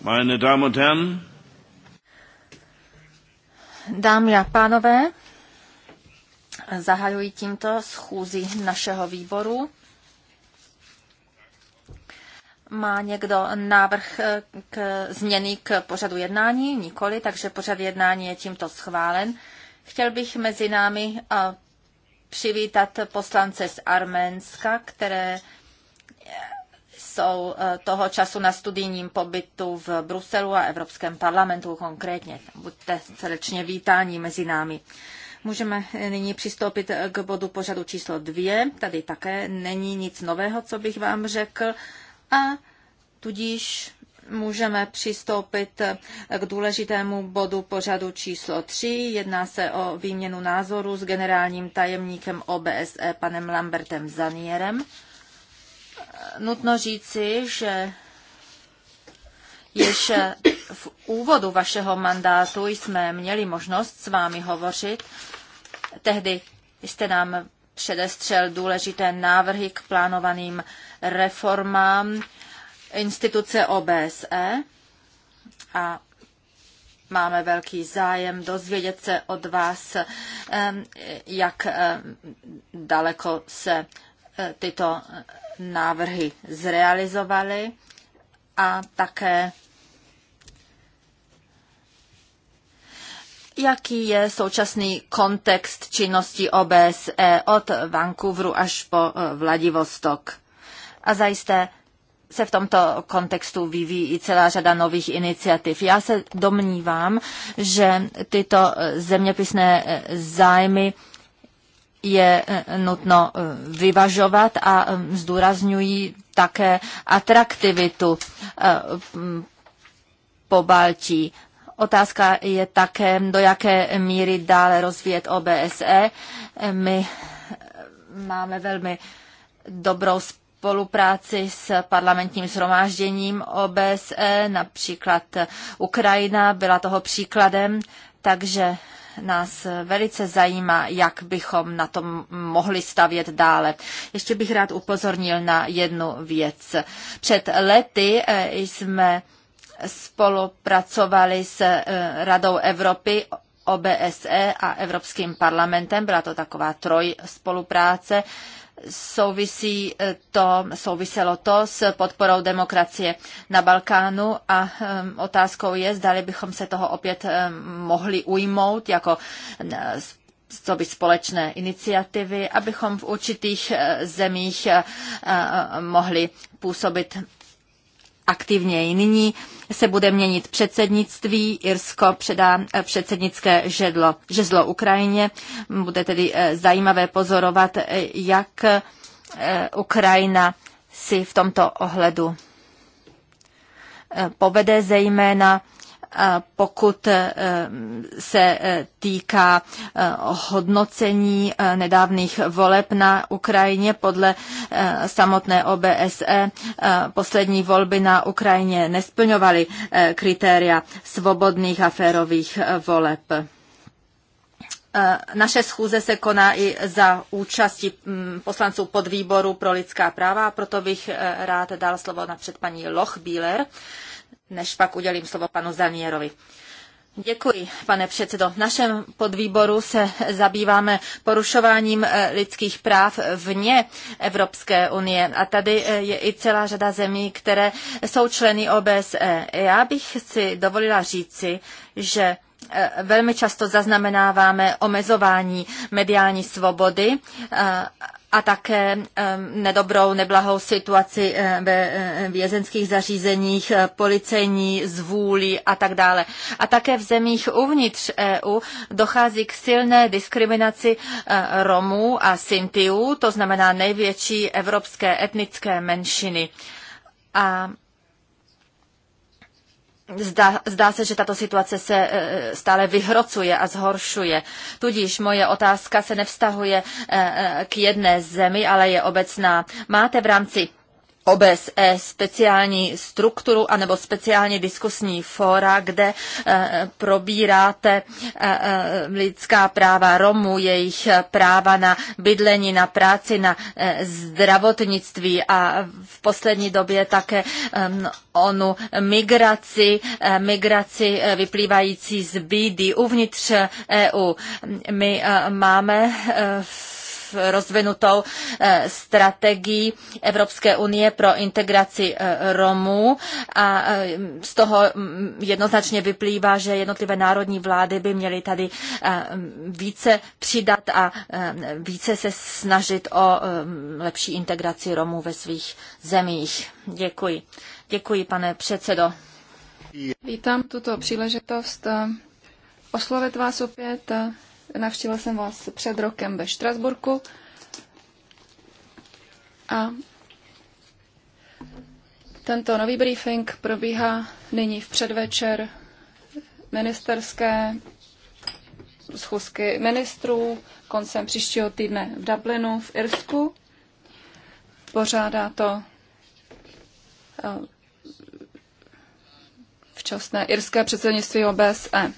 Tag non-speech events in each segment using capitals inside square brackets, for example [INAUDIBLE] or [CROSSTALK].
Meine Damen und Herren, Dámy a pánové, zahajuji tímto schůzi našeho výboru. Má někdo návrh k změny k pořadu jednání? Nikoli, takže pořad jednání je tímto schválen. Chtěl bych mezi námi eh, přivítat poslance z Arménska, které jsou eh, toho času na studijním pobytu v Bruselu a Evropském parlamentu konkrétně. Buďte srdečně vítáni mezi námi. Můžeme eh, nyní přistoupit eh, k bodu pořadu číslo dvě. Tady také není nic nového, co bych vám řekl. A tudíž můžeme přistoupit k důležitému bodu pořadu číslo 3. Jedná se o výměnu názoru s generálním tajemníkem OBSE panem Lambertem Zanierem nutno říci, že již v úvodu vašeho mandátu jsme měli možnost s vámi hovořit. Tehdy jste nám předestřel důležité návrhy k plánovaným reformám instituce OBSE a máme velký zájem dozvědět se od vás, eh, jak eh, daleko se eh, tyto návrhy zrealizovali a také Jaký je současný kontext činnosti OBSE od Vancouveru až po e, Vladivostok? A zajisté se v tomto kontextu vyvíjí i celá řada nových iniciativ. Já se domnívám, že tyto e, zeměpisné e, zájmy je eh, nutno eh, vyvažovat a eh, zdůrazňují také atraktivitu mm, po Baltí. Otázka je také, do jaké míry dále rozvíjet OBSE. My máme velmi dobrou spolupráci s parlamentním zhromážděním OBSE, například Ukrajina byla toho příkladem, takže nás velice zajímá, jak bychom na tom mohli stavět dále. Ještě bych rád upozornil na jednu věc. Před lety eh, jsme spolupracovali s eh, Radou Evropy OBSE a Evropským parlamentem, byla to taková troj spolupráce, souvisí eh, to, souviselo to s podporou demokracie na Balkánu a eh, otázkou je, zdali bychom se toho opět eh, mohli ujmout jako co by společné iniciativy, abychom v určitých zemích mohli působit aktivněji. Nyní se bude měnit předsednictví. Irsko předá eh, předsednické žedlo, žezlo Ukrajině. Bude tedy eh, zajímavé pozorovat, eh, jak Ukrajina si v tomto ohledu povede zejména pokud eh, se eh, týká eh, hodnocení nedávných voleb na Ukrajině podle samotné OBSE, poslední volby na Ukrajině nesplňovaly kritéria svobodných a férových voleb. Naše schůze se koná i za účasti mm, poslanců podvýboru pro lidská práva, proto bych rád dal slovo napřed paní Loch Bieler než pak udělím slovo panu Zanierovi. Děkuji, pane předsedo. V našem podvýboru se zabýváme porušováním eh, lidských práv vně Evropské unie. A tady eh, je i celá řada zemí, které jsou členy OBSE. Já bych si dovolila říci, že eh, velmi často zaznamenáváme omezování mediální svobody a také nedobrou, neblahou situaci ve vězenských zařízeních, e, policejní zvůli a tak dále. A také v zemích uvnitř EU dochází k silné diskriminaci e, Romů a Sintiů, to znamená největší evropské etnické menšiny. A Zdá, zdá se, že tato situace se e, stále vyhrocuje a zhoršuje. Tudíž moje otázka se nevztahuje e, e, k jedné zemi, ale je obecná. Máte v rámci OBSE speciální strukturu anebo speciální diskusní fóra, kde e, probíráte e, e, lidská práva Romů, jejich práva na bydlení, na práci, na zdravotnictví a v poslední době také onu migraci, migraci vyplývající z bídy uvnitř EU. My máme v rozvinutou eh, strategii Evropské unie pro integraci eh, Romů a eh, z toho mm, jednoznačně vyplývá, že jednotlivé národní vlády by měly tady více přidat a více se snažit o lepší integraci Romů ve svých zemích. Děkuji. Děkuji, pane předsedo. Vítám tuto příležitost oslovit vás opět Navštívil jsem vás před rokem ve Štrasburku a tento nový briefing probíhá nyní v předvečer ministerské schůzky ministrů koncem příštího týdne v Dublinu v Irsku. Pořádá to eh, včasné irské předsednictví OBSE.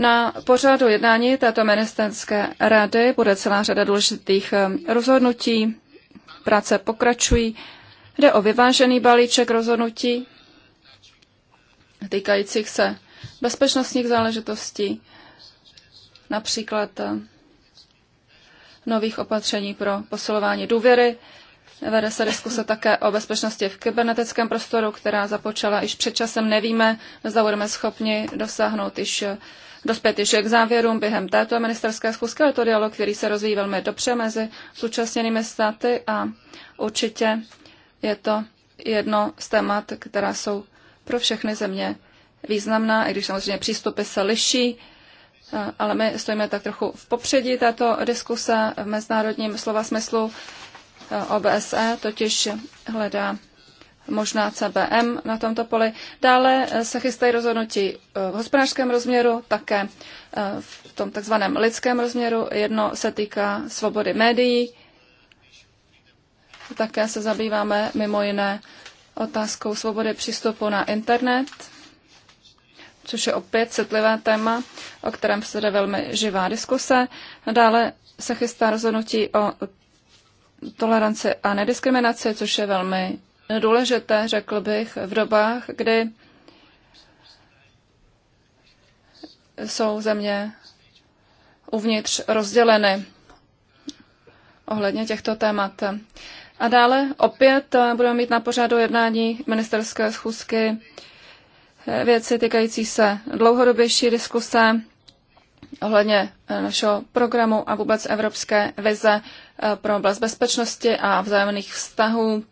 Na pořadu jednání této ministerské rady bude celá řada důležitých eh, rozhodnutí. Práce pokračují. Jde o vyvážený balíček rozhodnutí týkajících se bezpečnostních záležitostí, například eh, nových opatření pro posilování důvěry. Vede se diskuse také o bezpečnosti v kybernetickém prostoru, která započala již před časem. Nevíme, zda budeme schopni dosáhnout již eh, dospět již k závěrům během této ministerské schůzky, ale to dialog, který se rozvíjí velmi dobře mezi současněnými státy a určitě je to jedno z témat, která jsou pro všechny země významná, i když samozřejmě přístupy se liší, eh, ale my stojíme tak trochu v popředí této diskuse v mezinárodním slova smyslu. Eh, OBSE totiž hledá možná CBM na tomto poli. Dále eh, se chystají rozhodnutí eh, v hospodářském rozměru, také eh, v tom takzvaném lidském rozměru. Jedno se týká svobody médií. Také se zabýváme mimo jiné otázkou svobody přístupu na internet, což je opět citlivé téma, o kterém se jde velmi živá diskuse. Dále se chystá rozhodnutí o toleranci a nediskriminaci, což je velmi důležité, řekl bych, v dobách, kdy jsou země uvnitř rozděleny ohledně těchto témat. A dále opět budeme mít na pořadu jednání ministerské schůzky věci týkající se dlouhodobější diskuse ohledně našeho programu a vůbec evropské vize pro oblast bezpečnosti a vzájemných vztahů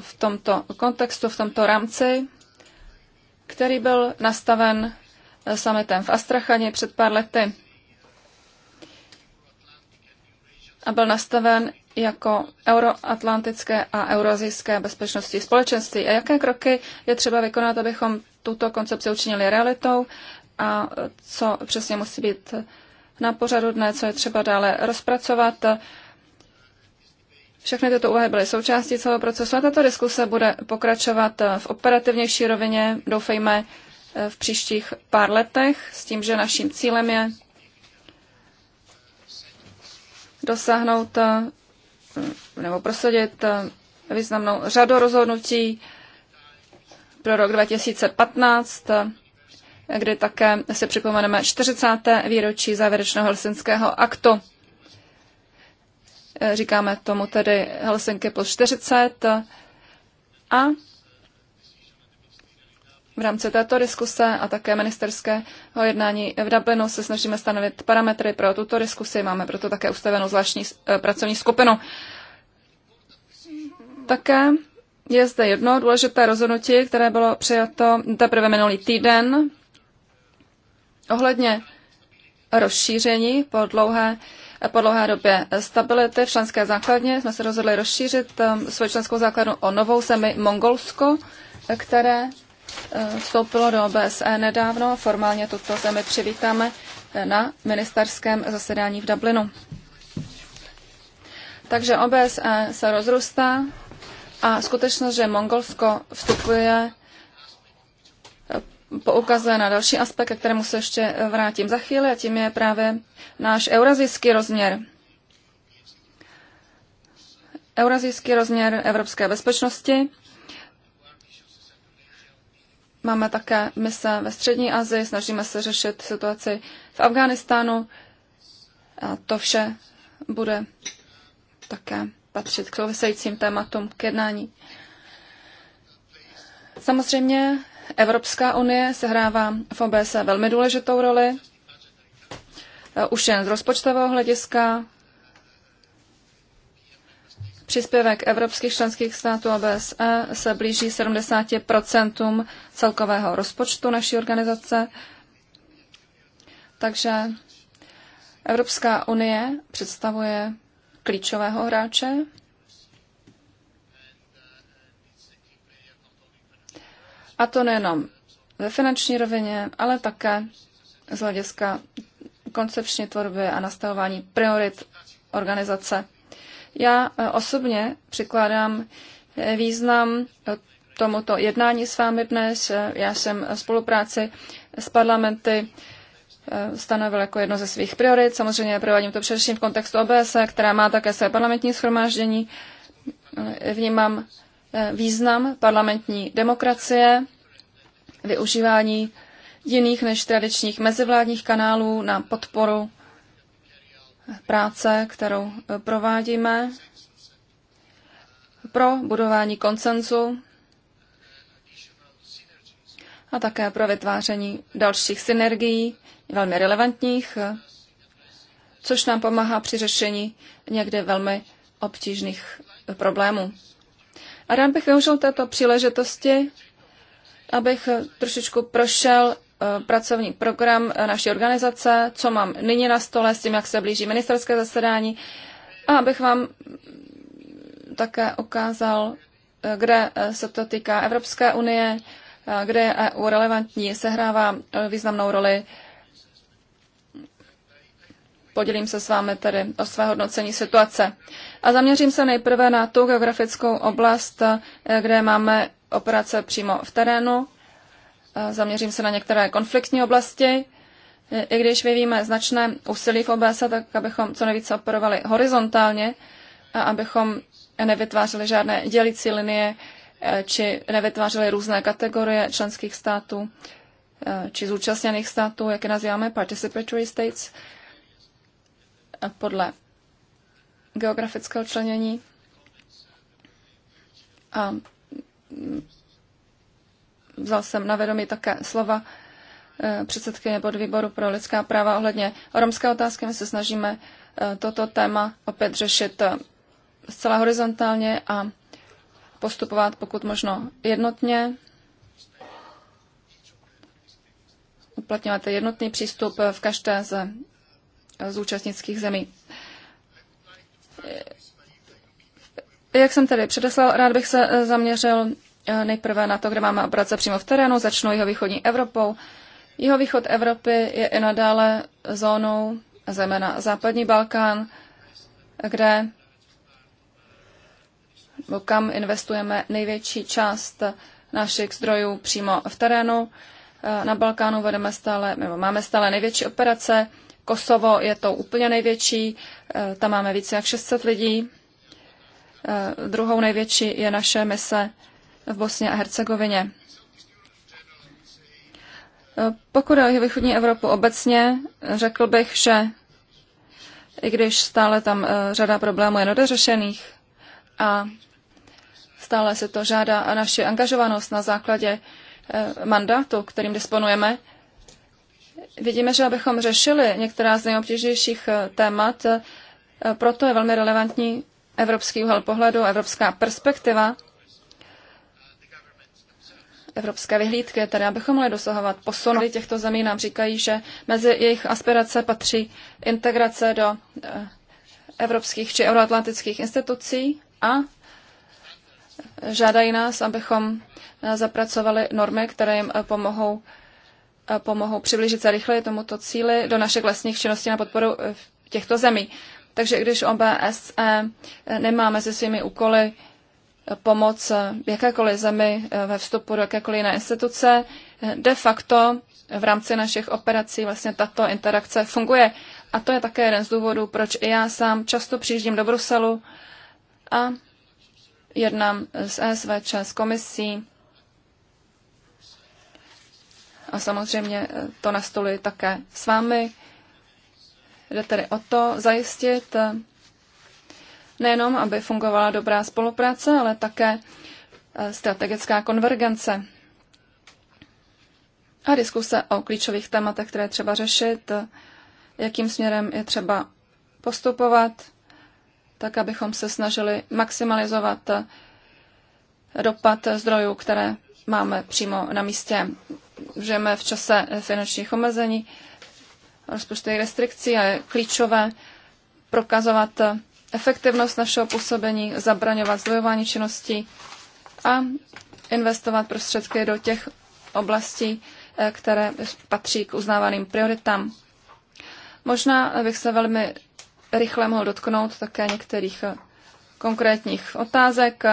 v tomto kontextu, v tomto rámci, který byl nastaven eh, sametem v Astrachaně před pár lety a byl nastaven jako euroatlantické a euroazijské bezpečnosti společenství. A jaké kroky je třeba vykonat, abychom tuto koncepci učinili realitou a co přesně musí být na pořadu dne, co je třeba dále rozpracovat, všechny tyto úvahy byly součástí celého procesu a tato diskuse bude pokračovat eh, v operativnější rovině, doufejme, eh, v příštích pár letech, s tím, že naším cílem je dosáhnout eh, nebo prosadit významnou řadu rozhodnutí pro rok 2015, kdy také si připomeneme 40. výročí závěrečného Helsinského aktu. Eh, říkáme tomu tedy Helsinki plus 40. A v rámci této diskuse a také ministerského jednání v Dublinu se snažíme stanovit parametry pro tuto diskusi. Máme proto také ustavenou zvláštní eh, pracovní skupinu. Také je zde jedno důležité rozhodnutí, které bylo přijato teprve minulý týden ohledně rozšíření po dlouhé po dlouhé době stability v členské základně. Jsme se rozhodli rozšířit um, svoji členskou základnu o novou zemi Mongolsko, které uh, vstoupilo do OBSE nedávno. Formálně tuto zemi přivítáme eh, na ministerském zasedání v Dublinu. Takže OBSE se rozrůstá a skutečnost, že Mongolsko vstupuje poukazuje na další aspekt, ke kterému se ještě vrátím za chvíli, a tím je právě náš eurazijský rozměr. Eurazijský rozměr evropské bezpečnosti. Máme také mise ve Střední Azii, snažíme se řešit situaci v Afghánistánu. A to vše bude také patřit k souvisejícím tématům k jednání. Samozřejmě Evropská unie sehrává v OBS velmi důležitou roli, eh, už jen z rozpočtového hlediska. Příspěvek evropských členských států OBSE se blíží 70 celkového rozpočtu naší organizace. Takže Evropská unie představuje klíčového hráče A to nejenom ve finanční rovině, ale také z hlediska koncepční tvorby a nastavování priorit organizace. Já e, osobně přikládám e, význam e, tomuto jednání s vámi dnes. Já jsem spolupráci s parlamenty stanovil jako jedno ze svých priorit. Samozřejmě provádím to především v kontextu OBS, která má také své parlamentní schromáždění. Vnímám Eh, význam parlamentní demokracie, využívání jiných než tradičních mezivládních kanálů na podporu práce, kterou eh, provádíme pro budování koncenzu a také pro vytváření dalších synergií, velmi relevantních, eh, což nám pomáhá při řešení někdy velmi obtížných problémů. A rád bych využil této příležitosti, abych trošičku prošel eh, pracovní program naší organizace, co mám nyní na stole s tím, jak se blíží ministerské zasedání a abych vám také ukázal, eh, kde eh, se to týká Evropské unie, kde EU e relevantní, sehrává významnou roli Podělím se s vámi tedy o své hodnocení situace. A zaměřím se nejprve na tu geografickou oblast, eh, kde máme operace přímo v terénu. Eh, zaměřím se na některé konfliktní oblasti. Eh, I když vyvíjíme značné úsilí v OBS, tak abychom co nejvíce operovali horizontálně a abychom nevytvářeli žádné dělící linie či nevytvářeli různé kategorie členských států či zúčastněných států, jak je nazýváme, participatory states, podle geografického členění a vzal jsem na vědomí také slova eh, předsedkyně podvýboru pro lidská práva ohledně romské otázky. My se snažíme eh, toto téma opět řešit eh, zcela horizontálně a postupovat pokud možno jednotně, uplatňovat jednotný přístup v každé ze zúčastnických zemí. Jak jsem tedy předeslal, rád bych se zaměřil eh, nejprve na to, kde máme práce přímo v terénu. Začnu jeho východní Evropou. Jeho východ Evropy je i nadále zónou, zejména západní Balkán, kde kam investujeme největší část našich zdrojů přímo v terénu. Eh, na Balkánu vedeme stále, máme stále největší operace, Kosovo je to úplně největší, eh, tam máme více jak 600 lidí. Eh, druhou největší je naše mise v Bosně a Hercegovině. Eh, pokud o východní Evropu obecně, řekl bych, že i když stále tam řada problémů je nedořešených a stále se to žádá a naši angažovanost na základě mandátu, kterým disponujeme, vidíme, že abychom řešili některá z nejobtěžnějších eh, témat, eh, proto je velmi relevantní evropský úhel pohledu, evropská perspektiva, evropské vyhlídky, tedy abychom mohli dosahovat posunu. Těchto zemí nám říkají, že mezi jejich aspirace patří integrace do eh, evropských či euroatlantických institucí a žádají nás, abychom zapracovali normy, které jim pomohou pomohou přiblížit se rychleji tomuto cíli do našich lesních činností na podporu e, těchto zemí. Takže když OBSE nemá mezi svými úkoly e, pomoc e, jakékoliv zemi ve vstupu do jakékoliv jiné instituce, de facto v rámci našich operací vlastně tato interakce funguje. A to je také jeden z důvodů, proč i já sám často přijíždím do Bruselu a jednám s ESVČ, s komisí, a samozřejmě eh, to nastoluji také s vámi. Jde tedy o to zajistit eh, nejenom, aby fungovala dobrá spolupráce, ale také eh, strategická konvergence a diskuse o klíčových tématech, které třeba řešit, jakým směrem je třeba postupovat, tak abychom se snažili maximalizovat dopad zdrojů, které máme přímo na místě žijeme v čase finančních omezení, rozpočtových restrikcí a je klíčové prokazovat efektivnost našeho působení, zabraňovat zdvojování činností a investovat prostředky do těch oblastí, eh, které patří k uznávaným prioritám. Možná bych se velmi rychle mohl dotknout také některých konkrétních otázek.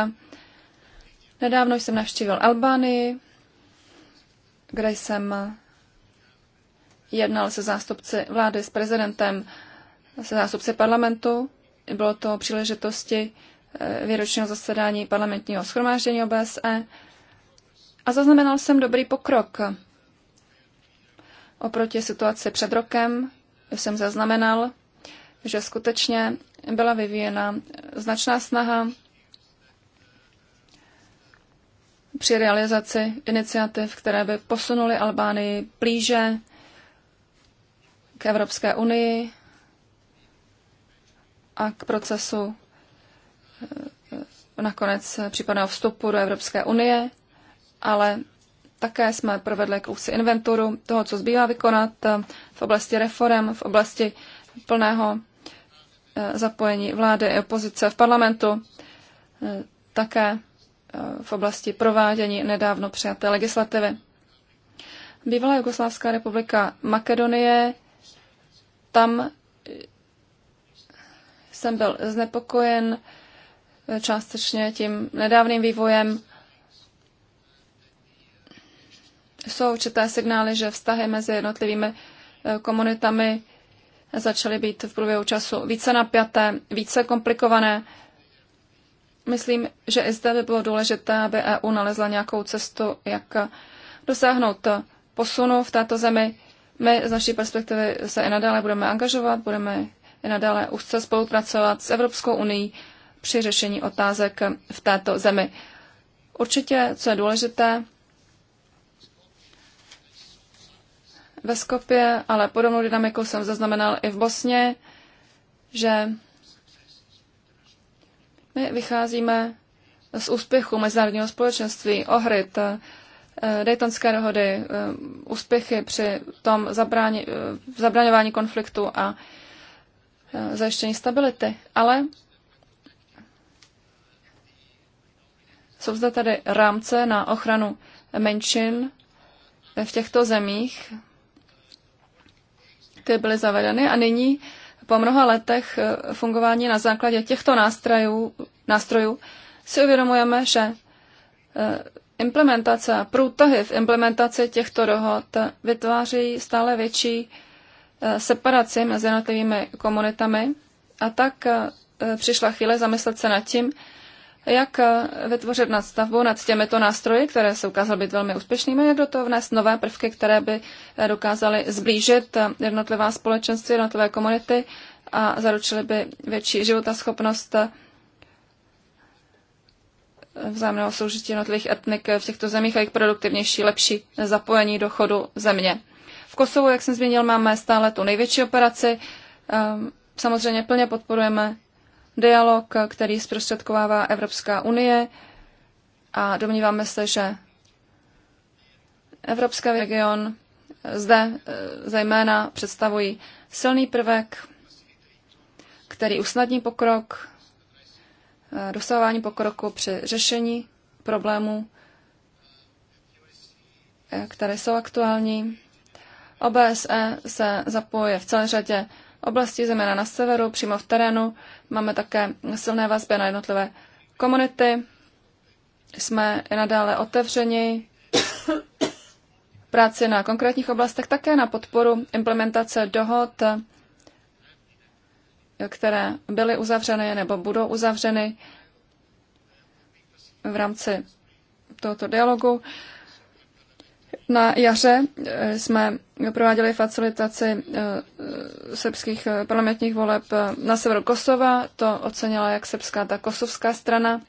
Nedávno jsem navštívil Albánii, kde jsem jednal se zástupci vlády, s prezidentem, se zástupci parlamentu. Bylo to příležitosti eh, výročního zasedání parlamentního schromáždění OBSE a zaznamenal jsem dobrý pokrok. Oproti situaci před rokem jsem zaznamenal, že skutečně byla vyvíjena značná snaha při realizaci iniciativ, které by posunuly Albánii blíže k Evropské unii a k procesu eh, nakonec případného vstupu do Evropské unie, ale také jsme provedli kousi inventuru toho, co zbývá vykonat eh, v oblasti reform, v oblasti plného eh, zapojení vlády i opozice v parlamentu. Také v oblasti provádění nedávno přijaté legislativy. Bývalá Jugoslávská republika Makedonie, tam jsem byl znepokojen částečně tím nedávným vývojem. Jsou určité signály, že vztahy mezi jednotlivými eh, komunitami začaly být v průběhu času více napjaté, více komplikované Myslím, že i zde by bylo důležité, aby EU nalezla nějakou cestu, jak dosáhnout posunu v této zemi. My z naší perspektivy se i nadále budeme angažovat, budeme i nadále úzce spolupracovat s Evropskou unii při řešení otázek v této zemi. Určitě, co je důležité, ve Skopě, ale podobnou dynamiku jsem zaznamenal i v Bosně, že my vycházíme z úspěchu mezinárodního společenství, ohryt, eh, Daytonské dohody, eh, úspěchy při tom zabráně, eh, zabraňování konfliktu a zajištění stability. Ale jsou zde tady rámce na ochranu menšin v těchto zemích, které byly zavedeny a nyní po mnoha letech eh, fungování na základě těchto nástrojů, nástrojů si uvědomujeme, že eh, implementace a průtahy v implementaci těchto dohod vytváří stále větší eh, separaci mezi jednotlivými komunitami a tak přišla chvíle zamyslet se nad tím, jak eh, vytvořit nadstavbu nad těmito nástroji, které se ukázaly být velmi úspěšnými, jak do toho vnést nové prvky, které by eh, dokázaly zblížit eh, jednotlivá společenství, jednotlivé komunity a zaručily by větší životaschopnost vzájemného soužití jednotlivých etnik v těchto zemích a jejich produktivnější, lepší zapojení do chodu země. V Kosovu, jak jsem zmínil, máme stále tu největší operaci. Ehm, samozřejmě plně podporujeme dialog, který zprostředkovává Evropská unie a domníváme se, že Evropský region zde eh, zejména představují silný prvek, který usnadní pokrok, eh, dosahování pokroku při řešení problémů, eh, které jsou aktuální. OBSE se zapojuje v celé řadě oblasti, zejména na severu, přímo v terénu. Máme také silné vazby na jednotlivé komunity. Jsme i nadále otevřeni práci na konkrétních oblastech, také na podporu implementace dohod, které byly uzavřeny nebo budou uzavřeny v rámci tohoto dialogu. Na jaře eh, jsme prováděli facilitaci eh, srbských eh, parlamentních voleb na severu Kosova. To ocenila jak srbská, tak kosovská strana.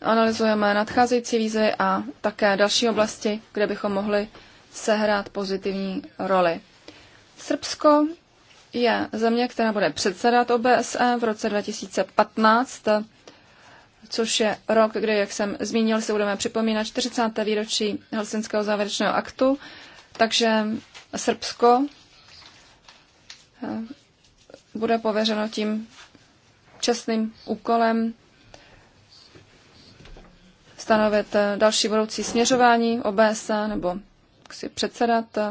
Analyzujeme nadcházející vízy a také další oblasti, kde bychom mohli sehrát pozitivní roli. Srbsko je země, která bude předsedat OBSE v roce 2015 což je rok, kdy, jak jsem zmínil, se budeme připomínat 40. výročí Helsinského závěrečného aktu, takže Srbsko eh, bude pověřeno tím čestným úkolem stanovit eh, další budoucí směřování OBS nebo si předsedat eh,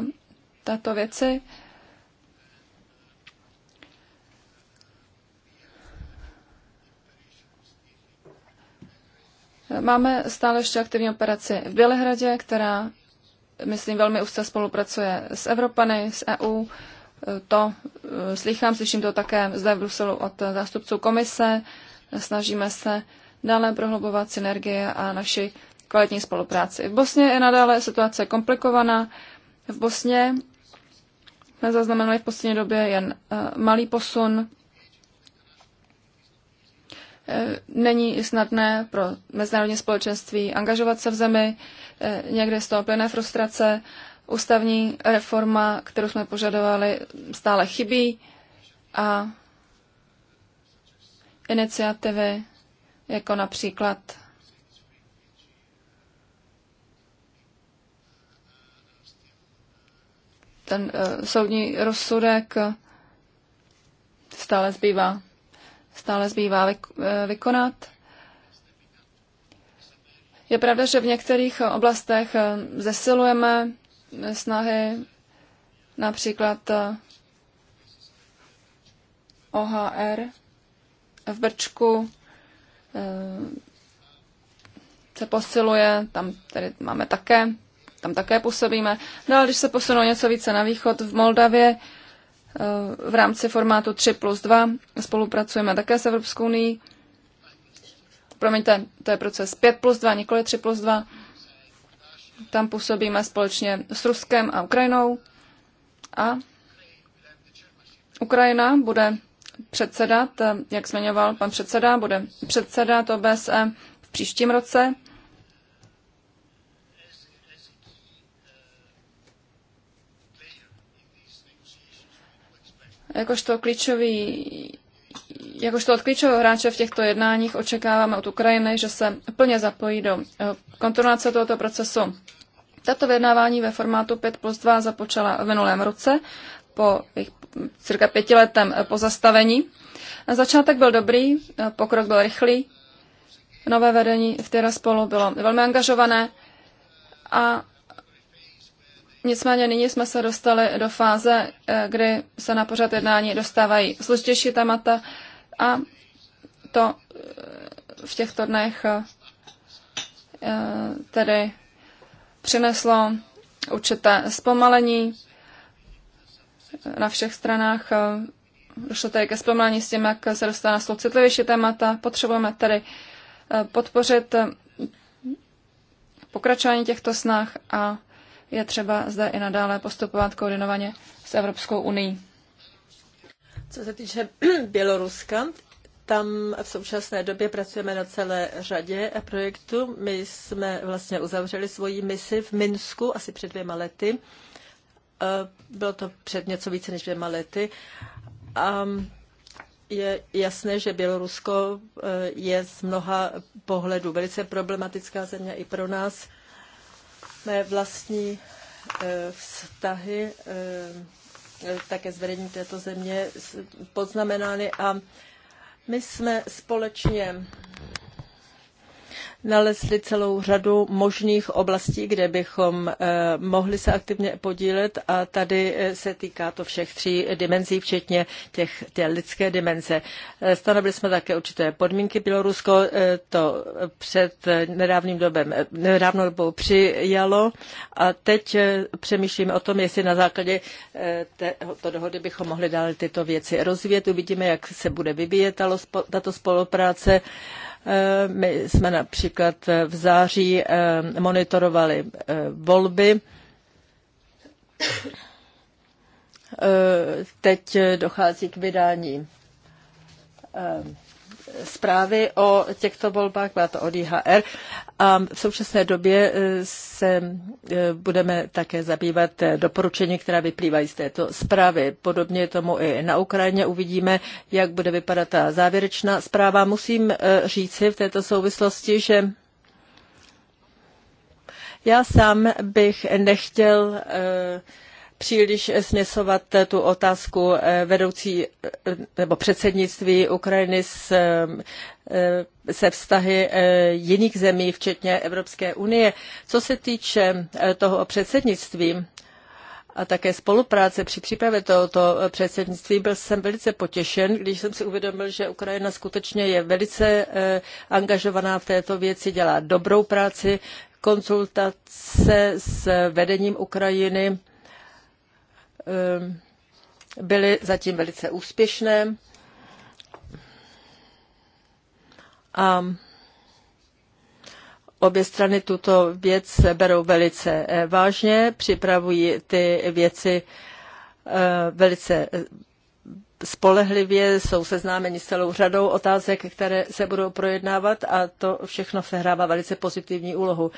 této věci. Máme stále ještě aktivní operaci v Bělehradě, která, myslím, velmi úzce spolupracuje s Evropany, s EU. To eh, slychám, slyším to také zde v Bruselu od zástupců komise. Snažíme se dále prohlubovat synergie a naši kvalitní spolupráci. V Bosně je nadále situace komplikovaná. V Bosně jsme zaznamenali v poslední době jen eh, malý posun Eh, není snadné pro mezinárodní společenství angažovat se v zemi, eh, někde z toho plné frustrace, ústavní reforma, kterou jsme požadovali, stále chybí a iniciativy, jako například ten eh, soudní rozsudek stále zbývá stále zbývá eh, vykonat. Je pravda, že v některých oblastech eh, zesilujeme eh, snahy, například OHR v Brčku se posiluje, tam tady máme také, tam také působíme. No a když se posunou něco více na východ v Moldavě, Eh, v rámci formátu 3 plus 2 spolupracujeme také s Evropskou unii. Promiňte, to je proces 5 plus 2, nikoli 3 plus 2. Tam působíme společně s Ruskem a Ukrajinou. A Ukrajina bude předsedat, eh, jak zmiňoval pan předseda, bude předsedat OBSE v příštím roce. Jakožto klíčový jakožto od klíčového hráče v těchto jednáních očekáváme od Ukrajiny, že se plně zapojí do eh, kontrolace tohoto procesu. Tato vyjednávání ve formátu 5 plus 2 započala v minulém roce po cirka pětiletém eh, pozastavení. Začátek byl dobrý, eh, pokrok byl rychlý, nové vedení v Tiraspolu bylo velmi angažované a Nicméně nyní jsme se dostali do fáze, eh, kdy se na pořad jednání dostávají složitější témata a to eh, v těchto dnech eh, tedy přineslo určité zpomalení na všech stranách. Došlo tedy ke zpomalení s tím, jak se dostane na citlivější témata. Potřebujeme tedy podpořit pokračování těchto snah a je třeba zde i nadále postupovat koordinovaně s Evropskou unii. Co se týče [CLEARS THROAT] Běloruska, tam v současné době pracujeme na celé řadě projektů. My jsme vlastně uzavřeli svoji misi v Minsku asi před dvěma lety. Eh, bylo to před něco více než dvěma lety. A je jasné, že Bělorusko eh, je z mnoha pohledů velice problematická země i pro nás mé vlastní eh, vztahy eh, také s vedením této země poznamenány a my jsme společně nalezli celou řadu možných oblastí, kde bychom eh, mohli se aktivně podílet a tady eh, se týká to všech tří dimenzí, včetně těch, těch lidské dimenze. Eh, stanovili jsme také určité podmínky. Bělorusko to před nedávným dobem, nedávnou dobou přijalo a teď přemýšlíme o tom, jestli na základě této dohody bychom mohli dále tyto věci rozvíjet. Uvidíme, jak se bude vyvíjet tato spolupráce. Eh, my jsme například eh, v září eh, monitorovali volby. Teď dochází k vydání zprávy o těchto volbách, byla to od IHR. A v současné době eh, se eh, budeme také zabývat eh, doporučení, která vyplývají z této zprávy. Podobně tomu i na Ukrajině uvidíme, jak bude vypadat ta závěrečná zpráva. Musím říci v této souvislosti, že já sám bych nechtěl uh, příliš směsovat tu otázku eh, vedoucí eh, nebo předsednictví Ukrajiny s, eh, se vztahy jiných zemí, včetně Evropské unie. Co se týče toho předsednictví, a také spolupráce při přípravě tohoto předsednictví. Byl jsem velice potěšen, když jsem si uvědomil, že Ukrajina skutečně je velice angažovaná v této věci, dělá dobrou práci, konzultace s vedením Ukrajiny Um, byly zatím velice úspěšné. A obě strany tuto věc berou velice eh, vážně, připravují ty věci eh, velice spolehlivě, jsou seznámeni s celou řadou otázek, které se budou projednávat a to všechno sehrává velice pozitivní úlohu.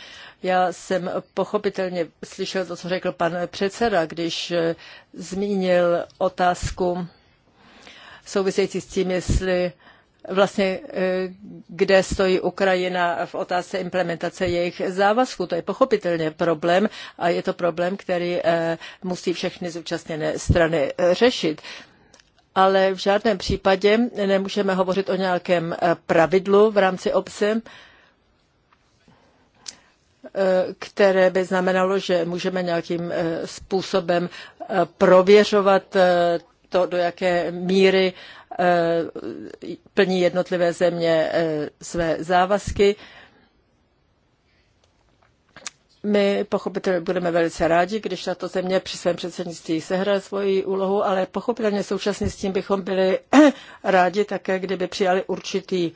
Já jsem pochopitelně slyšel to, co řekl pan předseda, když eh, zmínil otázku související s tím, jestli vlastně eh, kde stojí Ukrajina v otázce implementace jejich závazků. To je pochopitelně problém a je to problém, který eh, musí všechny zúčastněné strany řešit ale v žádném případě nemůžeme hovořit o nějakém eh, pravidlu v rámci obce, eh, které by znamenalo, že můžeme nějakým eh, způsobem prověřovat to, do jaké míry plní jednotlivé země své závazky. My pochopitelně budeme velice rádi, když tato země při svém předsednictví sehraje svoji úlohu, ale pochopitelně současně s tím bychom byli [CLEARS THROAT] rádi také, kdyby přijali určitý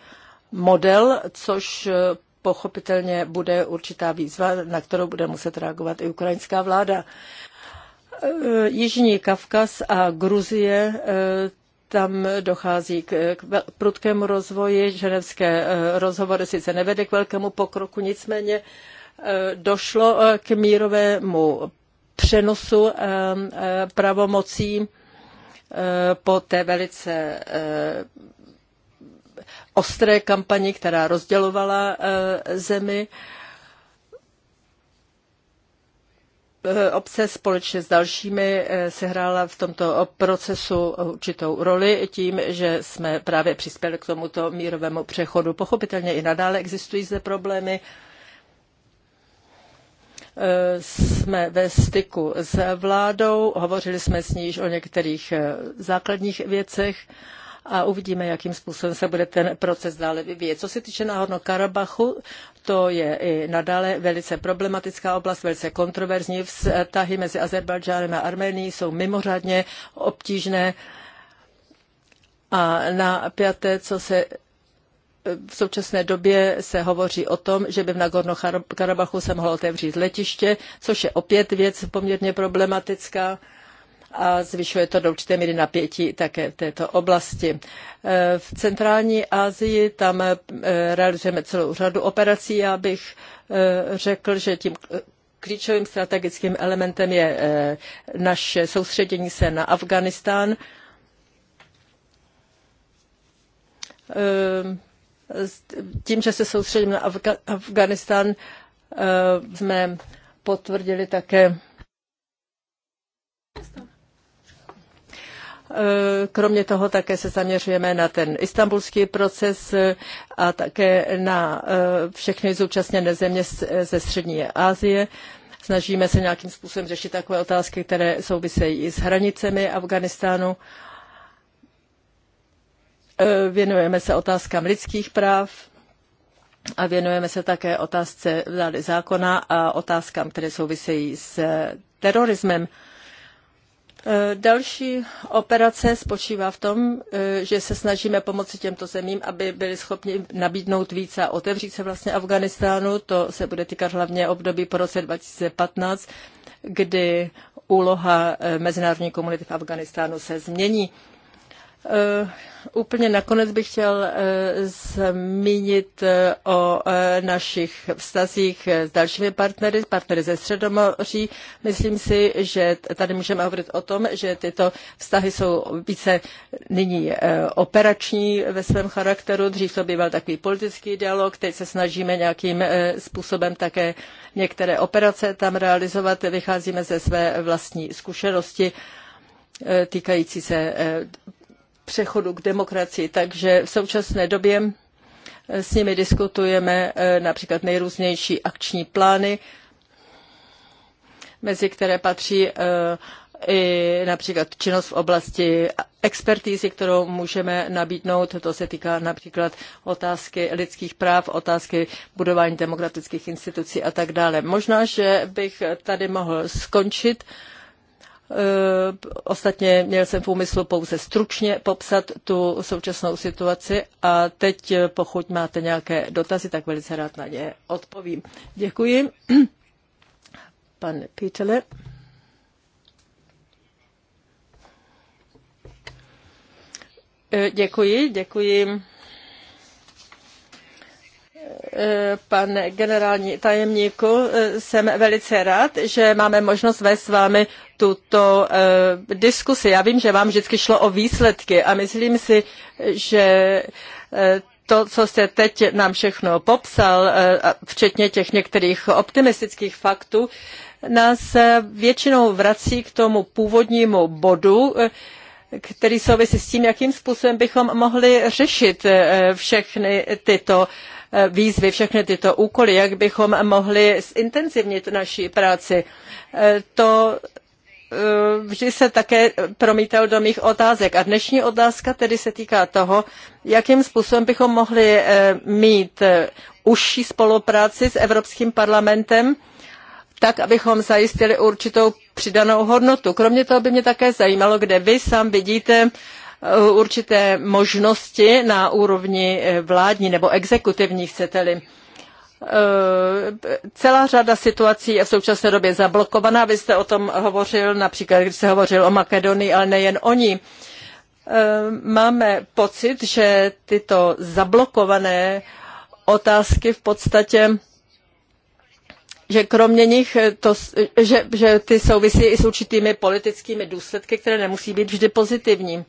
model, což eh, pochopitelně bude určitá výzva, na kterou bude muset reagovat i ukrajinská vláda. Eh, Jižní Kavkaz a Gruzie, eh, tam dochází k prudkému rozvoji, ženevské rozhovory sice nevede k velkému pokroku, nicméně Eh, došlo eh, k mírovému přenosu eh, pravomocí po té velice ostré kampani, která rozdělovala zemi. Obce společně s dalšími sehrála v tomto procesu určitou roli tím, že jsme právě přispěli k tomuto mírovému přechodu. Pochopitelně i nadále existují zde problémy, Eh, jsme ve styku s vládou, hovořili jsme s ní již o některých eh, základních věcech a uvidíme, jakým způsobem se bude ten proces dále vyvíjet. Co se týče náhodno Karabachu, to je i nadále velice problematická oblast, velice kontroverzní. Vztahy mezi Azerbajdžánem a Arménií jsou mimořádně obtížné a na pěté, co se v současné době se hovoří o tom, že by v Nagorno-Karabachu se mohlo otevřít letiště, což je opět věc poměrně problematická a zvyšuje to do určité míry napětí také v této oblasti. E, v centrální Asii tam e, realizujeme celou řadu operací. Já bych e, řekl, že tím klíčovým strategickým elementem je naše soustředění se na Afganistán tím, že se soustředím na Afga- Afganistán, eh, jsme potvrdili také eh, Kromě toho také se zaměřujeme na ten istambulský proces eh, a také na všechny zúčastněné země ze Střední Asie. Snažíme se nějakým způsobem řešit takové otázky, které souvisejí s hranicemi Afganistánu. E, věnujeme se otázkám lidských práv a věnujeme se také otázce vlády zákona a otázkám, které souvisejí s terorismem. E, další operace spočívá v tom, e, že se snažíme pomoci těmto zemím, aby byli schopni nabídnout více a otevřít se vlastně Afganistánu. To se bude týkat hlavně období po roce 2015, kdy úloha mezinárodní komunity v Afganistánu se změní. Eh, úplně nakonec bych chtěl eh, zmínit eh, o našich vztazích s dalšími partnery, partnery ze Středomoří. Myslím si, že tady můžeme hovorit o tom, že tyto vztahy jsou více nyní operační ve svém charakteru. Dřív to býval takový politický dialog, teď se snažíme nějakým způsobem také některé operace tam realizovat. Vycházíme ze své vlastní zkušenosti týkající se přechodu k demokracii. Takže v současné době eh, s nimi diskutujeme eh, například nejrůznější akční plány, mezi které patří eh, i například činnost v oblasti expertízy, kterou můžeme nabídnout. To se týká například otázky lidských práv, otázky budování demokratických institucí a tak dále. Možná, že bych tady mohl skončit. Eh, ostatně měl jsem v úmyslu pouze stručně popsat tu současnou situaci a teď, eh, pokud máte nějaké dotazy, tak velice rád na ně odpovím. Děkuji. [CLEARS THROAT] Pan Pítele. Eh, děkuji, děkuji pane generální tajemníku, e, jsem velice rád, že máme možnost vést s vámi tuto e, diskusi. Já vím, že vám vždycky šlo o výsledky a myslím si, že e, to, co jste teď nám všechno popsal, včetně těch některých optimistických faktů, nás většinou vrací k tomu původnímu bodu, který souvisí s tím, jakým způsobem bychom mohli řešit eh, všechny tyto eh, výzvy, všechny tyto úkoly, jak bychom mohli zintenzivnit naší práci. Eh, to vždy se také promítal do mých otázek. A dnešní otázka tedy se týká toho, jakým způsobem bychom mohli mít užší spolupráci s Evropským parlamentem tak, abychom zajistili určitou přidanou hodnotu. Kromě toho by mě také zajímalo, kde vy sám vidíte eh, určité možnosti na úrovni eh, vládní nebo exekutivní, chcete-li. Eh, celá řada situací je v současné době zablokovaná. Vy jste o tom hovořil, například když se hovořil o Makedonii, ale nejen o ní. Máme pocit, že tyto zablokované otázky v podstatě že kromě nich to, že, že ty souvisí i s určitými politickými důsledky, které nemusí být vždy pozitivní.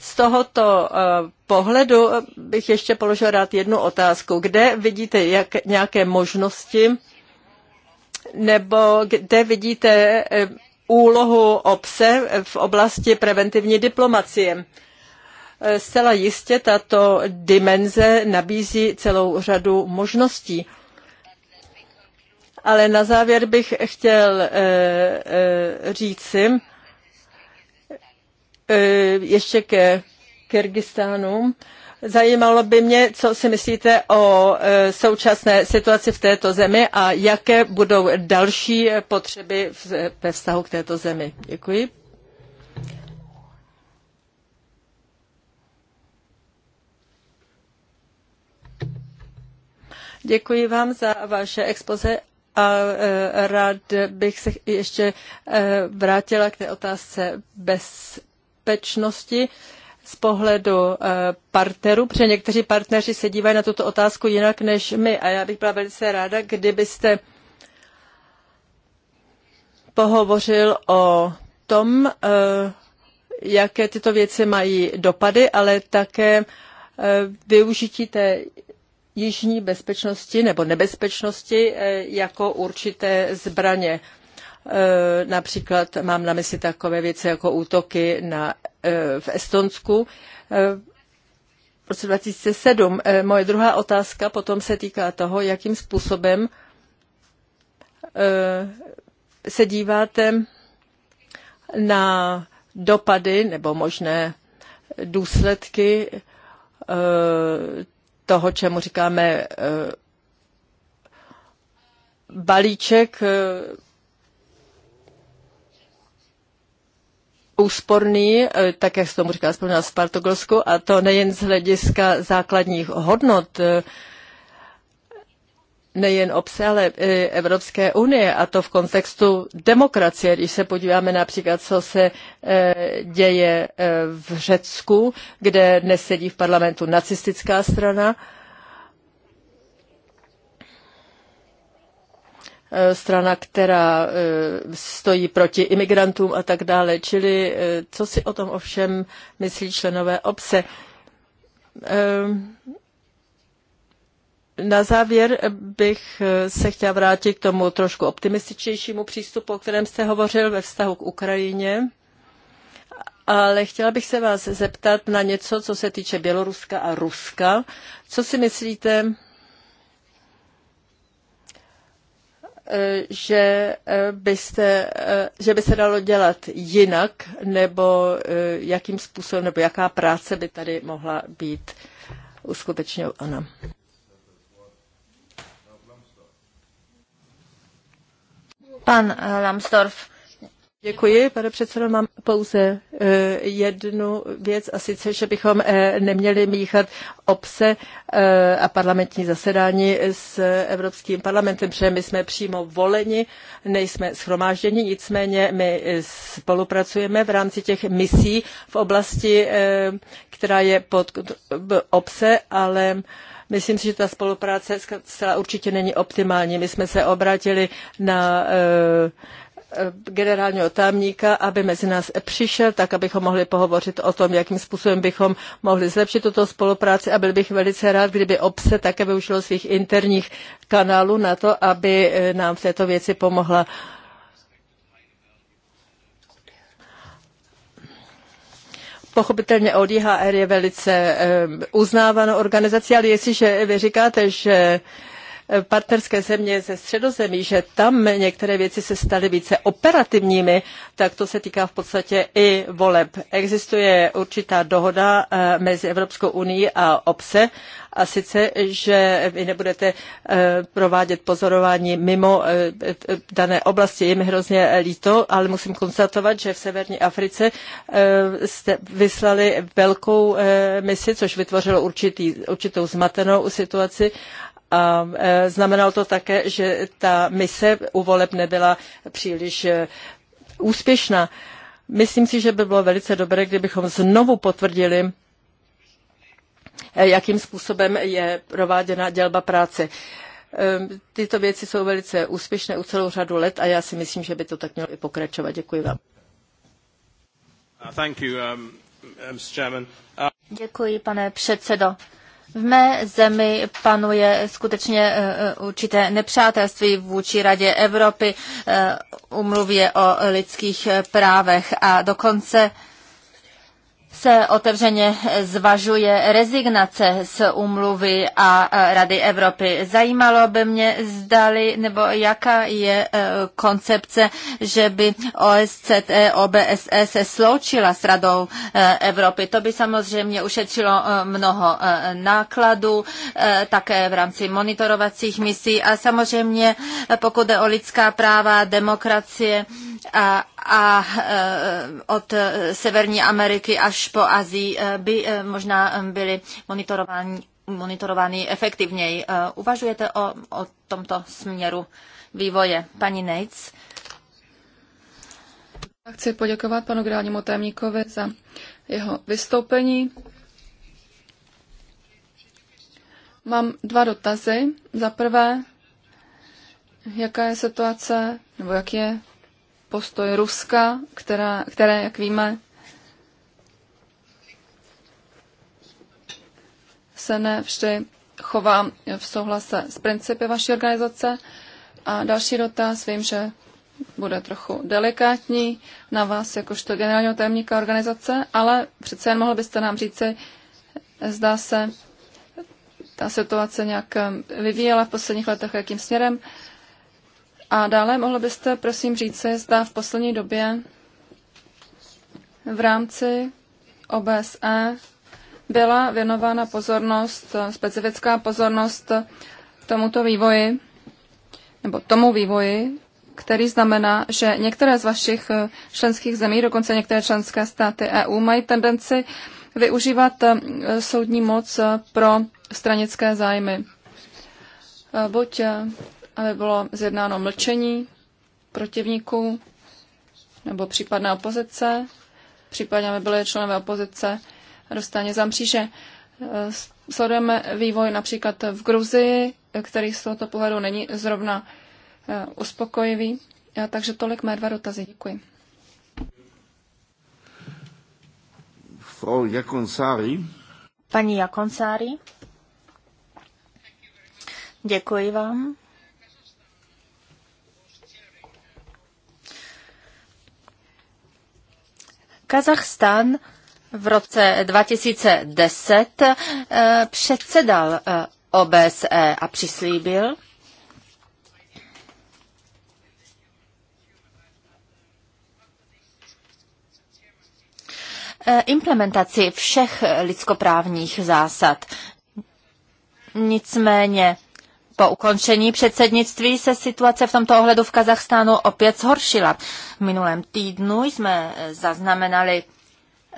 Z tohoto eh, pohledu eh, bych ještě položil rád jednu otázku. Kde vidíte jak, nějaké možnosti nebo kde vidíte eh, úlohu obce v oblasti preventivní diplomacie? Zcela jistě tato dimenze nabízí celou řadu možností ale na závěr bych chtěl eh, eh, říci eh, ještě ke Kyrgyzstánu. Zajímalo by mě, co si myslíte o současné situaci v této zemi a jaké budou další potřeby ve vztahu k této zemi. Děkuji. Děkuji vám za vaše expoze a e, rád bych se ještě e, vrátila k té otázce bezpečnosti z pohledu e, partnerů, protože někteří partneři se dívají na tuto otázku jinak než my a já bych byla velice ráda, kdybyste pohovořil o tom, jaké tyto věci mají dopady, ale také využití té jižní bezpečnosti nebo nebezpečnosti eh, jako určité zbraně. Eh, například mám na mysli takové věci jako útoky na, eh, v Estonsku v roce 2007. Moje druhá otázka potom se týká toho, jakým způsobem se díváte na dopady nebo možné důsledky toho, čemu říkáme eh, balíček eh, úsporný, eh, tak jak se tomu říká aspoň na Spartogolsku, a to nejen z hlediska základních hodnot, nejen obce, ale i Evropské unie a to v kontextu demokracie. Když se podíváme například, co se eh, děje eh, v Řecku, kde dnes sedí v parlamentu nacistická strana, eh, strana, která stojí proti imigrantům a tak dále. Čili co si o tom ovšem myslí členové obce? Na závěr bych eh, se chtěla vrátit k tomu trošku optimističnějšímu přístupu, o kterém jste hovořil ve vztahu k Ukrajině. Ale chtěla bych se vás zeptat na něco, co se týče Běloruska a Ruska. Co si myslíte, eh, že, eh, byste, že by se dalo dělat jinak, nebo jakým způsobem, nebo jaká práce by tady mohla být uskutečňována? Eh, Děkuji, pane předsedo. Mám pouze eh, jednu věc a sice, že bychom eh, neměli míchat obce a parlamentní zasedání s Evropským parlamentem, protože my jsme přímo voleni, nejsme schromážděni, nicméně my spolupracujeme v rámci těch misí v oblasti, která je pod obce, ale Myslím si, že ta spolupráce zcela určitě není optimální. My jsme se obrátili na eh, generálního tajemníka, aby mezi nás přišel, tak abychom mohli pohovořit o tom, jakým způsobem bychom mohli zlepšit tuto spolupráci a byl bych velice rád, kdyby obce také využilo svých interních kanálů na to, aby eh, nám v této věci pomohla uh, Pochopitelně ODHR je velice eh, uznávanou organizací, ale jestliže vy říkáte, že partnerské země ze středozemí, že tam některé věci se staly více operativními, tak to se týká v podstatě i voleb. Existuje určitá dohoda eh, mezi Evropskou unii a obce a sice, že vy nebudete eh, provádět pozorování mimo eh, dané oblasti. Je mi hrozně líto, ale musím konstatovat, že v severní Africe jste vyslali velkou misi, což vytvořilo určitý, určitou zmatenou situaci a e, znamenalo to také, že ta mise u voleb nebyla příliš e, úspěšná. Myslím si, že by bylo velice dobré, kdybychom znovu potvrdili, e, jakým způsobem je prováděna dělba práce. Tyto věci jsou velice úspěšné u celou řadu let a já si myslím, že by to tak mělo i pokračovat. Děkuji vám. Uh, um, uh, Děkuji, pane předsedo. V mé zemi panuje skutečně eh, eh, určité nepřátelství vůči Radě Evropy, eh, umluvě o lidských právech a dokonce se otevřeně zvažuje rezignace z úmluvy a e, Rady Evropy. Zajímalo by mě, zdali nebo jaká je e, koncepce, že by OSCE, OBSE se sloučila s Radou e, Evropy. To by samozřejmě ušetřilo mnoho nákladů, také v rámci monitorovacích misí a samozřejmě pokud jde o lidská práva, demokracie, a, a eh, od eh, Severní Ameriky až po Azii eh, by možná byly monitorovány, monitorovány efektivněji. Uvažujete o, o tomto směru vývoje? Paní Nejc? Chci poděkovat panu generálnímu tajemníkovi za jeho vystoupení. Mám dva dotazy. Za prvé, jaká je situace, nebo jak je postoj Ruska, která, které, jak víme, se nevždy chová v souhlase s principy vaší organizace. A další dotaz, vím, že bude trochu delikátní na vás, jakožto generálního tajemníka organizace, ale přece jen mohl byste nám říci, zdá se ta situace nějak vyvíjela v posledních letech, jakým směrem. A dále mohlo byste prosím říci, zda v poslední době v rámci OBSE byla věnována pozornost, specifická pozornost tomuto vývoji, nebo tomu vývoji, který znamená, že některé z vašich členských zemí, dokonce některé členské státy EU, mají tendenci využívat eh, soudní moc eh, pro stranické zájmy. Eh, buď aby bylo zjednáno mlčení protivníků nebo případné opozice, případně aby byly členové opozice dostaně za mříže. Sledujeme vývoj například v Gruzii, který z tohoto pohledu není zrovna e, uspokojivý. Takže tolik mé dva dotazy. Děkuji. Frau Jakonsári. Paní Jakonsári. Děkuji vám. Kazachstán v roce 2010 eh, předsedal eh, OBSE a přislíbil, eh, implementaci všech lidskoprávních zásad. Nicméně po ukončení předsednictví se situace v tomto ohledu v Kazachstánu opět zhoršila. V minulém týdnu jsme zaznamenali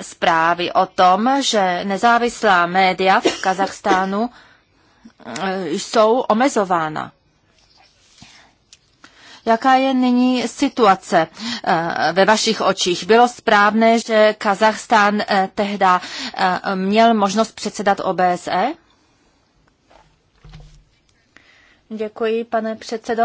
zprávy o tom, že nezávislá média v Kazachstánu eh, jsou omezována. Jaká je nyní situace eh, ve vašich očích? Bylo správné, že Kazachstán eh, tehdy měl možnost předsedat OBSE? Děkuji, pane předsedo.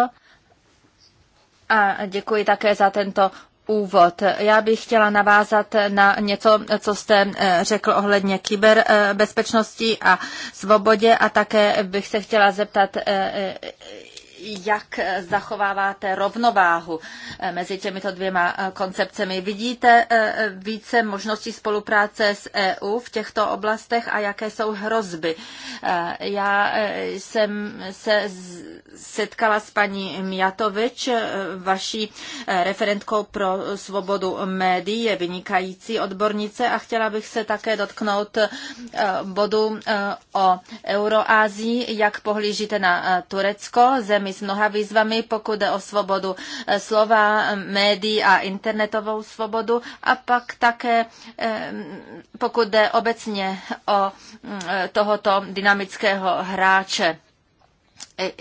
A děkuji také za tento úvod. Já bych chtěla navázat na něco, co jste eh, řekl ohledně kyberbezpečnosti a svobodě a také bych se chtěla zeptat, eh, jak eh, zachováváte rovnováhu eh, mezi těmito dvěma eh, koncepcemi. Vidíte více možností spolupráce s EU v těchto oblastech a jaké jsou hrozby? Já jsem se setkala s paní Mjatovič, vaší referentkou pro svobodu médií, je vynikající odbornice a chtěla bych se také dotknout bodu o Euroázii, jak pohlížíte na Turecko, zemi s mnoha výzvami, pokud jde o svobodu eh, slova, médií a internetovou svobodu a pak také, eh, pokud jde obecně o mm, eh, tohoto dynamického hráče.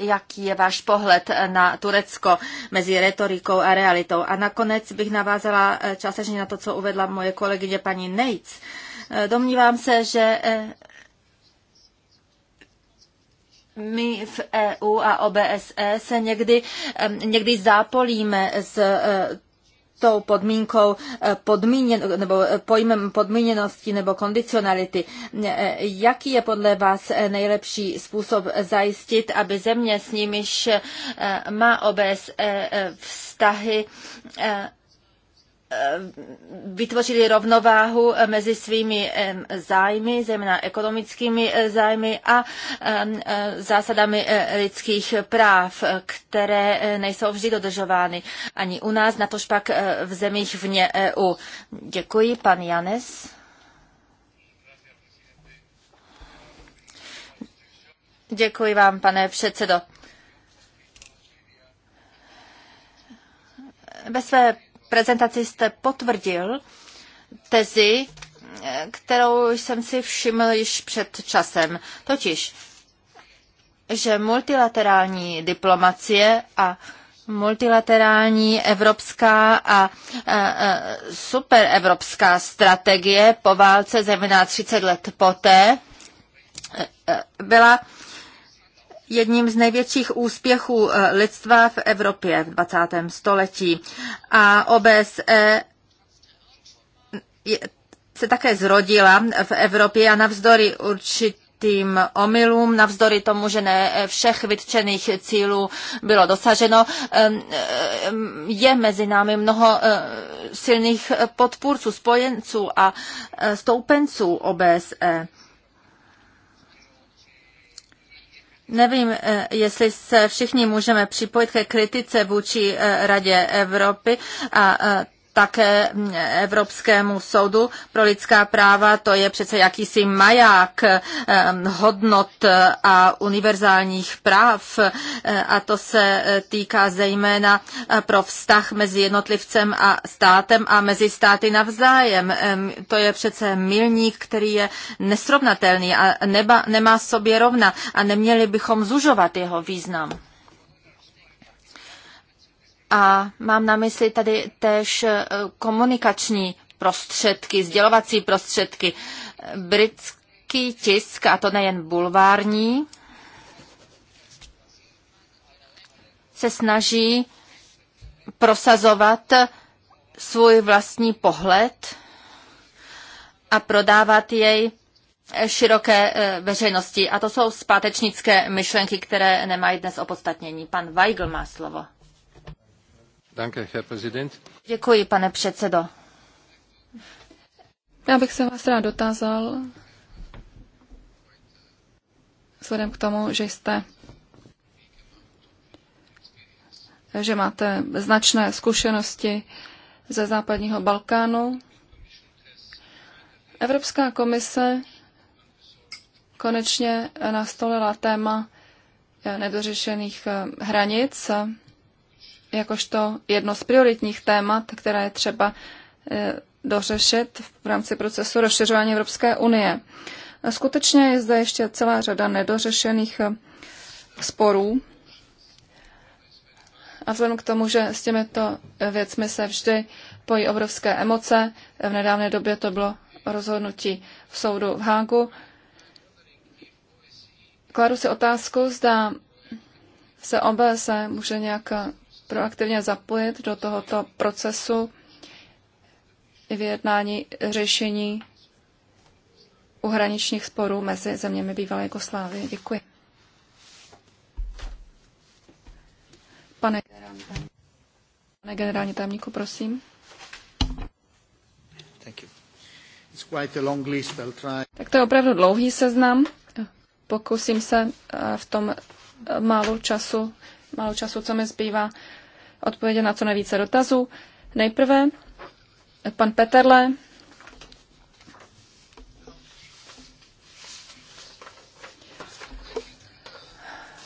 Jaký je váš pohled na Turecko mezi retorikou a realitou? A nakonec bych navázala částečně na to, co uvedla moje kolegyně paní Nejc. Domnívám se, že my v EU a OBSE se někdy, někdy zápolíme s e, tou podmínkou e, podmíněn, nebo pojmem podmíněnosti nebo kondicionality. E, jaký je podle vás nejlepší způsob zajistit, aby země, s nimiž má OBSE vztahy, Eh, vytvořili rovnováhu eh, mezi svými zájmy, zejména ekonomickými eh, zájmy a zásadami lidských práv, které nejsou vždy dodržovány ani u nás, natož pak v zemích vně EU. Děkuji, pan Janes. Děkuji vám, pane předsedo. Ve své prezentaci jste potvrdil tezi, kterou jsem si všiml již před časem. Totiž, že multilaterální diplomacie a multilaterální evropská a, a, superevropská strategie po válce, zejména 30 let poté, e, e, byla jedním z největších úspěchů eh, lidstva v Evropě v 20. století. A OBSE se také zrodila v Evropě a navzdory určitě tým omylům, navzdory tomu, že ne všech vytčených cílů bylo dosaženo. Je mezi námi mnoho eh, silných podpůrců, spojenců a eh, stoupenců OBSE. Nevím, eh, jestli se všichni můžeme připojit ke kritice vůči eh, Radě Evropy a eh, také mm, Evropskému soudu pro lidská práva. To je přece jakýsi maják ehm, hodnot eh, a univerzálních práv eh, a to se eh, týká zejména pro vztah mezi jednotlivcem a státem a mezi státy navzájem. Ehm, to je přece milník, který je nesrovnatelný a neba, nemá sobě rovna a neměli bychom zužovat jeho význam. A mám na mysli tady též e, komunikační prostředky, sdělovací prostředky. Britský tisk, a to nejen bulvární, se snaží prosazovat svůj vlastní pohled a prodávat jej široké e, veřejnosti. A to jsou zpátečnické myšlenky, které nemají dnes opodstatnění. Pan Weigl má slovo. Děkuji, pane předsedo. Já bych se vás rád dotázal, vzhledem k tomu, že jste že máte značné zkušenosti ze západního Balkánu. Evropská komise konečně nastolila téma nedořešených hranic jakožto jedno z prioritních témat, které je třeba e, dořešit v rámci procesu rozšiřování Evropské unie. Skutečně je zde ještě celá řada nedořešených e, sporů. A vzhledem k tomu, že s těmito věcmi se vždy pojí obrovské emoce, v nedávné době to bylo rozhodnutí v soudu v Hágu, kladu si otázku, zda se OBS e může nějak proaktivně zapojit do tohoto procesu vyjednání řešení uhraničních sporů mezi zeměmi bývalé Jugoslávie. Děkuji. Pane Pane generální tajemníku, prosím. Thank you. It's quite a long list. I'll try. Tak to je opravdu dlouhý seznam. Pokusím se eh, v tom eh, málo času malou času, co mi zbývá, odpovědět na co nejvíce dotazů. Nejprve pan Peterle.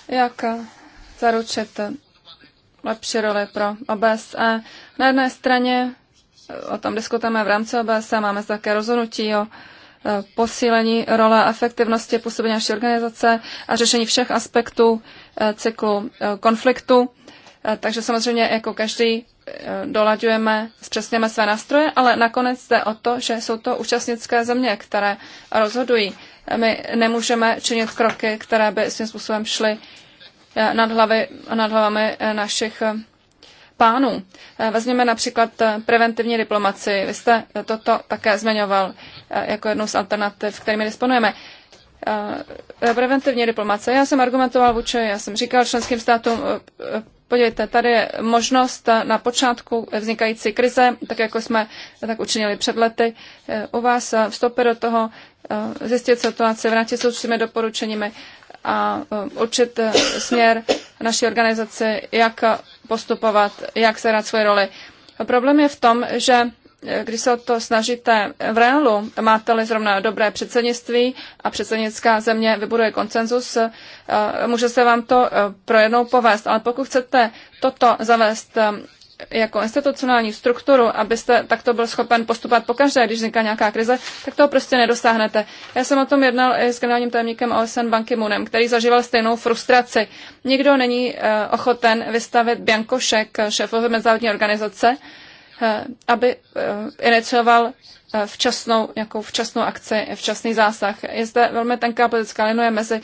Jak zaručit lepší roli pro OBSE? Na jedné straně o tom diskutujeme v rámci OBSE, máme také rozhodnutí o posílení role efektivnosti působení naší organizace a řešení všech aspektů eh, cyklu eh, konfliktu. Eh, takže samozřejmě jako každý dolaďujeme, zpřesněme své nástroje, ale nakonec jde o to, že jsou to účastnické země, které rozhodují. My nemůžeme činit kroky, které by svým způsobem šly nad, hlavy, nad hlavami našich pánů. Eh, vezměme například eh, preventivní diplomaci. Vy jste eh, toto také zmiňoval jako jednu z alternativ, kterými disponujeme. Preventivní diplomace. Já jsem argumentoval vůči, já jsem říkal členským státům, podívejte, tady je možnost na počátku vznikající krize, tak jako jsme tak učinili před lety, u vás vstoupit do toho, zjistit situaci, vrátit se určitými doporučeními a určit směr naší organizaci, jak postupovat, jak se hrát svoji roli. Problém je v tom, že eh, když se o to snažíte v reálu, máte-li zrovna dobré předsednictví a předsednická země vybuduje konsenzus, eh, může se vám to eh, pro jednou povést. Ale pokud chcete toto zavést jako institucionální strukturu, abyste takto byl schopen postupovat po každé, když vzniká nějaká krize, tak toho prostě nedosáhnete. Já jsem o tom jednal i s generálním tajemníkem OSN Banky Munem, který zažíval stejnou frustraci. Nikdo není eh, ochoten vystavit biankošek eh, šéfovi mezinárodní organizace, Eh, aby eh, inicioval eh, včasnou, nějakou včasnou akci, včasný zásah. Je zde velmi tenká politická linie mezi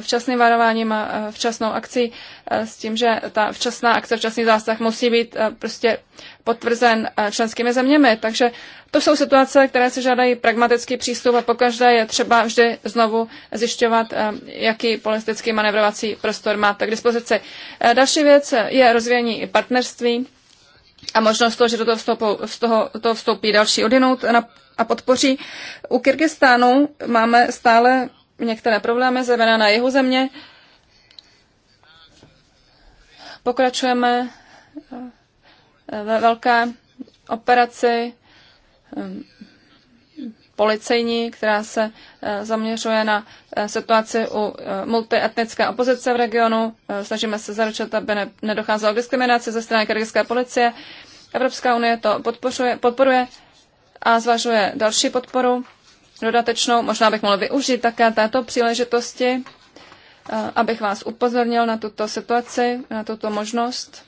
včasným varováním a včasnou akcí s tím, že ta včasná akce, včasný zásah musí být prostě potvrzen členskými zeměmi. Takže to jsou situace, které se žádají pragmatický přístup a pokaždé je třeba vždy znovu zjišťovat, jaký politický manevrovací prostor máte k dispozici. Další věc je rozvíjení partnerství a možnost toho, že do toho, vstoupou, z toho, toho vstoupí další odinout a podpoří. U Kyrgyzstánu máme stále některé problémy, zejména na jeho země. Pokračujeme eh, ve velké operaci policejní, která se eh, zaměřuje na eh, situaci u eh, multietnické opozice v regionu. Snažíme se zaručit, aby ne, nedocházelo k diskriminaci ze strany kyrgyzské policie. Evropská unie to podporuje, podporuje a zvažuje další podporu dodatečnou. Možná bych mohl využít také této příležitosti, abych vás upozornil na tuto situaci, na tuto možnost,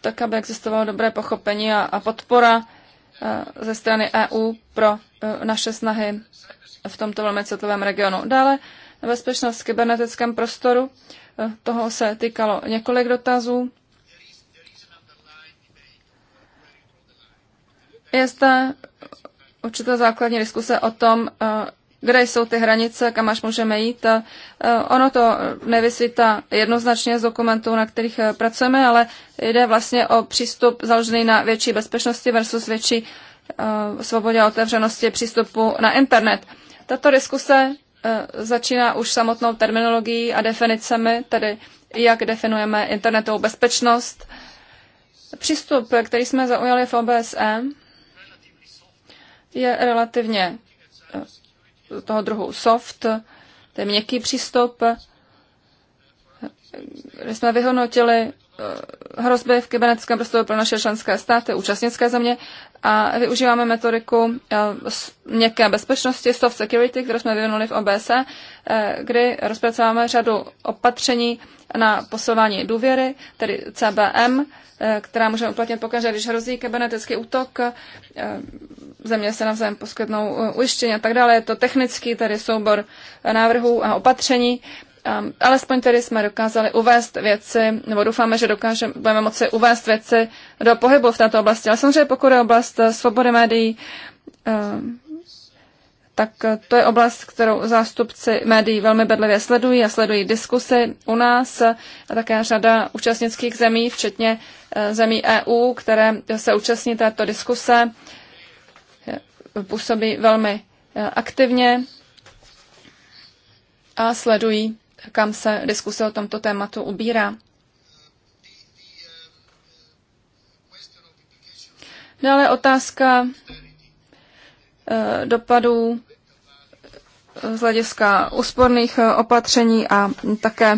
tak aby existovalo dobré pochopení a, a podpora Eh, ze strany EU pro eh, naše snahy v tomto velmi citlivém regionu. Dále bezpečnost v kybernetickém prostoru. Eh, toho se týkalo několik dotazů. Je zde určitá základní diskuse o tom, kde jsou ty hranice, kam až můžeme jít. Ono to nevysvětá jednoznačně z dokumentů, na kterých e, pracujeme, ale jde vlastně o přístup založený na větší bezpečnosti versus větší e, svobodě a otevřenosti přístupu na internet. Tato diskuse e, začíná už samotnou terminologií a definicemi, tedy jak definujeme internetovou bezpečnost. Přístup, který jsme zaujali v OBSM, je relativně toho druhu soft, to je měkký přístup, kde jsme vyhodnotili eh, hrozby v kybernetickém prostoru pro naše členské státy, účastnické země a využíváme metodiku eh, měkké bezpečnosti, soft security, kterou jsme vyvinuli v OBS, eh, kdy rozpracováme řadu opatření, na posilování důvěry, tedy CBM, eh, která můžeme uplatnit pokaždé, když hrozí kybernetický útok, eh, země se navzájem poskytnou eh, ujištění a tak dále. Je to technický tedy soubor návrhů a opatření. Alespoň tedy jsme dokázali uvést věci, nebo doufáme, že dokážeme, budeme moci uvést věci do pohybu v této oblasti. Ale samozřejmě pokud je oblast svobody médií, tak eh, to je oblast, kterou zástupci médií velmi bedlivě sledují a sledují diskusy u nás a také řada účastnických zemí, včetně eh, zemí EU, které se účastní této diskuse, eh, působí velmi aktivně a sledují, kam se diskuse o tomto tématu ubírá. Dále otázka Eh, dopadů eh, z hlediska úsporných eh, opatření a také,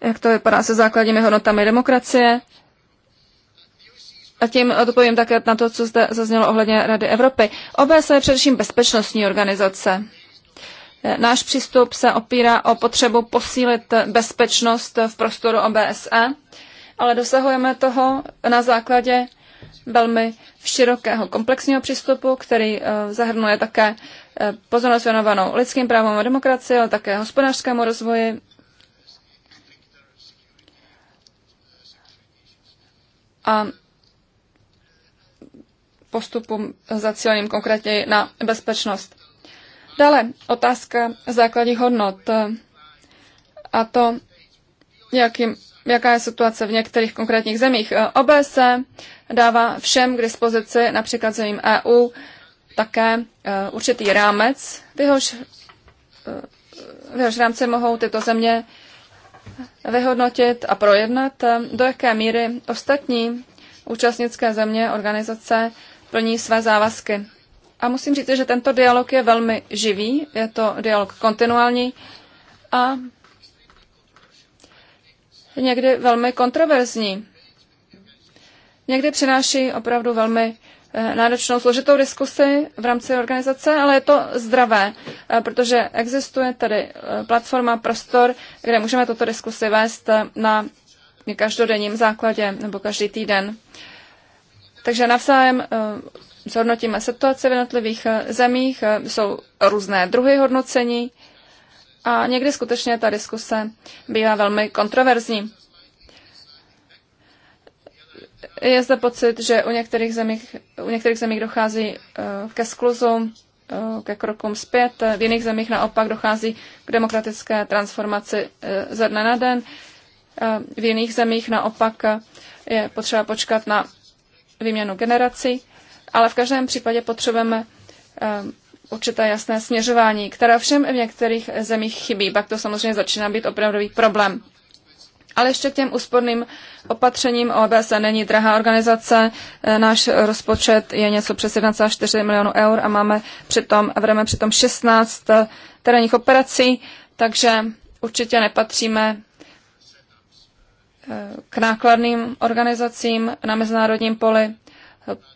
jak to vypadá se základními hodnotami demokracie. A tím odpovím také na to, co zde zaznělo ohledně Rady Evropy. OBS e je především bezpečnostní organizace. Náš přístup se opírá o potřebu posílit bezpečnost v prostoru OBSE, ale dosahujeme toho na základě velmi širokého komplexního přístupu, který eh, zahrnuje také eh, pozornost věnovanou lidským právům a demokracii, ale také hospodářskému rozvoji, a postupům cílením konkrétně na bezpečnost. Dále otázka základních hodnot eh, a to, jakým jaká je situace v některých konkrétních zemích. OBSE dává všem k dispozici, například zemím EU, také e, určitý rámec, v jehož, e, v jehož rámci mohou tyto země vyhodnotit a projednat, e, do jaké míry ostatní účastnické země organizace plní své závazky. A musím říct, že tento dialog je velmi živý, je to dialog kontinuální a někdy velmi kontroverzní. Někdy přináší opravdu velmi eh, náročnou, složitou diskusi v rámci organizace, ale je to zdravé, eh, protože existuje tady eh, platforma, prostor, kde můžeme tuto diskusi vést na každodenním základě nebo každý týden. Takže navzájem zhodnotíme situaci v jednotlivých zemích, jsou různé druhy hodnocení, a někdy skutečně ta diskuse bývá velmi kontroverzní. Je zde pocit, že u některých zemích, u některých zemích dochází eh, ke skluzu, eh, ke krokům zpět, v jiných zemích naopak dochází k demokratické transformaci eh, ze dne na den, v jiných zemích naopak je potřeba počkat na výměnu generací, ale v každém případě potřebujeme určité jasné směřování, které všem v některých zemích chybí. Pak to samozřejmě začíná být opravdový problém. Ale ještě k těm úsporným opatřením OBS není drahá organizace. E, náš rozpočet je něco přes 1,4 milionů eur a máme přitom, a vedeme přitom 16 e, terénních operací, takže určitě nepatříme e, k nákladným organizacím na mezinárodním poli.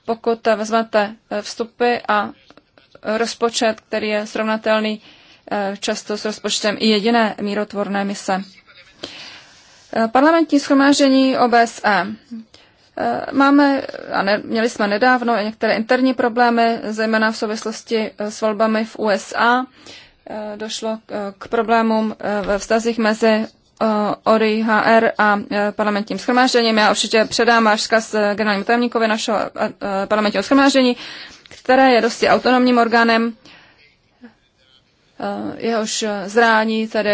Pokud vezmete vstupy a rozpočet, který je srovnatelný eh, často s rozpočtem i jediné mírotvorné mise. Eh, parlamentní schromáždění OBSE. Eh, máme, a ne, měli jsme nedávno, některé interní problémy, zejména v souvislosti s volbami v USA. Došlo k problémům ve vztazích mezi ODIHR a parlamentním schromážděním. Já určitě předám váš zkaz generálnímu tajemníkovi našeho parlamentního schromáždění které je dosti autonomním orgánem, eh, jehož eh, zrání tedy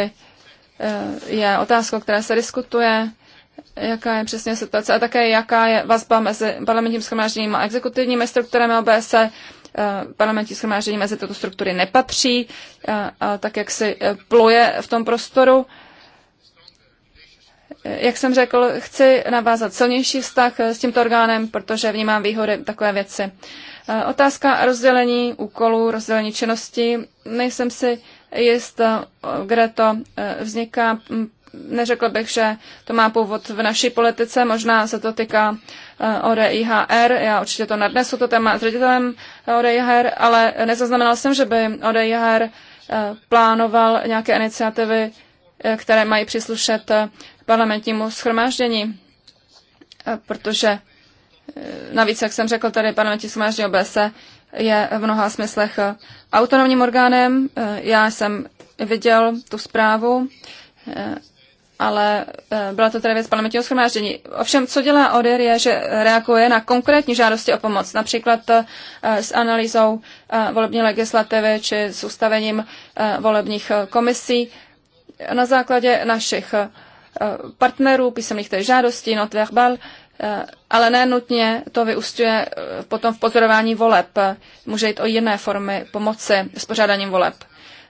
eh, je otázka, která se diskutuje, jaká je přesně situace a také jaká je vazba mezi parlamentním schromážděním a exekutivními strukturami OBSE. Parlamentní schromáždění mezi tyto struktury nepatří, a, tak jak si pluje v tom prostoru. Jak jsem řekl, chci navázat silnější vztah s tímto orgánem, protože vnímám výhody takové věci. Eh, otázka rozdělení úkolů, rozdělení činností. Nejsem si jist, eh, kde to eh, vzniká. Mm, neřekl bych, že to má původ v naší politice, možná se to týká ODIHR, já určitě to nadnesu, to téma s ředitelem ODIHR, ale nezaznamenal jsem, že by ODIHR plánoval nějaké iniciativy, které mají příslušet parlamentnímu schromáždění, protože Eh, navíc, jak jsem řekl, tady parlamentní shromáždění obese je v mnoha smyslech eh, autonomním orgánem. Eh, já jsem viděl tu zprávu, ale byla to tedy věc parlamentního schromáždění. Ovšem, co dělá ODIR, je, že reaguje na konkrétní žádosti o pomoc, například s analýzou volební legislativy či s ustavením volebních komisí na základě našich partnerů, písemných té žádostí, not Eh, ale ne nutně to vyústuje eh, potom v pozorování voleb. Může jít o jiné formy pomoci s pořádáním voleb.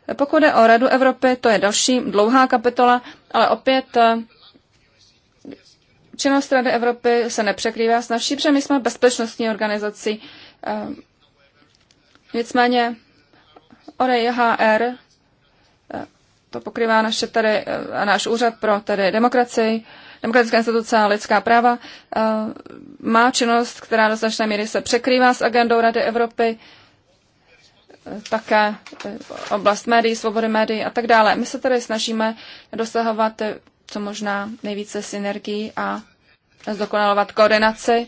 Eh, pokud je o Radu Evropy, to je další dlouhá kapitola, ale opět činnost Rady Evropy se nepřekrývá s naší, protože my jsme bezpečnostní organizací. Nicméně ODIHR, to pokrývá naše tady, a náš úřad pro tady demokracii, Demokratická instituce a lidská práva, eh, má činnost, která do značné míry se překrývá s agendou Rady Evropy, eh, také eh, oblast médií, svobody médií a tak dále. My se tedy snažíme dosahovat co možná nejvíce synergií a zdokonalovat koordinaci.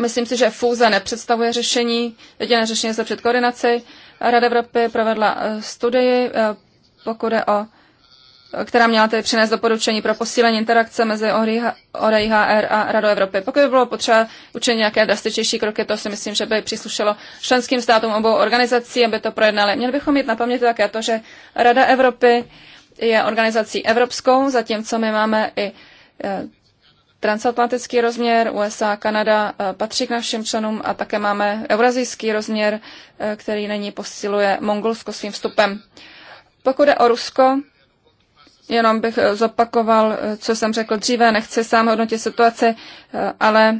Myslím si, že fúze nepředstavuje řešení. Jediné řešení je zlepšit koordinaci. Rada Evropy provedla studii, pokud je o která měla tedy přinést doporučení pro posílení interakce mezi HR a Radou Evropy. Pokud by bylo potřeba učinit nějaké drastičnější kroky, to si myslím, že by příslušelo členským státům obou organizací, aby to projednali. Měli bychom mít na paměti také to, že Rada Evropy je organizací evropskou, zatímco my máme i e, transatlantický rozměr, USA, Kanada e, patří k našim členům a také máme eurazijský rozměr, e, který není posiluje Mongolsko svým vstupem. Pokud jde o Rusko, Jenom bych eh, zopakoval, eh, co jsem řekl dříve, nechci sám hodnotit situaci, eh, ale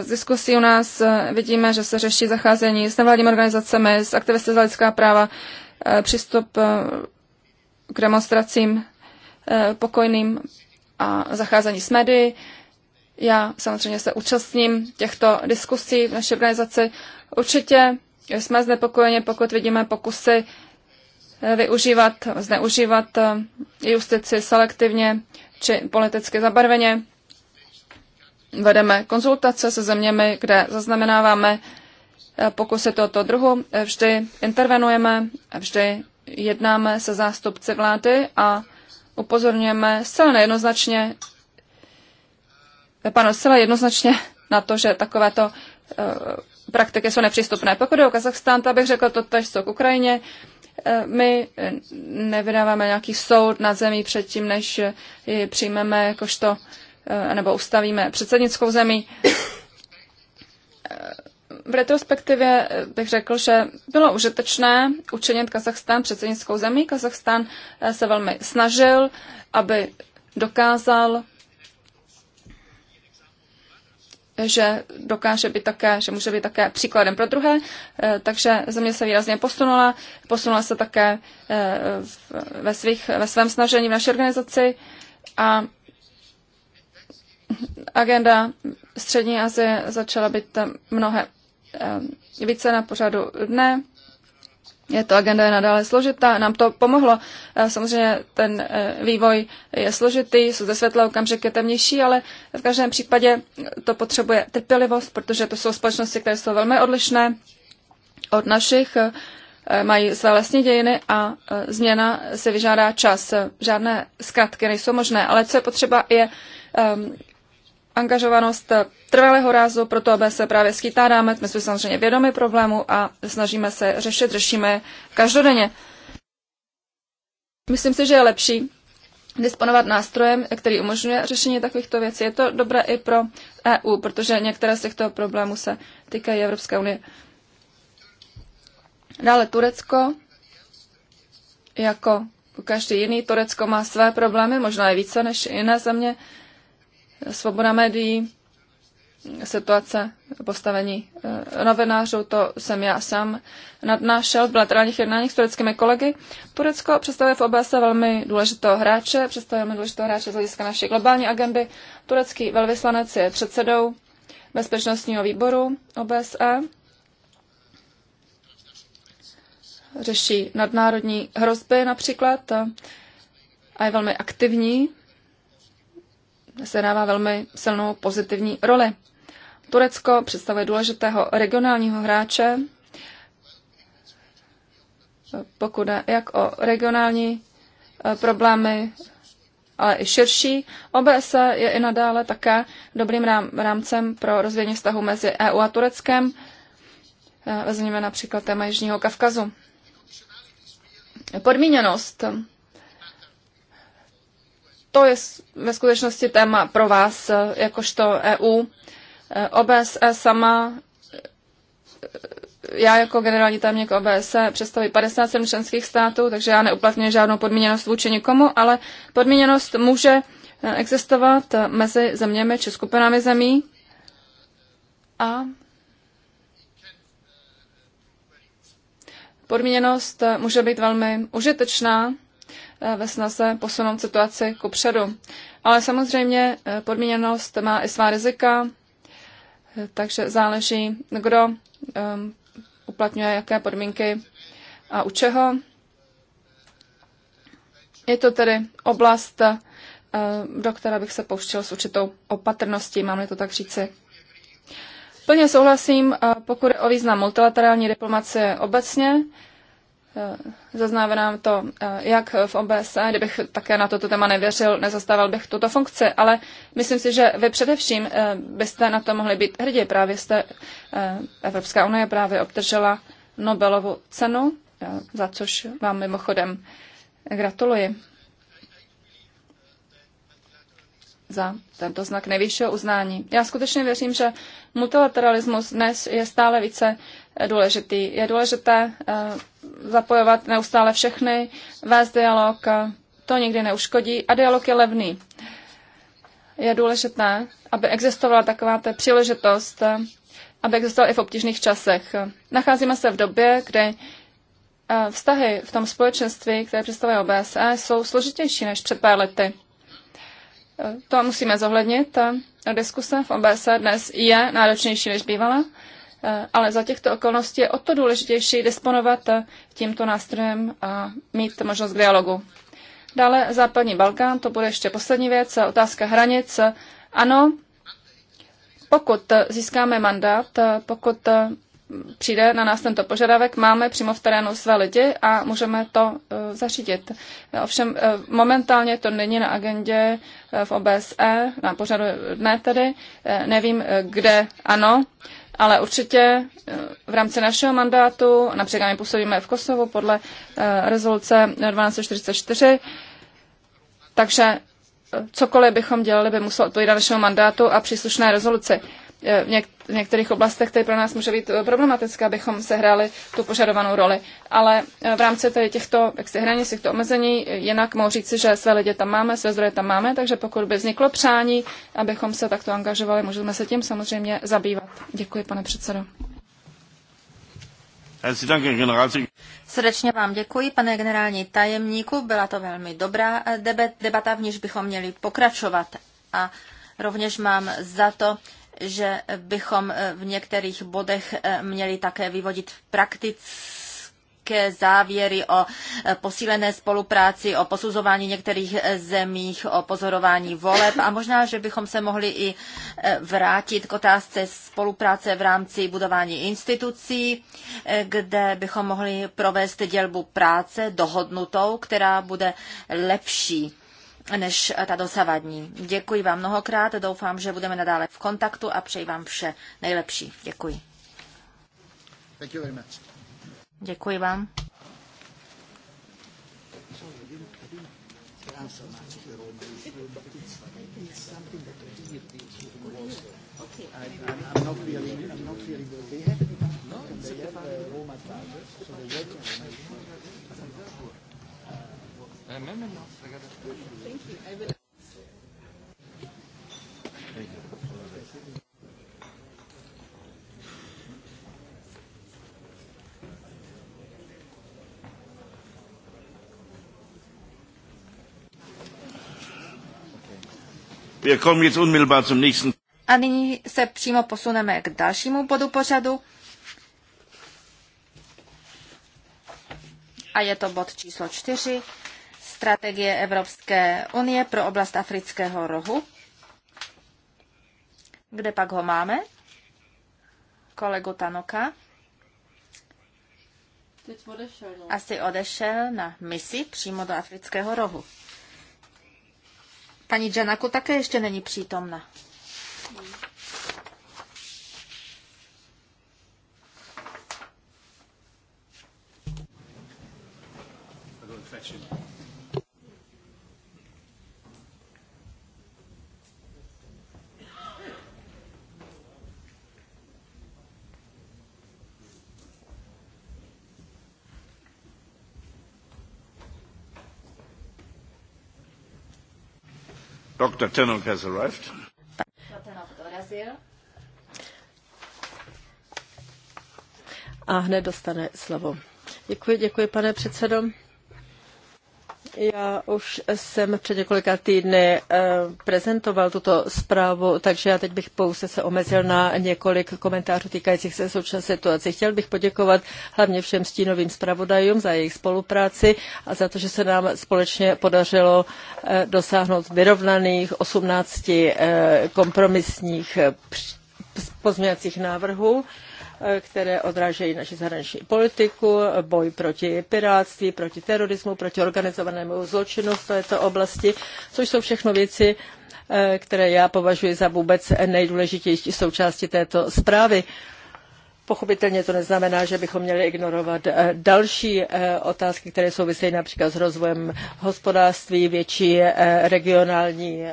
z diskusí u nás vidíme, že se řeší zacházení s nevládními organizacemi, s aktivisty za lidská práva, přístup k demonstracím pokojným a zacházení s médií. Já samozřejmě se účastním těchto diskusí v naší organizaci. Určitě jsme znepokojeni, pokud vidíme pokusy využívat, zneužívat eh, justici selektivně či politicky zabarveně. Vedeme konzultace se zeměmi, kde zaznamenáváme eh, pokusy tohoto druhu. Eh, vždy intervenujeme, vždy jednáme se zástupci vlády a upozorňujeme zcela jednoznačně, pane, zcela jednoznačně [LAUGHS] na to, že takovéto praktiky jsou nepřístupné. Pokud je o Kazachstán, tak bych řekl to tež, co k Ukrajině. Eh, my eh, nevydáváme nějaký soud na zemí předtím, než ji přijmeme jakožto eh, nebo ustavíme předsednickou zemí. V retrospektivě bych řekl, že bylo užitečné učinit Kazachstán předsednickou zemí. Kazachstán se velmi snažil, aby dokázal že dokáže být také, že může být také příkladem pro druhé, eh, takže země se výrazně posunula, posunula se také eh, ve, svých, ve svém snažení v naší organizaci a agenda Střední Azie začala být mnohem eh, více na pořadu dne je to agenda je nadále složitá, nám to pomohlo. Eh, samozřejmě ten eh, vývoj je složitý, jsou ze světla okamžiky temnější, ale v každém případě to potřebuje trpělivost, protože to jsou společnosti, které jsou velmi odlišné od našich, eh, mají své vlastní dějiny a změna se vyžádá čas. Žádné zkratky nejsou možné, ale co je potřeba je ehm, angažovanost trvalého rázu, to, aby se právě skýtá rámec. My jsme samozřejmě vědomi problému a snažíme se řešit, řešíme každodenně. Myslím si, že je lepší disponovat nástrojem, který umožňuje řešení takovýchto věcí. Je to dobré i pro EU, protože některé z těchto problémů se týkají Evropské unie. Dále Turecko, jako každý jiný, Turecko má své problémy, možná i více než jiné země svoboda médií, situace postavení eh, novinářů, to jsem já sám nadnášel v bilaterálních jednáních s tureckými kolegy. Turecko představuje v OBS velmi důležitého hráče, velmi důležitého hráče z hlediska naší globální agendy. Turecký velvyslanec je předsedou bezpečnostního výboru OBSE. Řeší nadnárodní hrozby například a je velmi aktivní sehrává velmi silnou pozitivní roli. Turecko představuje důležitého regionálního hráče, pokud jde jak o regionální eh, problémy, ale i širší. OBS e je i nadále také dobrým rámcem pro rozvíjení vztahu mezi EU a Tureckem. Eh, vezměme například téma Jižního Kavkazu. Podmíněnost to je ve skutečnosti téma pro vás, eh, jakožto EU. Eh, OBSE sama, eh, já jako generální tajemník OBSE představuji 57 členských států, takže já neuplatňuji žádnou podmíněnost vůči nikomu, ale podmíněnost může existovat mezi zeměmi či skupinami zemí a podmíněnost může být velmi užitečná Eh, ve snaze posunout situaci ku předu. Ale samozřejmě eh, podmíněnost má i svá rizika, eh, takže záleží, kdo ehm, uplatňuje jaké podmínky a u čeho. Je to tedy oblast, do které bych se pouštěl s určitou opatrností, mám-li to tak říci. Plně souhlasím, pokud je o význam multilaterální diplomacie obecně, zaznávám to, eh, jak v OBSE, kdybych také na toto téma nevěřil, nezastával bych tuto funkci, ale myslím si, že vy především eh, byste na to mohli být hrdí. Právě jste, eh, Evropská unie právě obdržela Nobelovu cenu, za což vám mimochodem gratuluji za tento znak nejvyššího uznání. Já skutečně věřím, že multilateralismus dnes je stále více důležitý. Je důležité zapojovat neustále všechny, vést dialog, to nikdy neuškodí a dialog je levný. Je důležité, aby existovala taková ta příležitost, aby existovala i v obtížných časech. Nacházíme se v době, kdy eh, vztahy v tom společenství, které představuje OBSE, jsou složitější než před pár lety. Eh, to musíme zohlednit. Diskuse v OBSE dnes je náročnější než bývala Eh, ale za těchto okolností je o to důležitější disponovat eh, tímto nástrojem a mít možnost dialogu. Dále západní Balkán, to bude ještě poslední věc, eh, otázka hranic. Ano, pokud získáme mandát, pokud přijde na nás tento požadavek, máme přímo v terénu své lidi a můžeme to zařídit. Ovšem momentálně to není na agendě v OBSE, na pořadu dne tedy. Nevím, kde ano ale určitě eh, v rámci našeho mandátu, například my působíme v Kosovu podle eh, rezoluce 1244, takže eh, cokoliv bychom dělali, by muselo odpovídat našemu mandátu a příslušné rezoluci. Eh, v, něk- v některých oblastech, které pro nás může být eh, problematické, abychom sehráli tu požadovanou roli. Ale eh, v rámci tady těchto hraní, těchto omezení, jinak mohu říci, že své lidi tam máme, své zdroje tam máme, takže pokud by vzniklo přání, abychom se takto angažovali, můžeme se tím samozřejmě zabývat. Děkuji, pane předsedo. Srdečně vám děkuji, pane generální tajemníku. Byla to velmi dobrá debata, v níž bychom měli pokračovat. A rovněž mám za to, že bychom eh, v některých bodech eh, měli také vyvodit praktické závěry o eh, posílené spolupráci, o posuzování některých zemích, o pozorování voleb a možná, že bychom se mohli i vrátit k otázce spolupráce v rámci budování institucí, kde bychom mohli provést dělbu práce dohodnutou, která bude lepší než ta dosavadní. Děkuji vám mnohokrát, doufám, že budeme nadále v kontaktu a přeji vám vše nejlepší. Děkuji. Thank you very much. Děkuji vám. Okay. I'm I'm not really, I'm not really, they have, no, they have the uh, home so they work on a nyní se přímo posuneme k dalšímu bodu pořadu. A je to bod číslo čtyři strategie Evropské unie pro oblast afrického rohu. Kde pak ho máme? Kolegu Tanoka. Odešel, no. Asi odešel na misi přímo do afrického rohu. Paní Janaku také ještě není přítomna. Hmm. Dr. Tenok has arrived. A hned dostane slovo. Děkuji, děkuji, pane předsedo. Já už jsem před několika týdny eh, prezentoval tuto zprávu, takže já teď bych pouze se omezil na několik komentářů týkajících se současné situace. Chtěl bych poděkovat hlavně všem stínovým zpravodajům za jejich spolupráci a za to, že se nám společně podařilo eh, dosáhnout vyrovnaných 18 eh, kompromisních pozměňovacích návrhů které odrážejí naši zahraniční politiku, boj proti pirátství, proti terorismu, proti organizovanému zločinu v této oblasti, což jsou všechno věci, eh, které já považuji za vůbec nejdůležitější součásti této zprávy. Pochopitelně to neznamená, že bychom měli ignorovat eh, další eh, otázky, které souvisejí například s rozvojem hospodářství, větší regionální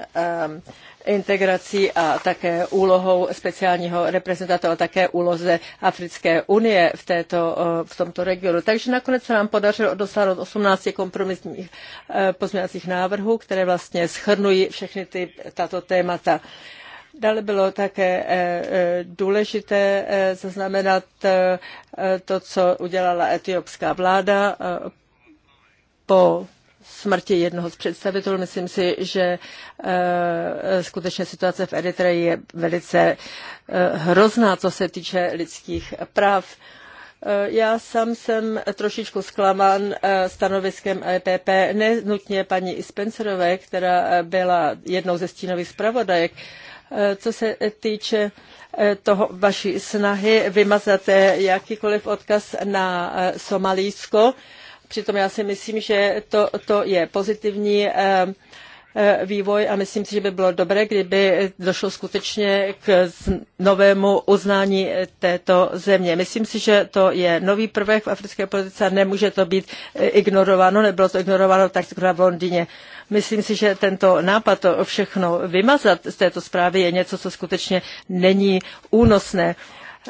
integrací a také úlohou speciálního reprezentanta a také úloze Africké unie v, této, eh, v tomto regionu. Takže nakonec se nám podařilo dosáhnout 18 kompromisních eh, pozměňovacích návrhů, které vlastně schrnují všechny ty, tato témata. Dále bylo také eh, důležité zaznamenat to, co udělala etiopská vláda po smrti jednoho z představitelů. Myslím si, že eh, skutečně situace v Eritreji je velice eh, hrozná, co se týče lidských práv. Eh, já sám jsem trošičku zklamán stanoviskem EPP, ne nutně paní Spencerové, která byla jednou ze stínových zpravodajek, co se týče toho vaší snahy vymazat jakýkoliv odkaz na Somalísko. Přitom já si myslím, že to, to je pozitivní eh, eh, vývoj a myslím si, že by bylo dobré, kdyby došlo skutečně k novému uznání eh, této země. Myslím si, že to je nový prvek v africké politice a nemůže to být ignorováno, nebylo to ignorováno tak v Londýně. Myslím si, že tento nápad to všechno vymazat z této zprávy je něco, co skutečně není únosné.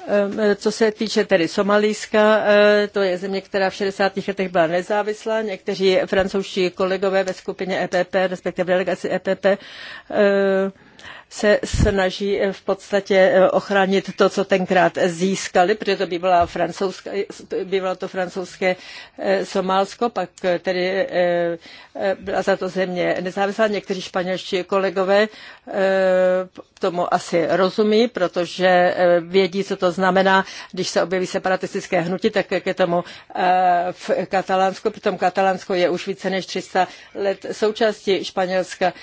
Ehm, eh, co se týče tedy Somalíska, eh, to je země, která v 60. letech byla nezávislá. Někteří francouzští kolegové ve skupině EPP, respektive delegaci EPP, se snaží eh, v podstatě eh, ochránit to, co tenkrát získali, protože to bývala francouzské, bývalo to francouzské eh, Somálsko, pak tedy byla za to země nezávislá. Někteří španělští kolegové tomu asi rozumí, protože vědí, co to znamená, když se objeví separatistické hnutí, tak jak je tomu v Katalánsku. Přitom Katalánsko je už více než 300 let součástí Španělska.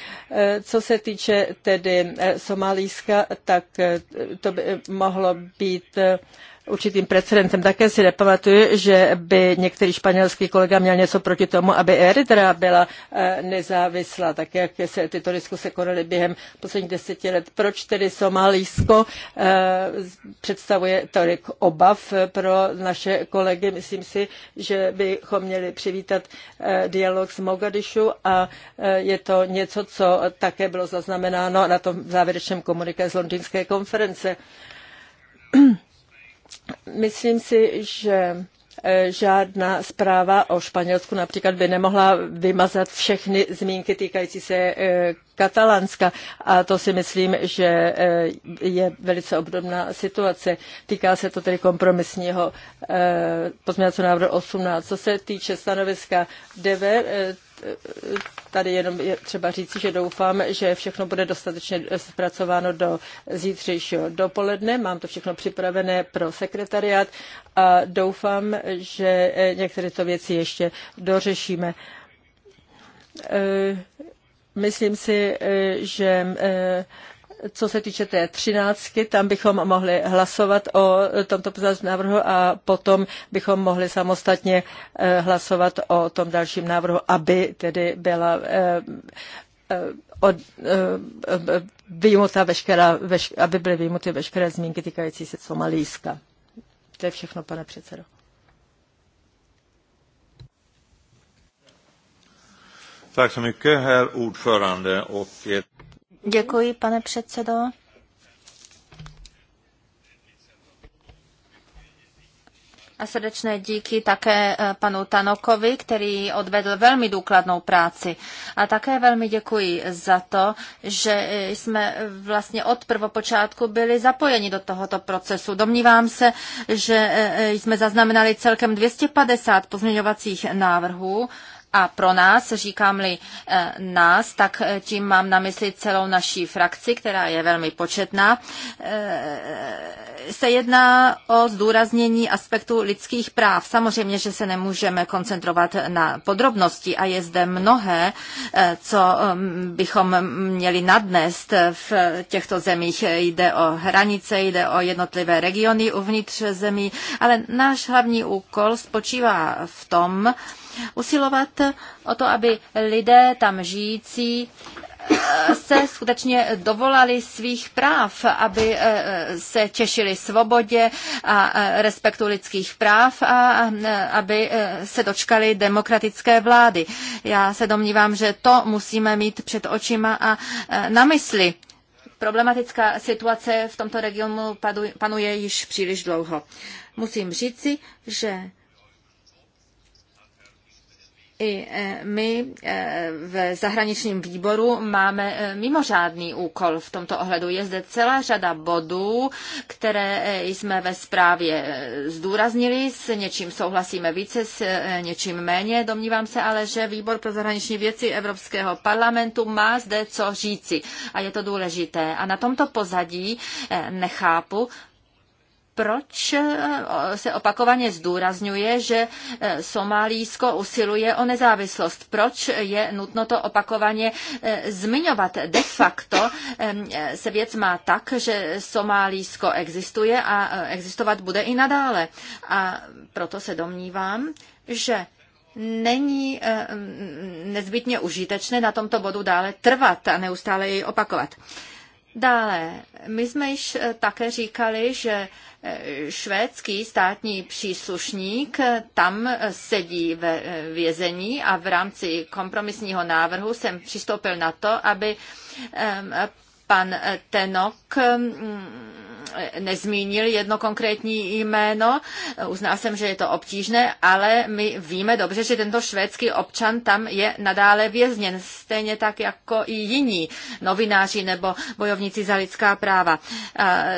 Co se týče tedy Eh, somálska tak eh, to by mohlo být eh, určitým precedentem. Také si nepamatuju, že by některý španělský kolega měl něco proti tomu, aby Eritrea byla eh, nezávislá, tak jak se tyto diskuse konaly během posledních deseti let. Proč tedy Somálísko eh, představuje tolik obav eh, pro naše kolegy? Myslím si, že bychom měli přivítat dialog s Mogadišu a je to něco, co také bylo zaznamenáno na tom závěrečném komuniké z londýnské konference Myslím si, že e, žádná zpráva o Španělsku například by nemohla vymazat všechny zmínky týkající se e, Katalánska. A to si myslím, že e, je velice obdobná situace. Týká se to tedy kompromisního pozměňovacího návrhu 18. Co se týče stanoviska DV, tady jenom je třeba říci, že doufám, že všechno bude dostatečně zpracováno do zítřejšího dopoledne. Mám to všechno připravené pro sekretariát a doufám, že některé to věci ještě dořešíme. Eh, myslím si, eh, že eh, co se týče té třináctky, tam bychom mohli hlasovat o tomto pozměňovacím návrhu a potom bychom mohli samostatně eh, hlasovat o tom dalším návrhu, aby tedy byla eh, eh, od, vyjmuta veškerá, aby byly vyjmuty veškeré zmínky týkající se Somalíska. To je všechno, pane předsedo. Tak, så mycket, herr ordförande. Och Děkuji, pane předsedo. A srdečné díky také eh, panu Tanokovi, který odvedl velmi důkladnou práci. A také velmi děkuji za to, že eh, jsme vlastně od prvopočátku byli zapojeni do tohoto procesu. Domnívám se, že eh, jsme zaznamenali celkem 250 pozměňovacích návrhů a pro nás, říkám-li eh, nás, tak eh, tím mám na mysli celou naší frakci, která je velmi početná, eh, se jedná o zdůraznění aspektu lidských práv. Samozřejmě, že se nemůžeme koncentrovat na podrobnosti a je zde mnohé, co mm, bychom měli nadnést v těchto zemích. Jde o hranice, jde o jednotlivé regiony uvnitř zemí, ale náš hlavní úkol spočívá v tom, usilovat o to, aby lidé tam žijící eh, se skutečně dovolali svých práv, aby eh, se těšili svobodě a eh, respektu lidských práv a aby se dočkali demokratické vlády. Já se domnívám, že to musíme mít před očima a na mysli. Problematická situace v tomto regionu panuje již příliš dlouho. Musím říci, že i e, my e, v zahraničním výboru máme e, mimořádný úkol v tomto ohledu. Je zde celá řada bodů, které jsme ve zprávě zdůraznili, s něčím souhlasíme více, s něčím méně. Domnívám se ale, že výbor pro zahraniční věci Evropského parlamentu má zde co říci a je to důležité. A na tomto pozadí nechápu, proč eh, se opakovaně zdůrazňuje, že eh, Somálísko usiluje o nezávislost? Proč je nutno to opakovaně eh, zmiňovat? De facto se věc má tak, že Somálísko existuje a existovat bude i nadále. A proto se domnívám, že není nezbytně užitečné na tomto bodu dále trvat a neustále jej opakovat. Dále, my jsme již eh, také říkali, že eh, švédský státní příslušník eh, tam sedí ve vězení a v rámci kompromisního návrhu jsem přistoupil na to, aby pan Tenok mm, nezmínil jedno konkrétní jméno. Uznal jsem, že je to obtížné, ale my víme dobře, že tento švédský občan tam je nadále vězněn, stejně tak jako i jiní novináři nebo bojovníci za lidská práva.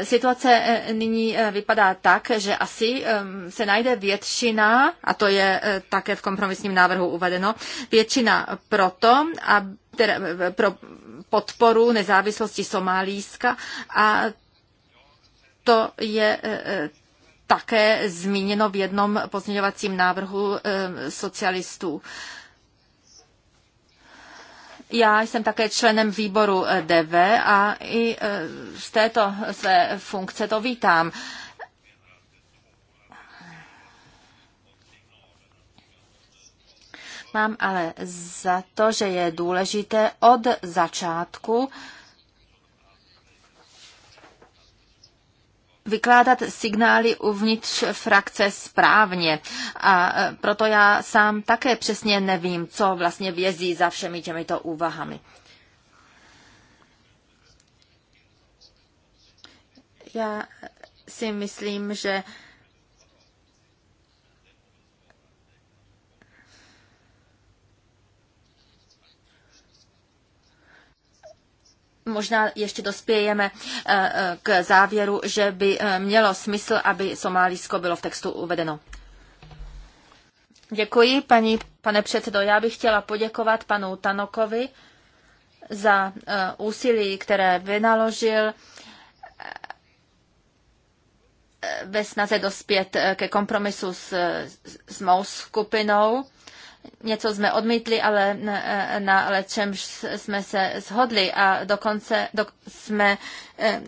Situace e, nyní e, vypadá tak, že asi e, se najde většina, a to je také v kompromisním návrhu uvedeno, většina proto, a, pro podporu nezávislosti Somálíska a to je e, e, také zmíněno v jednom pozměňovacím návrhu e, socialistů. Já jsem také členem výboru DV a i z této své funkce to vítám. Mám ale za to, že je důležité od začátku vykládat signály uvnitř frakce správně. A e, proto já sám také přesně nevím, co vlastně vězí za všemi těmito úvahami. Já si myslím, že možná ještě dospějeme eh, eh, k závěru, že by eh, mělo smysl, aby Somálisko bylo v textu uvedeno. Děkuji, paní, pane předsedo. Já bych chtěla poděkovat panu Tanokovi za úsilí, které vynaložil ve snaze dospět ke kompromisu s, s mou skupinou něco jsme odmítli, ale na čem jsme se shodli a dokonce do, jsme eh,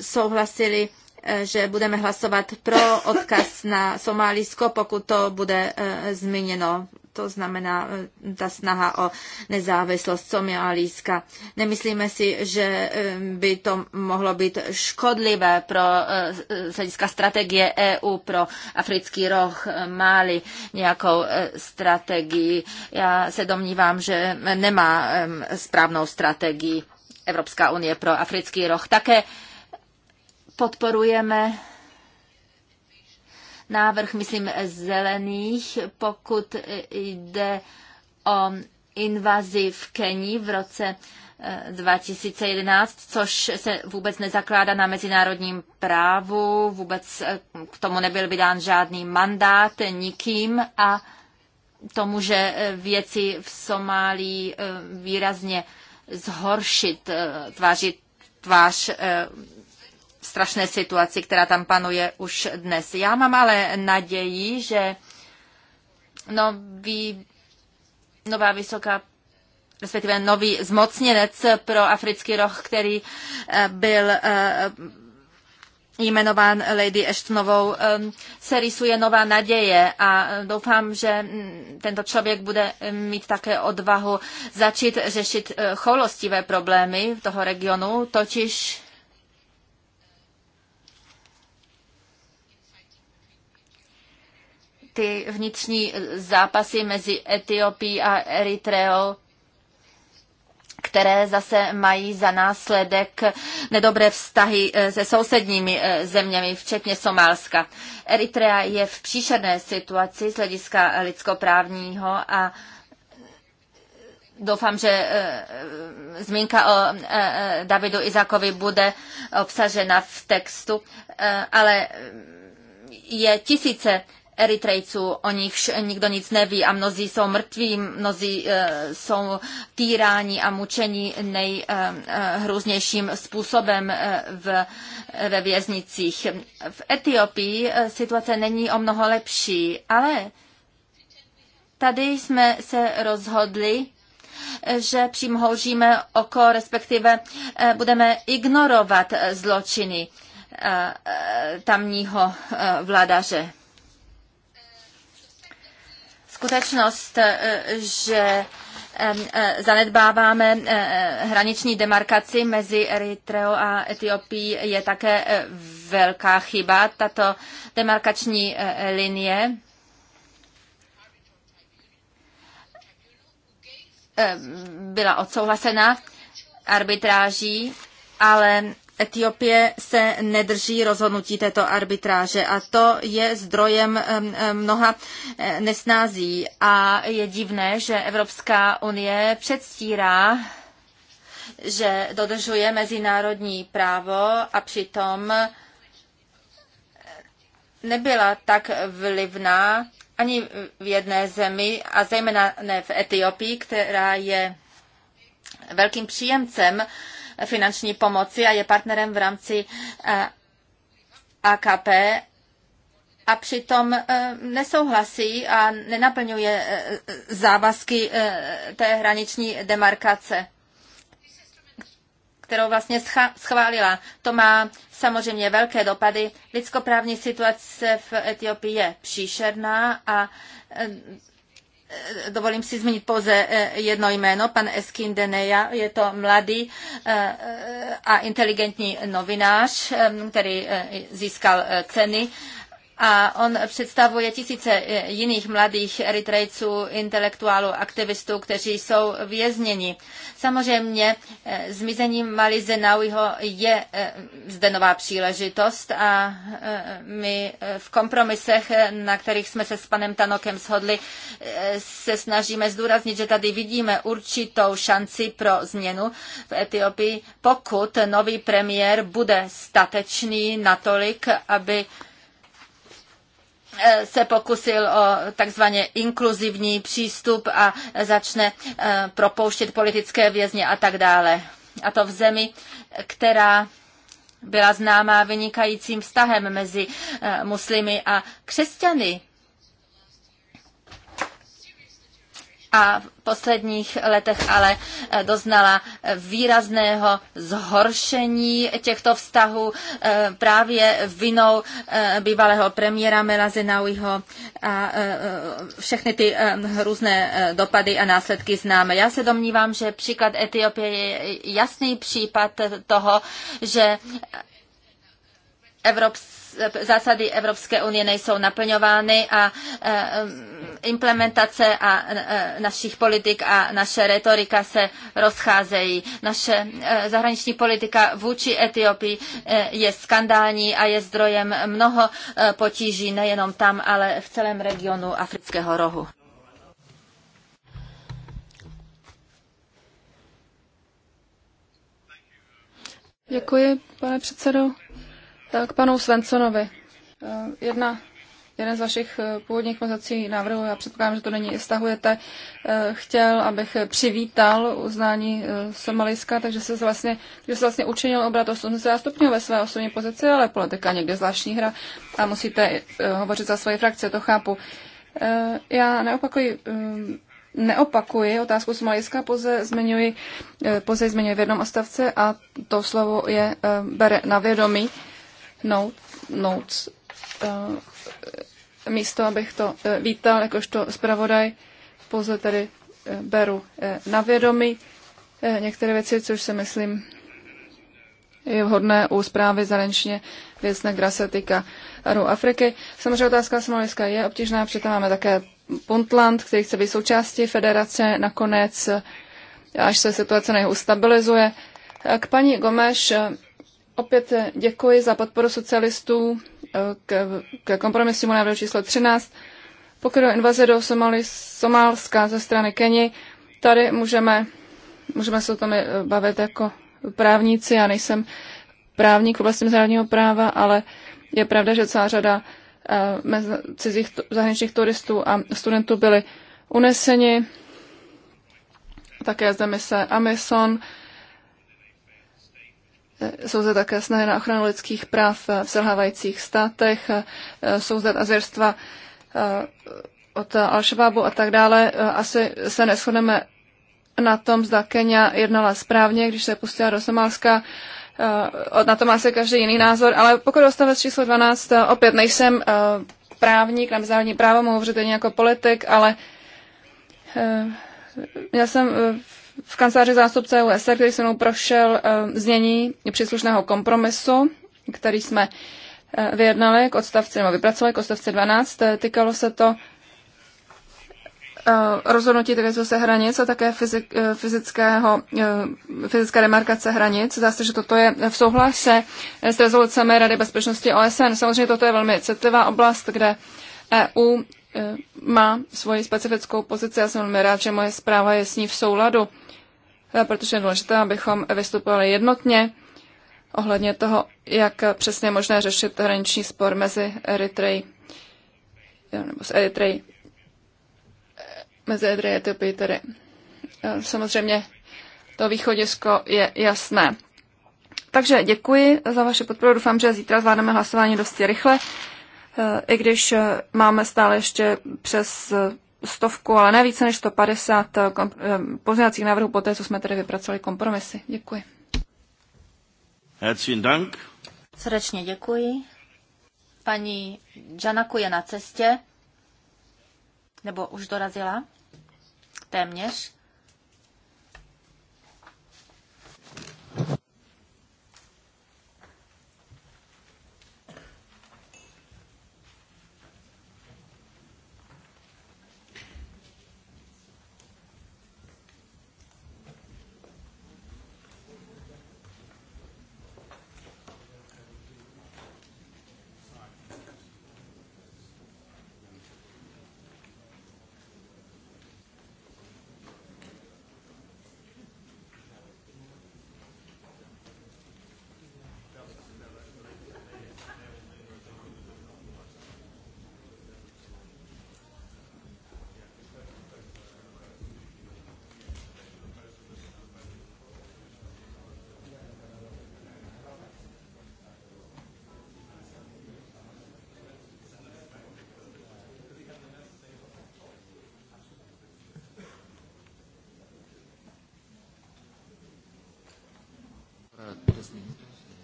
souhlasili, eh, že budeme hlasovat pro odkaz na Somálisko, pokud to bude eh, zmíněno to znamená eh, ta snaha o nezávislost somialíska. Nemyslíme si, že eh, by to mohlo být škodlivé pro eh, z hlediska strategie EU pro africký roh Máli nějakou strategii. Já se domnívám, že nemá správnou strategii Evropská unie pro africký roh. Také podporujeme návrh, myslím, zelených, pokud jde o invazi v Kenii v roce 2011, eh, což se vůbec nezakládá na mezinárodním právu, vůbec eh, k tomu nebyl vydán žádný mandát nikým a tomu, že eh, věci v Somálii výrazně zhoršit tváři tvář strašné situaci, která tam panuje už dnes. Já mám ale naději, že nový, nová vysoká respektive nový zmocněnec pro africký roh, který eh, byl eh, jmenován Lady Ashtonovou, eh, se rysuje nová naděje a doufám, že mm, tento člověk bude mít také odvahu začít řešit choulostivé problémy toho regionu, totiž ty vnitřní zápasy mezi Etiopií a Eritreou které zase mají za následek nedobré vztahy eh, se sousedními eh, zeměmi, včetně Somálska. Eritrea je v příšerné situaci z hlediska lidskoprávního a Doufám, že eh, zmínka o Davidu Izakovi bude obsažena v textu, ale mm, je tisíce Eritrejců, o nich nikdo nic neví a mnozí jsou mrtví, mnozí eh, jsou týráni a mučeni nejhrůznějším způsobem eh, v, ve věznicích. V Etiopii eh, situace není o mnoho lepší, ale tady jsme se rozhodli, že přimhouříme oko, respektive budeme ignorovat zločiny tamního vladaře skutečnost, eh, že eh, zanedbáváme eh, hraniční demarkaci mezi Eritreou a Etiopií, je také velká chyba. Tato demarkační linie byla odsouhlasena arbitráží, ale Etiopie se nedrží rozhodnutí této arbitráže a to je zdrojem mnoha eh, nesnází. A je divné, že Evropská unie předstírá, že dodržuje mezinárodní právo a přitom nebyla tak vlivná ani v jedné zemi a zejména ne v Etiopii, která je velkým příjemcem finanční pomoci a je partnerem v rámci eh, AKP a přitom eh, nesouhlasí a nenaplňuje eh, závazky té hraniční demarkace kterou vlastně schválila. To má samozřejmě velké dopady. Lidskoprávní situace v Etiopii je příšerná a Eh, dovolím si zmínit pouze eh, jedno jméno, pan Eskin Deneja, je to mladý eh, a inteligentní novinář, který získal ceny a on představuje tisíce eh, jiných mladých Eritrejců, intelektuálů, aktivistů, kteří jsou vězněni. Samozřejmě eh, zmizením Mali Zenauiho je eh, zde nová příležitost a my v kompromisech, na kterých jsme se s panem Tanokem shodli, se snažíme zdůraznit, že tady vidíme určitou šanci pro změnu v Etiopii, pokud nový premiér bude statečný natolik, aby Eh, se pokusil o takzvaně inkluzivní přístup a začne eh, propouštět politické vězně a tak dále. A to v zemi, která byla známá vynikajícím vztahem mezi eh, muslimy a křesťany. a v posledních letech ale eh, doznala eh, výrazného zhoršení těchto vztahů eh, právě vinou bývalého premiéra Melazenauiho a všechny ty různé dopady a následky známe. Já se domnívám, že příklad Etiopie je jasný případ toho, že Evropská zásady Evropské unie nejsou naplňovány a eh, mm, implementace a eh, našich politik a naše retorika se rozcházejí. Naše eh, zahraniční politika vůči Etiopii je skandální a je zdrojem mnoho potíží nejenom tam, ale v celém regionu Afrického rohu. Děkuji, pane předsedo. K panu Svensonovi. Eh, jedna, jeden z vašich eh, původních mozací návrhů, já předpokládám, že to není, stahujete, eh, chtěl, abych přivítal uznání Somalijska, takže se vlastně, že se vlastně učinil obrat 80 stupňů ve své osobní pozici, ale politika někde zvláštní hra a musíte hovořit za svoji frakci, to chápu. Já neopakuji neopakuji otázku z pouze zmiňuji, pouze zmiňuji v jednom ostavce a to slovo je bere na vědomí notes, notes eh, místo, abych to eh, vítal, jakožto zpravodaj, pouze tedy eh, beru na vědomí některé věci, což si myslím je vhodné u zprávy zahraničně věcné, která se týká rohu Afriky. Samozřejmě otázka Somaliska je obtížná, přitom máme také Puntland, který chce být součástí federace. Nakonec, až se situace na ustabilizuje. k paní Gomeš Opět děkuji za podporu socialistů eh, k, k kompromisnímu návrhu číslo 13. Pokud o invaze do Somali, Somálska ze strany Keni, tady můžeme, můžeme se o tom eh, bavit jako právníci. Já nejsem právník v oblasti mezinárodního práva, ale je pravda, že celá řada eh, cizích zahraničních turistů a studentů byli uneseni. Také zde mise Amazon jsou zde také snahy na ochranu lidských práv v selhávajících státech, e, jsou zde azerstva e, od al a tak dále. E, asi se neschodneme na tom, zda Kenia jednala správně, když se pustila do Somálska. Na to má se každý jiný názor, ale pokud odstavec číslo 12, opět nejsem právník na mezinárodní právo, mohu hovořit jen jako politik, ale já jsem v kanceláři zástupce USR, který se mnou prošel eh, znění příslušného kompromisu, který jsme eh, vyjednali k odstavci, nebo vypracovali k odstavci 12. Eh, týkalo se to rozhodnutí týkajícího se hranic a také fyzik, fyzického, fyzické demarkace hranic. Zdá se, že toto je v souhlase s rezolucemi Rady bezpečnosti OSN. Samozřejmě toto je velmi citlivá oblast, kde EU Eh, má svoji specifickou pozici. Já jsem velmi rád, že moje zpráva je s ní v souladu, eh, protože je důležité, abychom vystupovali jednotně ohledně toho, jak přesně je možné řešit hraniční spor mezi Eritrej nebo s Eritrej eh, mezi Eritrej a Etiopii tedy. Samozřejmě to východisko je jasné. Takže děkuji za vaše podporu. Doufám, že zítra zvládneme hlasování dosti rychle. Eh, i když eh, máme stále ještě přes eh, stovku, ale ne více než 150 pozměňovacích návrhů po té, co jsme tedy vypracovali kompromisy. Děkuji. Herzlichen Dank. Srdečně děkuji. Paní Janaku je na cestě, nebo už dorazila téměř.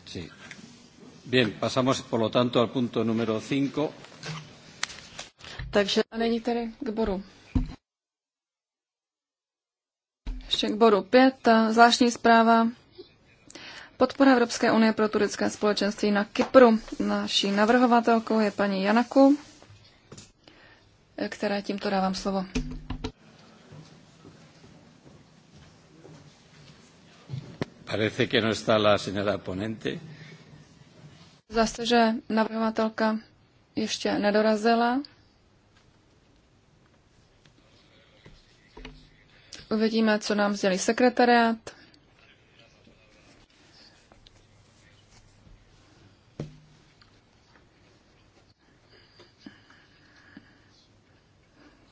Sí. Bien, pasamos por lo tanto al punto número 5. Takže a není tady k bodu. Ještě k bodu 5. Zvláštní zpráva Podpora Evropské unie pro turecké společenství na Kypru. Naší navrhovatelkou je paní Janaku, které tímto dávám slovo. Parece que no está la señora ponente. Zase, že navrhovatelka ještě nedorazila. Uvidíme, co nám sdělí sekretariát.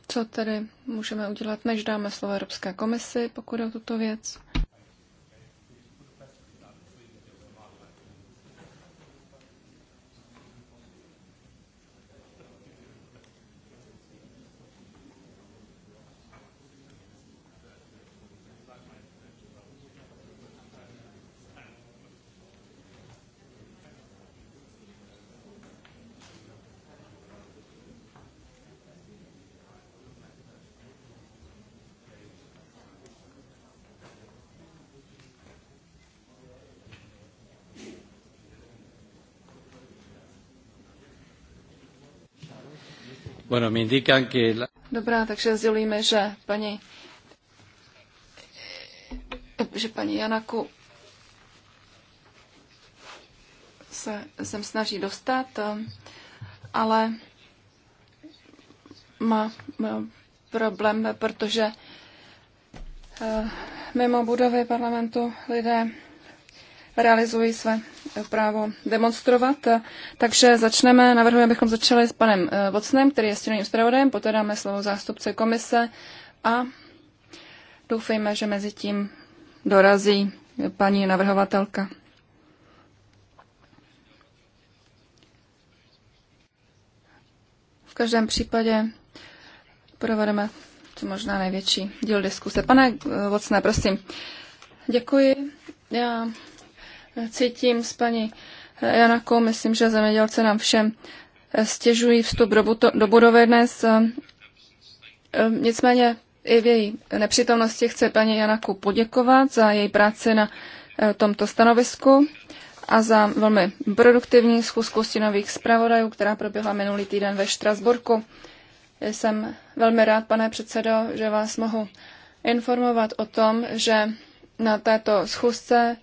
Co tedy můžeme udělat, než dáme slovo Evropské komisi, pokud je o tuto věc? Bueno, me indican que la... Dobrá, takže sdělíme, že paní, že paní Janaku se sem snaží dostat, ale má, má problém, protože eh, mimo budovy parlamentu lidé realizují své eh, právo demonstrovat. Eh, takže začneme, navrhuji, abychom začali s panem eh, Vocnem, který je stínovým zpravodajem, poté dáme slovo zástupce komise a doufejme, že mezi tím dorazí paní navrhovatelka. V každém případě provedeme co možná největší díl diskuse. Pane Vocné, prosím. Děkuji. Já cítím s paní Janakou, myslím, že zemědělce nám všem stěžují vstup do, buto, do budovy dnes. Um, nicméně i v její nepřítomnosti chce paní Janaku poděkovat za její práci na eh, tomto stanovisku a za velmi produktivní schůzku stinových zpravodajů, která proběhla minulý týden ve Štrasburku. Jsem velmi rád, pane předsedo, že vás mohu informovat o tom, že na této schůzce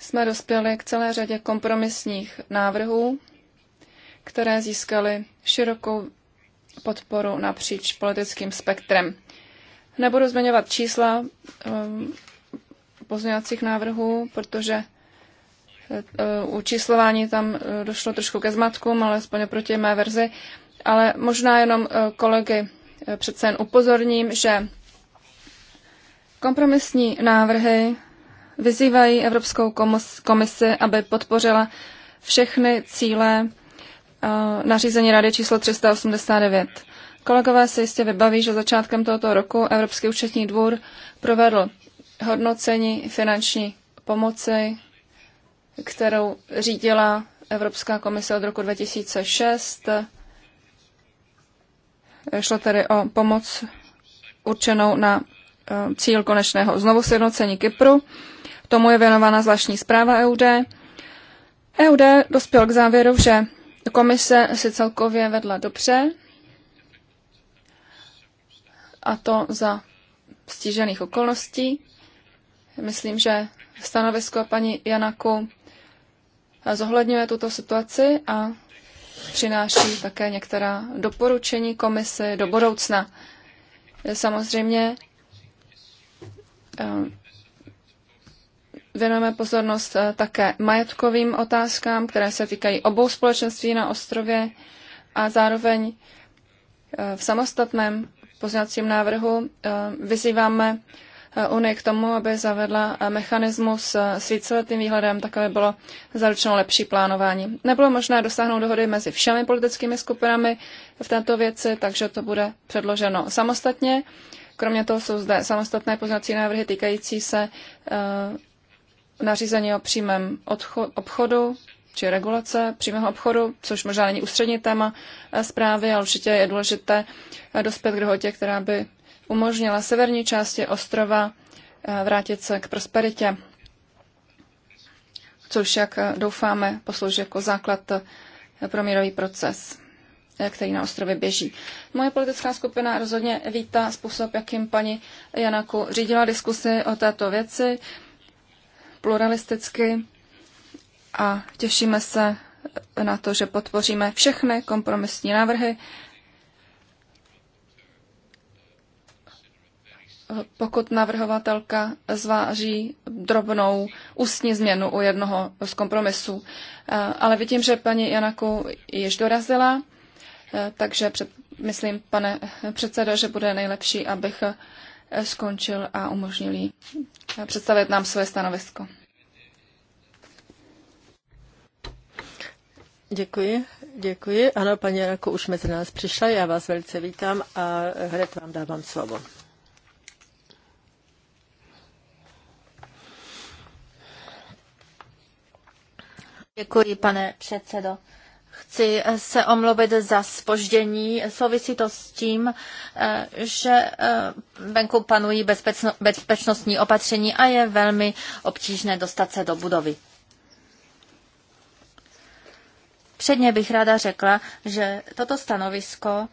jsme dospěli k celé řadě kompromisních návrhů, které získaly širokou podporu napříč politickým spektrem. Nebudu zmiňovat čísla ehm, pozměňovacích návrhů, protože eh, u číslování tam eh, došlo trošku ke zmatkům, alespoň proti mé verzi, ale možná jenom eh, kolegy přece jen upozorním, že kompromisní návrhy vyzývají Evropskou komisi, aby podpořila všechny cíle uh, nařízení Rady číslo 389. Kolegové se jistě vybaví, že začátkem tohoto roku Evropský účetní dvůr provedl hodnocení finanční pomoci, kterou řídila Evropská komise od roku 2006. Šlo tedy o pomoc určenou na uh, cíl konečného znovu sjednocení Kypru. Tomu je věnována zvláštní zpráva EUD. EUD dospěl k závěru, že komise si celkově vedla dobře, a to za stížených okolností. Myslím, že stanovisko paní Janaku zohledňuje tuto situaci a přináší také některá doporučení Komise do budoucna. Samozřejmě Věnujeme pozornost eh, také majetkovým otázkám, které se týkají obou společenství na ostrově a zároveň eh, v samostatném pozněcím návrhu eh, vyzýváme Unii k tomu, aby zavedla mechanismus s víceletým výhledem, tak aby bylo zaručeno lepší plánování. Nebylo možné dosáhnout dohody mezi všemi politickými skupinami v této věci, takže to bude předloženo samostatně. Kromě toho jsou zde samostatné poznací návrhy týkající se nařízení o přímém obchodu či regulace přímého obchodu, což možná není ústřední téma eh, zprávy, ale určitě je důležité eh, dospět k dohodě, která by umožnila severní části ostrova eh, vrátit se k prosperitě, což, jak doufáme, poslouží jako základ pro mírový proces, který na ostrově běží. Moje politická skupina rozhodně vítá způsob, jakým paní Janaku řídila diskusy o této věci pluralisticky a těšíme se na to, že podpoříme všechny kompromisní návrhy. Pokud navrhovatelka zváží drobnou ústní změnu u jednoho z kompromisů. Ale vidím, že paní Janaku již dorazila, takže před, myslím, pane předsedo, že bude nejlepší, abych skončil a umožnil jí představit nám své stanovisko. Děkuji, děkuji. Ano, paní Janko už mezi nás přišla, já vás velice vítám a hned vám dávám slovo. Děkuji, pane předsedo. Chci se omluvit za spoždění. Souvisí to s tím, eh, že eh, venku panují bezpečno, bezpečnostní opatření a je velmi obtížné dostat se do budovy. Předně bych ráda řekla, že toto stanovisko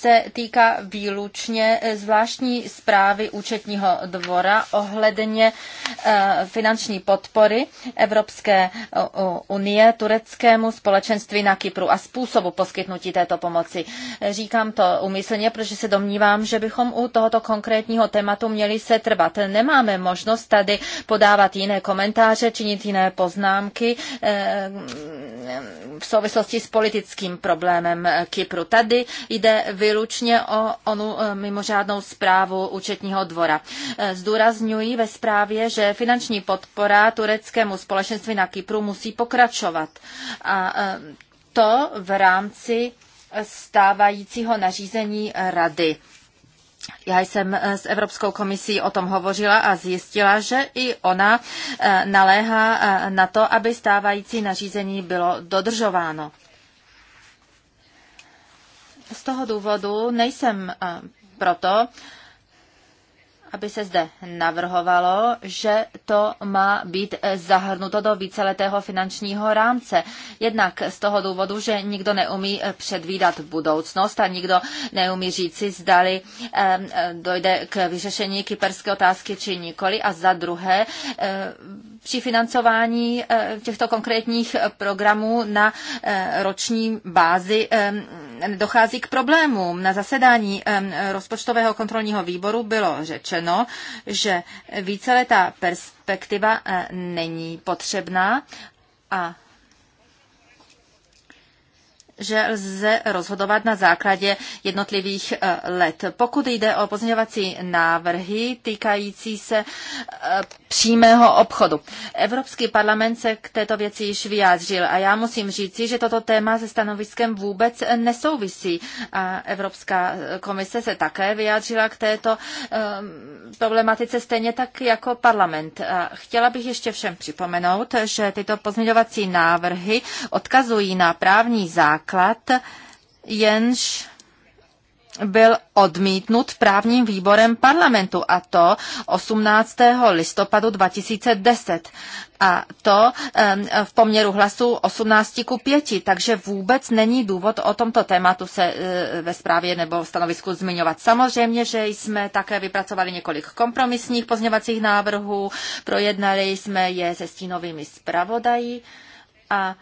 se týká výlučně eh, zvláštní zprávy účetního dvora ohledně eh, finanční podpory Evropské eh, unie tureckému společenství na Kypru a způsobu poskytnutí této pomoci. Říkám to umyslně, protože se domnívám, že bychom u tohoto konkrétního tématu měli se trvat. Nemáme možnost tady podávat jiné komentáře, činit jiné poznámky v souvislosti s politickým problémem Kypru. Tady jde vy výlučně o onu eh, mimořádnou zprávu účetního dvora. Eh, Zdůrazňují ve zprávě, že finanční podpora tureckému společenství na Kypru musí pokračovat. A eh, to v rámci stávajícího nařízení rady. Já jsem s Evropskou komisí o tom hovořila a zjistila, že i ona naléhá na to, aby stávající nařízení bylo dodržováno z toho důvodu nejsem eh, proto, aby se zde navrhovalo, že to má být eh, zahrnuto do víceletého finančního rámce. Jednak z toho důvodu, že nikdo neumí eh, předvídat budoucnost a nikdo neumí říci, zdali dojde k vyřešení kyperské otázky či nikoli. A za druhé, při financování těchto konkrétních programů na roční bázi dochází k problémům. Na zasedání rozpočtového kontrolního výboru bylo řečeno, že víceletá perspektiva eh, není potřebná a že lze rozhodovat na základě jednotlivých eh, let. Pokud jde o pozměňovací návrhy týkající se eh, přímého obchodu. Evropský parlament se k této věci již vyjádřil a já musím říci, že toto téma se stanoviskem vůbec nesouvisí. A Evropská eh, komise se také vyjádřila k této problematice stejně tak jako parlament. A chtěla bych ještě všem připomenout, že tyto pozměňovací návrhy odkazují na právní základ základ, jenž byl odmítnut právním výborem parlamentu a to 18. listopadu 2010 a to v poměru hlasů 18 ku 5, takže vůbec není důvod o tomto tématu se e, ve zprávě nebo v stanovisku zmiňovat. Samozřejmě, že jsme také vypracovali několik kompromisních pozněvacích návrhů, projednali jsme je se stínovými zpravodají a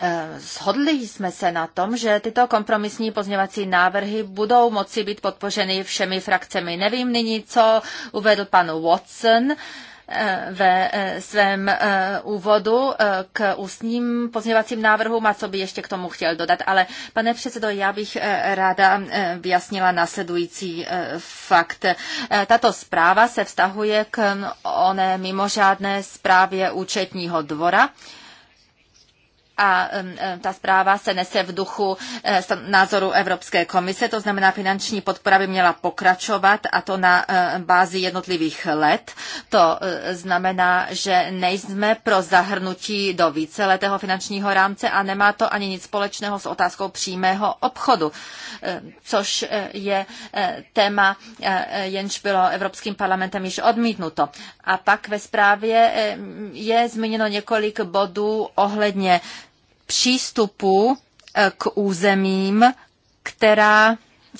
Eh, shodli jsme se na tom, že tyto kompromisní pozměvací návrhy budou moci být podpořeny všemi frakcemi. Nevím nyní, co uvedl pan Watson eh, ve eh, svém úvodu k ústním pozměvacím návrhům a co by ještě k tomu chtěl dodat. Ale pane předsedo, já bych ráda vyjasnila následující fakt. Tato zpráva se vztahuje k oné mimořádné zprávě účetního dvora, a ta zpráva se nese v duchu eh, názoru Evropské komise, to znamená finanční podpora by měla pokračovat a to na eh, bázi jednotlivých let. To eh, znamená, že nejsme pro zahrnutí do víceletého finančního rámce a nemá to ani nic společného s otázkou přímého obchodu, což je téma, jenž bylo Evropským parlamentem již odmítnuto. A pak ve zprávě je zmíněno několik bodů ohledně přístupu eh, k územím, která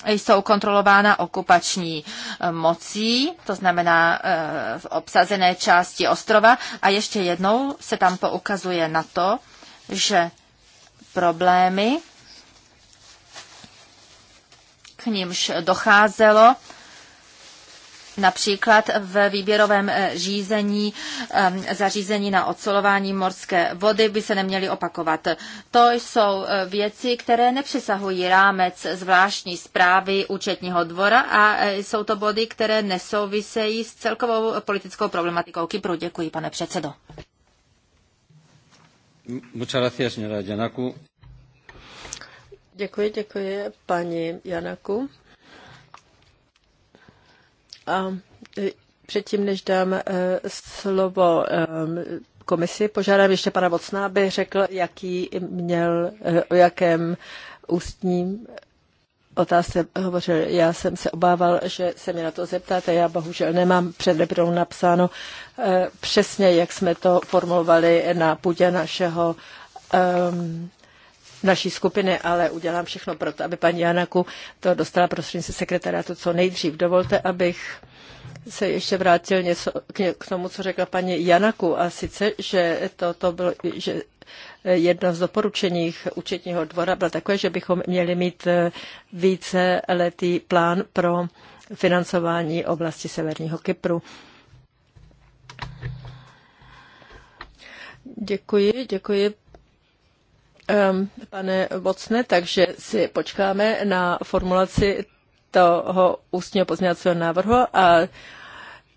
jsou kontrolována okupační eh, mocí, to znamená eh, v obsazené části ostrova. A ještě jednou se tam poukazuje na to, že problémy, k nímž docházelo, Například v výběrovém eh, řízení eh, zařízení na odsolování morské vody by se neměly opakovat. To jsou eh, věci, které nepřesahují rámec zvláštní zprávy účetního dvora a jsou to body, které nesouvisejí s celkovou politickou problematikou Kypru. Děkuji, pane předsedo. Děkuji, děkuji, paní Janaku. A e, předtím, než dám e, slovo e, komisi, požádám ještě pana Vocna, aby řekl, jaký měl, o jakém ústním otázce hovořil. Já jsem se obával, že se mě na to zeptáte. Já bohužel nemám před Lebrou napsáno přesně, jak jsme to formulovali na půdě našeho naší skupiny, ale udělám všechno pro to, aby paní Janaku to dostala prostřednictvím sekretariátu co nejdřív. Dovolte, abych se ještě vrátil něco k tomu, co řekla paní Janaku, a sice, že to, to bylo, že jedno z doporučení účetního dvora bylo takové, že bychom měli mít e, více letý plán pro financování oblasti Severního Kypru. Děkuji, děkuji pane Vocne, takže si počkáme na formulaci toho ústního pozměňovacího návrhu a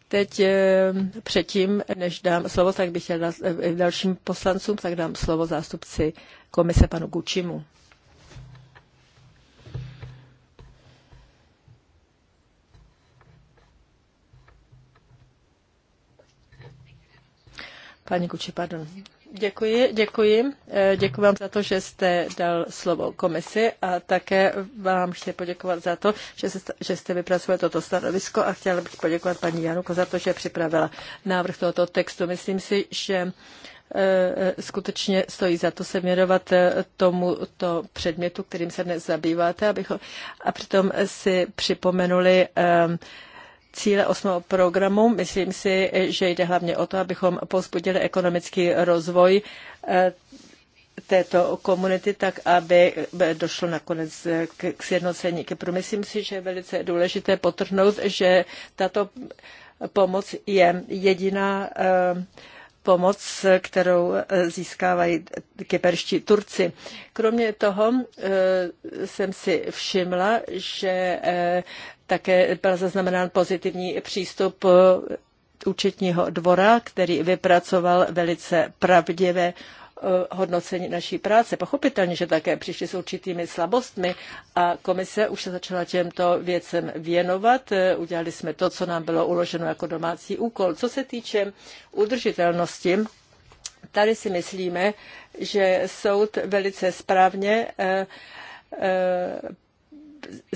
teď předtím, než dám slovo, tak bych chtěl eh, dalším poslancům, tak dám slovo zástupci komise panu Gučimu. Pani Guči, pardon. Děkuji, děkuji. Eh, děkuji vám za to, že jste dal slovo komisi a také vám chci poděkovat za to, že, jste, že jste vypracovali toto stanovisko a chtěla bych poděkovat paní Januko za to, že připravila návrh tohoto textu. Myslím si, že eh, skutečně stojí za to se věnovat eh, tomuto předmětu, kterým se dnes zabýváte, abychom, a přitom si připomenuli cíle osmého programu. Myslím si, že jde hlavně o to, abychom povzbudili ekonomický rozvoj eh, této komunity, tak aby eh, došlo nakonec eh, k sjednocení Kypru. Myslím si, že je velice důležité potrhnout, že tato pomoc je jediná uh, pomoc, kterou eh, získávají kyperští Turci. Kromě toho eh, jsem si všimla, že eh, také byl zaznamenán pozitivní přístup účetního dvora, který vypracoval velice pravdivé Eh, hodnocení naší práce. Pochopitelně, že také přišli s určitými slabostmi a komise už se začala těmto věcem věnovat. Eh, udělali jsme to, co nám bylo uloženo jako domácí úkol. Co se týče udržitelnosti, tady si myslíme, že soud velice správně eh,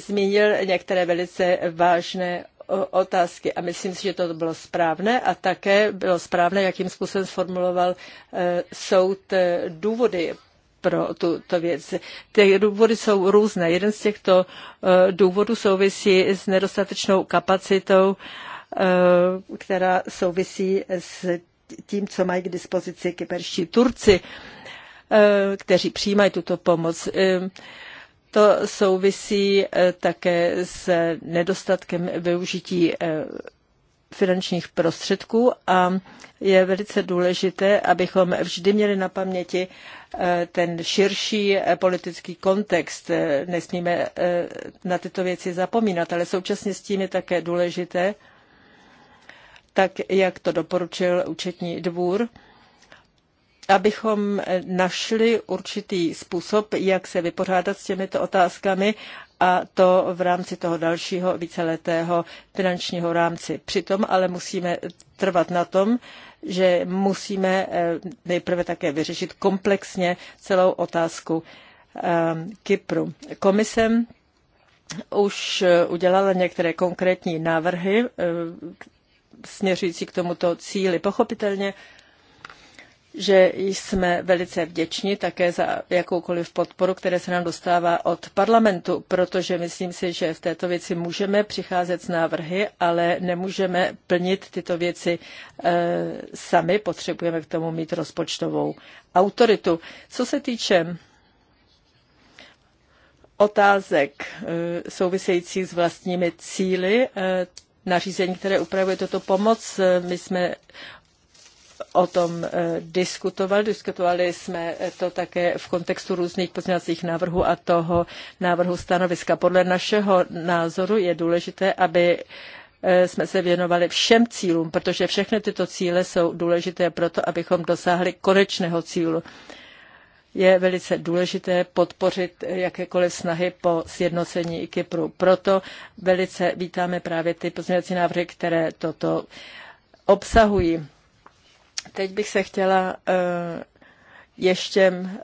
zmínil některé velice vážné otázky a myslím si, že to bylo správné a také bylo správné, jakým způsobem sformuloval e, soud e, důvody pro tuto věc. Ty důvody jsou různé. Jeden z těchto e, důvodů souvisí s nedostatečnou kapacitou, která souvisí s tím, co mají k dispozici kyperští Turci, kteří přijímají tuto pomoc. To souvisí eh, také s nedostatkem využití eh, finančních prostředků a je velice důležité, abychom vždy měli na paměti eh, ten širší politický kontext. Nesmíme na tyto věci zapomínat, ale současně s tím je také důležité, tak jak to doporučil účetní dvůr, abychom našli určitý způsob, jak se vypořádat s těmito otázkami a to v rámci toho dalšího víceletého finančního rámci. Přitom ale musíme trvat na tom, že musíme eh, nejprve také vyřešit komplexně celou otázku ehm, Kypru. Komisem už eh, udělala některé konkrétní návrhy eh, směřující k tomuto cíli. Pochopitelně že jsme velice vděční také za jakoukoliv podporu, které se nám dostává od parlamentu, protože myslím si, že v této věci můžeme přicházet s návrhy, ale nemůžeme plnit tyto věci e, sami, potřebujeme k tomu mít rozpočtovou autoritu. Co se týče otázek e, souvisejících s vlastními cíly, e, nařízení, které upravuje toto pomoc. My jsme o tom eh, diskutoval. Diskutovali jsme eh, to také v kontextu různých pozměňovacích návrhů a toho návrhu stanoviska. Podle našeho názoru je důležité, aby eh, jsme se věnovali všem cílům, protože všechny tyto cíle jsou důležité pro to, abychom dosáhli konečného cílu. Je velice důležité podpořit jakékoliv snahy po sjednocení Kypru. Proto velice vítáme právě ty pozměňovací návrhy, které toto obsahují. Teď bych se chtěla eh, ještě eh,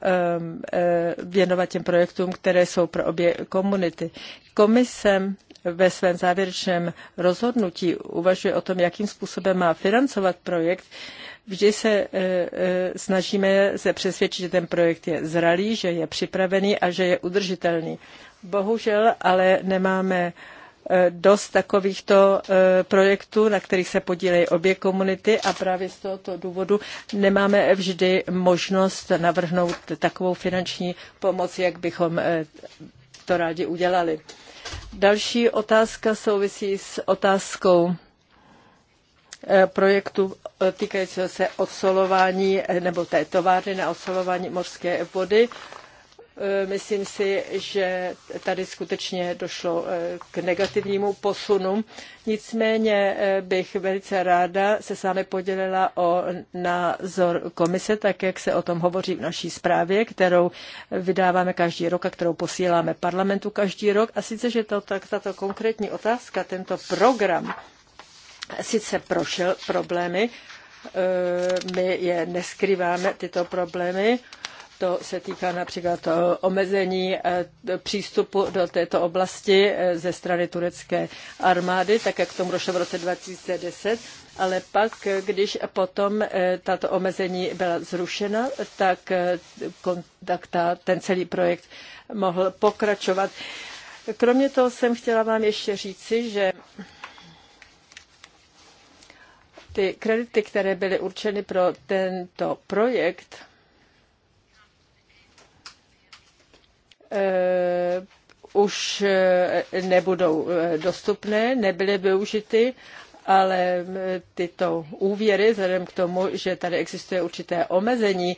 eh, věnovat těm projektům, které jsou pro obě komunity. Komise ve svém závěrečném rozhodnutí uvažuje o tom, jakým způsobem má financovat projekt, vždy se snažíme se přesvědčit, že ten projekt je zralý, že je připravený a že je udržitelný. Bohužel ale nemáme Eh, dost takovýchto eh, projektů, na kterých se podílejí obě komunity a právě z tohoto důvodu nemáme vždy možnost navrhnout takovou finanční pomoc, jak bychom eh, to rádi udělali. Další otázka souvisí s otázkou projektu týkajícího se odsolování nebo té továrny na odsolování mořské vody. Eh, myslím si, že tady skutečně došlo eh, k negativnímu posunu. Nicméně eh, bych velice ráda se s vámi podělila o názor komise, tak jak se o tom hovoří v naší zprávě, kterou vydáváme každý rok a kterou posíláme parlamentu každý rok. A sice, že to, tak, tato konkrétní otázka, tento program, sice prošel problémy, my je neskrýváme, tyto problémy, to se týká například omezení eh, přístupu do této oblasti eh, ze strany turecké armády, tak jak k tomu došlo v roce 2010. Ale pak, eh, když potom tato omezení byla zrušena, tak, ten celý projekt mohl pokračovat. Kromě toho jsem chtěla vám ještě říci, že ty kredity, které byly určeny pro tento projekt, Eh, už eh, nebudou eh, dostupné, nebyly využity, ale tyto úvěry, vzhledem k tomu, že tady existuje určité omezení,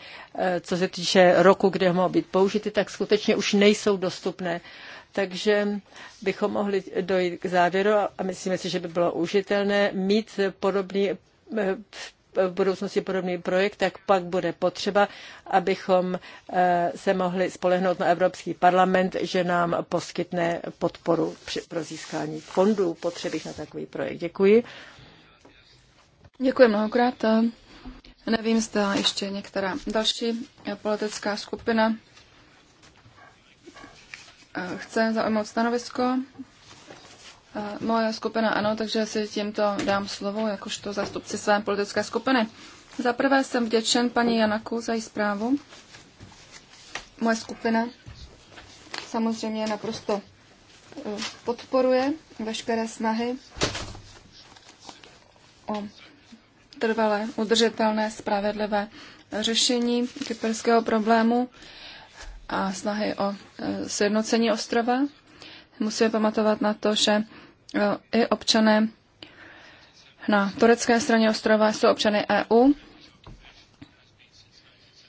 co se týče roku, kde mohou být použity, tak skutečně už nejsou dostupné. Takže bychom mohli dojít k závěru a myslíme si, že by bylo užitelné mít podobný v budoucnosti podobný projekt, tak pak bude potřeba, abychom eh, se mohli spolehnout na Evropský parlament, že nám poskytne podporu pro získání fondů potřebných na takový projekt. Děkuji. Děkuji mnohokrát. Nevím, zda ještě některá další politická skupina eh, chce zaujmout stanovisko. Eh, moje skupina ano, takže si tímto dám slovo jakožto zastupci své politické skupiny. Za prvé jsem vděčen paní Janaku za její zprávu. Moje skupina samozřejmě naprosto eh, podporuje veškeré snahy o trvalé, udržitelné, spravedlivé řešení kyperského problému a snahy o eh, sjednocení ostrova. Musíme pamatovat na to, že i občané na turecké straně ostrova jsou občany EU.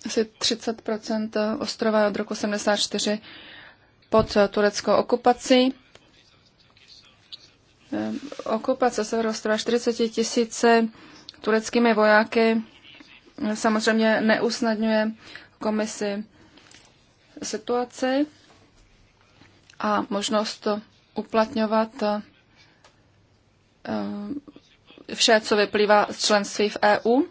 Asi 30 ostrova od roku 1974 pod tureckou okupací. Ehm, okupace severostrova 40 tisíce tureckými vojáky samozřejmě neusnadňuje komisi situaci a možnost uplatňovat Eh, vše, co vyplývá z členství v EU.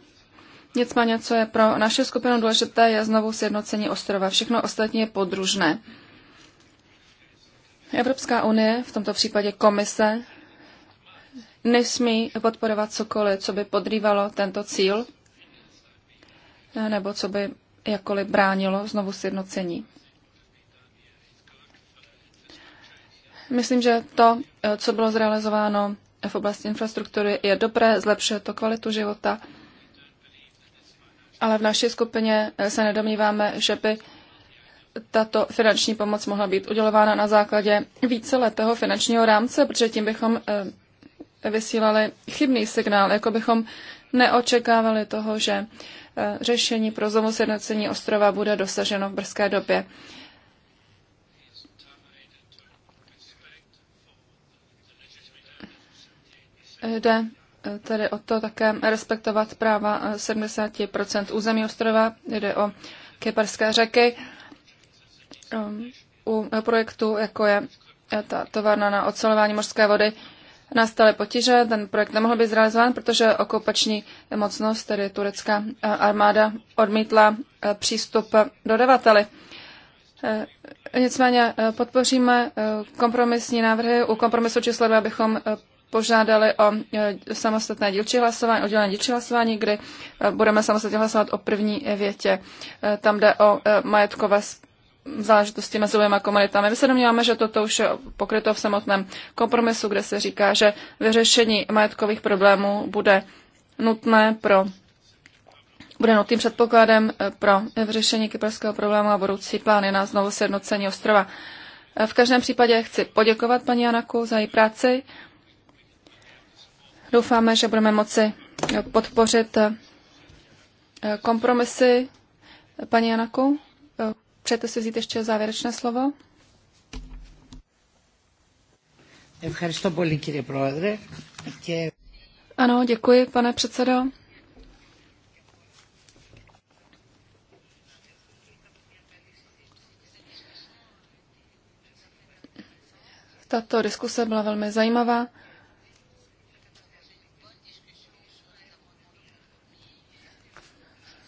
Nicméně, co je pro naši skupinu důležité, je znovu sjednocení ostrova. Všechno ostatní je podružné. Evropská unie, v tomto případě komise, nesmí podporovat cokoliv, co by podrývalo tento cíl eh, nebo co by jakkoliv bránilo znovu sjednocení. Myslím, že to, eh, co bylo zrealizováno v oblasti infrastruktury je dobré, zlepšuje to kvalitu života, ale v naší skupině se nedomníváme, že by tato finanční pomoc mohla být udělována na základě víceletého finančního rámce, protože tím bychom eh, vysílali chybný signál, jako bychom neočekávali toho, že eh, řešení pro znovu sjednocení ostrova bude dosaženo v brzké době. Jde eh, tedy o to také respektovat práva 70 eh, území ostrova, jde o kyperské řeky. Ehm, u eh, projektu, jako je ta továrna na ocelování mořské vody, nastaly potíže. Ten projekt nemohl být zrealizován, protože okupační mocnost, tedy turecká armáda, odmítla přístup dodavateli. Nicméně podpoříme kompromisní návrhy. U kompromisu číslo 2 bychom požádali o e, samostatné dílčí hlasování, oddělené dílčí hlasování, kdy e, budeme samostatně hlasovat o první větě. E, tam jde o majetkové záležitosti mezi oběma komunitami. My se domníváme, že toto už je pokryto v samotném kompromisu, kde se říká, že vyřešení majetkových problémů bude nutné pro bude nutným předpokladem pro vyřešení kyperského problému a budoucí plány na znovu sjednocení ostrova. V každém případě chci poděkovat paní Janaku za její práci Doufáme, že budeme moci podpořit eh, kompromisy. Paní Janaku, eh, přejete si vzít ještě závěrečné slovo? Ano, děkuji, pane předsedo. Tato diskuse byla velmi zajímavá.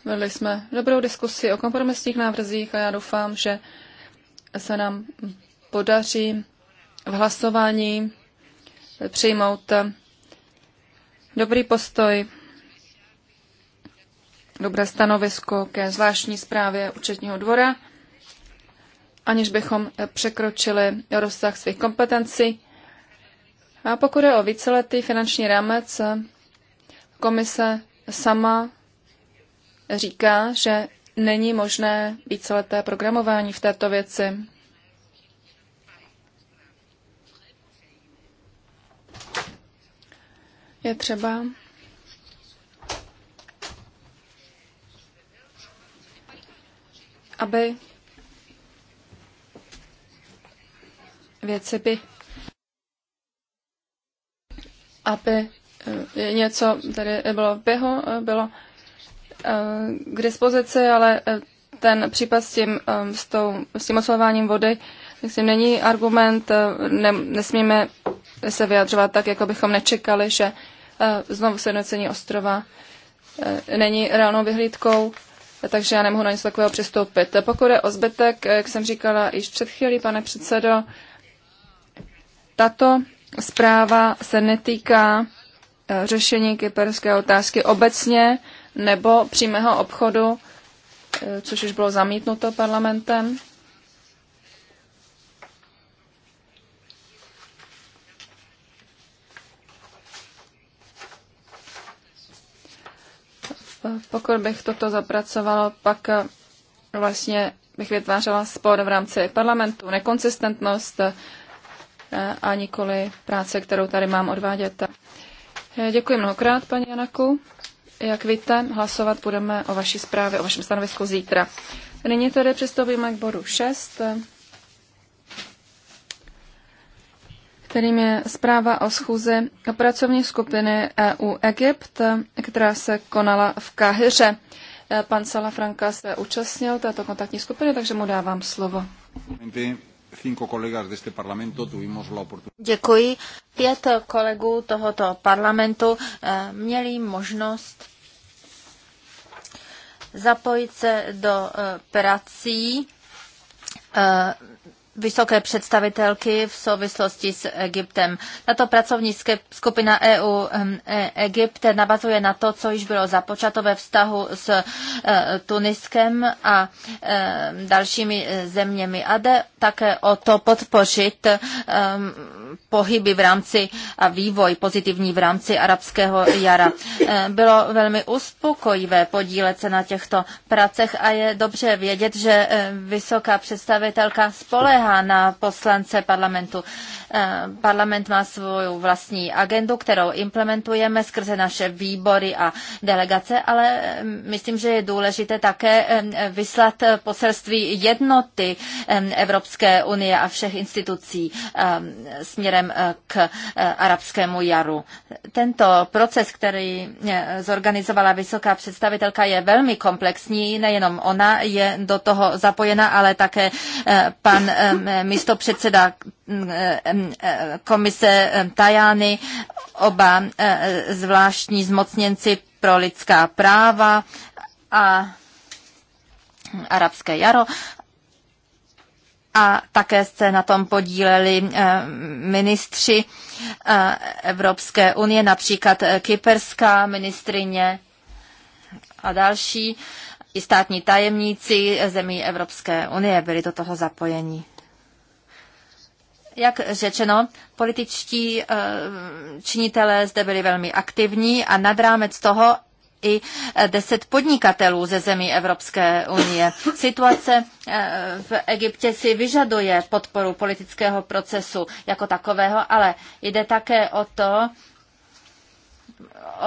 Vedli jsme dobrou diskusi o kompromisních návrzích a já doufám, že se nám podaří v hlasování přijmout dobrý postoj, dobré stanovisko ke zvláštní zprávě účetního dvora, aniž bychom překročili rozsah svých kompetencí. A pokud je o víceletý finanční rámec, komise sama říká, že není možné víceleté programování v této věci. Je třeba aby věci by aby eh, něco tady bylo, v běhu, eh, bylo Eh, k dispozici, ale eh, ten případ s tím, eh, s, tou, s tím oslovováním vody, myslím, není argument, ne, nesmíme se vyjadřovat tak, jako bychom nečekali, že znovu sjednocení ostrova není reálnou vyhlídkou, takže já nemohu na něco takového přistoupit. Pokud je o zbytek, jak jsem říkala již před chvílí, pane předsedo, tato zpráva se netýká řešení kyperské otázky obecně, nebo přímého obchodu, eh, což už bylo zamítnuto parlamentem. Pokud bych toto zapracovala, pak eh, vlastně bych vytvářela spor v rámci parlamentu, nekonsistentnost eh, a nikoli práce, kterou tady mám odvádět. Děkuji mnohokrát, paní Janaku. Jak víte, hlasovat budeme o vaší zprávě, o vašem stanovisku zítra. Nyní tedy přistoupíme k bodu 6, kterým je zpráva o schůzi pracovní skupiny EU Egypt, která se konala v Kahyře. Pan Salafranka se účastnil této kontaktní skupiny, takže mu dávám slovo. Děkuji. Pět kolegů tohoto parlamentu eh, měli možnost zapojit se do eh, prací eh, vysoké představitelky v souvislosti s Egyptem. Tato pracovní skupina EU hm, e- Egypt navazuje na to, co již bylo započato ve vztahu s e, Tuniskem a e, dalšími zeměmi. A jde také o to podpořit pohyby v rámci a vývoj pozitivní v rámci arabského jara. Bylo velmi uspokojivé podílet se na těchto pracech a je dobře vědět, že vysoká představitelka spolehá spoléhá na poslance parlamentu. Eh, parlament má svou vlastní agendu, kterou implementujeme skrze naše výbory a delegace, ale mm, myslím, že je důležité také mm, vyslat poselství jednoty mm, Evropské unie a všech institucí směrem eh, k eh, arabskému jaru. Tento proces, který zorganizovala vysoká představitelka, je velmi komplexní. Nejenom ona je do toho zapojena, ale také pan místopředseda Eh, komise eh, Tajány, oba eh, zvláštní zmocněnci pro lidská práva a arabské jaro a také se na tom podíleli ministři Evropské unie, například kyperská ministrině a další, i státní tajemníci zemí Evropské unie byli do toho zapojeni. Jak řečeno, političtí eh, činitelé zde byli velmi aktivní a nad rámec toho i eh, deset podnikatelů ze zemí Evropské unie. Situace eh, v Egyptě si vyžaduje podporu politického procesu jako takového, ale jde také o to,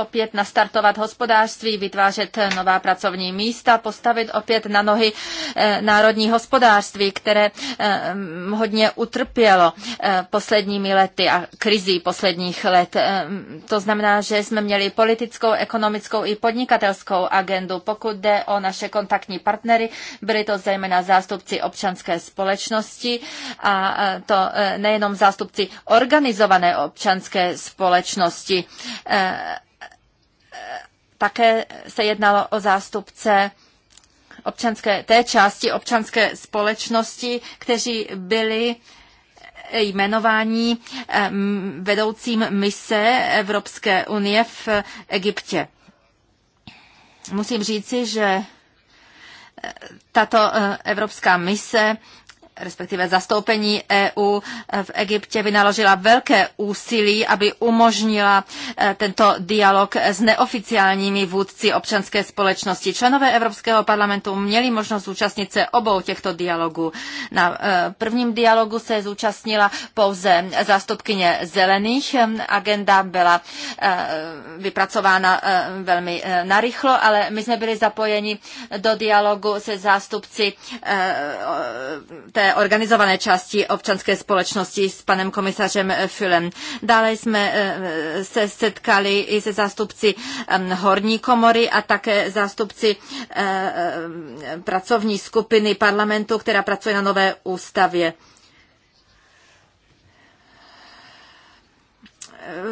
opět nastartovat hospodářství, vytvářet nová pracovní místa, postavit opět na nohy eh, národní hospodářství, které eh, hodně utrpělo eh, posledními lety a krizí posledních let. To znamená, že jsme měli politickou, ekonomickou i podnikatelskou agendu. Pokud jde o naše kontaktní partnery, byly to zejména zástupci občanské společnosti a to nejenom zástupci organizované občanské společnosti, také se jednalo o zástupce občanské, té části občanské společnosti, kteří byli jmenování vedoucím mise Evropské unie v Egyptě. Musím říci, že eh, tato eh, evropská mise respektive zastoupení EU v Egyptě vynaložila velké úsilí, aby umožnila e, tento dialog s neoficiálními vůdci občanské společnosti. Členové Evropského parlamentu měli možnost zúčastnit se obou těchto dialogů. Na e, prvním dialogu se zúčastnila pouze zástupkyně zelených. Agenda byla e, vypracována velmi narychlo, ale my jsme byli zapojeni do dialogu se zástupci té organizované části občanské společnosti s panem komisařem Fülem. Dále jsme eh, se setkali i se zástupci horní komory a také zástupci eh, eh, pracovní skupiny parlamentu, která pracuje na nové ústavě.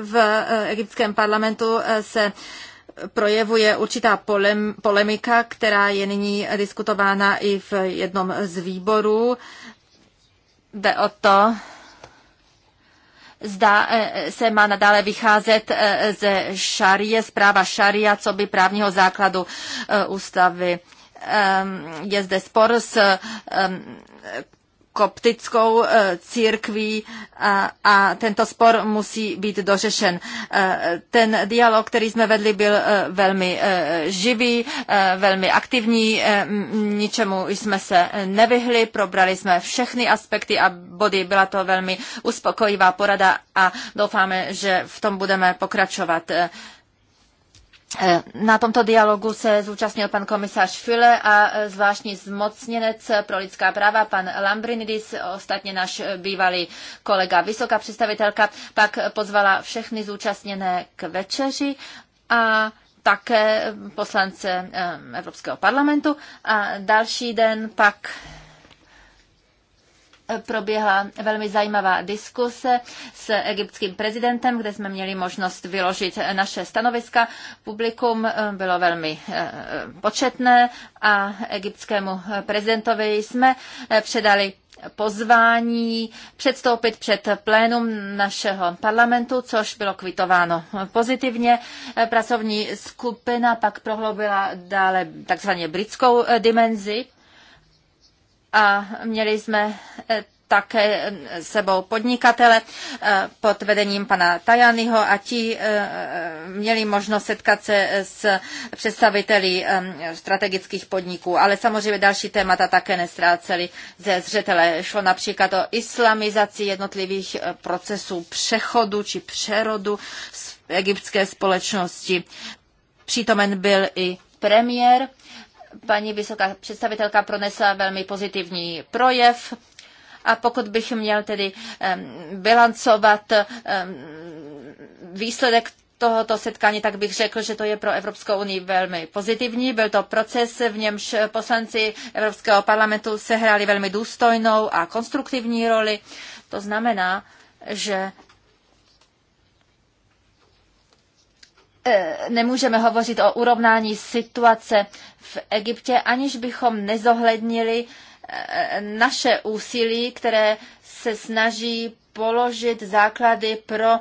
v egyptském parlamentu se projevuje určitá polem, polemika, která je nyní diskutována i v jednom z výborů jde o to, Zda e, e, se má nadále vycházet e, ze šarie, zpráva šaria, co by právního základu ústavy. Ehm, je zde spor s ehm, koptickou eh, církví a, eh, a tento spor musí být dořešen. Eh, ten dialog, který jsme vedli, byl velmi živý, velmi aktivní, ničemu jsme se nevyhli, probrali jsme všechny aspekty a body, byla to velmi uspokojivá porada a doufáme, že v tom budeme pokračovat. Eh, na tomto dialogu se zúčastnil pan komisař Füle a eh, zvláštní zmocněnec pro lidská práva, pan Lambrinidis, ostatně náš eh, bývalý kolega vysoká představitelka, pak pozvala všechny zúčastněné k večeři a také poslance Evropského parlamentu. A další den pak proběhla velmi zajímavá diskuse s egyptským prezidentem, kde jsme měli možnost vyložit naše stanoviska. Publikum eh, bylo velmi eh, početné a egyptskému prezidentovi jsme eh, předali pozvání předstoupit před plénum našeho parlamentu, což bylo kvitováno pozitivně. Pracovní skupina pak prohloubila dále takzvaně britskou dimenzi a měli jsme eh, také eh, sebou podnikatele eh, pod vedením pana Tajanyho a ti měli možnost setkat se s představiteli strategických podniků, ale samozřejmě další témata také nestráceli ze zřetele. Šlo například o islamizaci jednotlivých procesů přechodu či přerodu z egyptské společnosti. Přítomen byl i premiér Paní vysoká představitelka pronesla velmi pozitivní projev. A pokud bych měl tedy bilancovat výsledek tohoto setkání, tak bych řekl, že to je pro Evropskou unii velmi pozitivní. Byl to proces, v němž poslanci Evropského parlamentu sehráli velmi důstojnou a konstruktivní roli. To znamená, že E, nemůžeme hovořit o urovnání situace v Egyptě, aniž bychom nezohlednili e, naše úsilí, které se snaží položit základy pro e,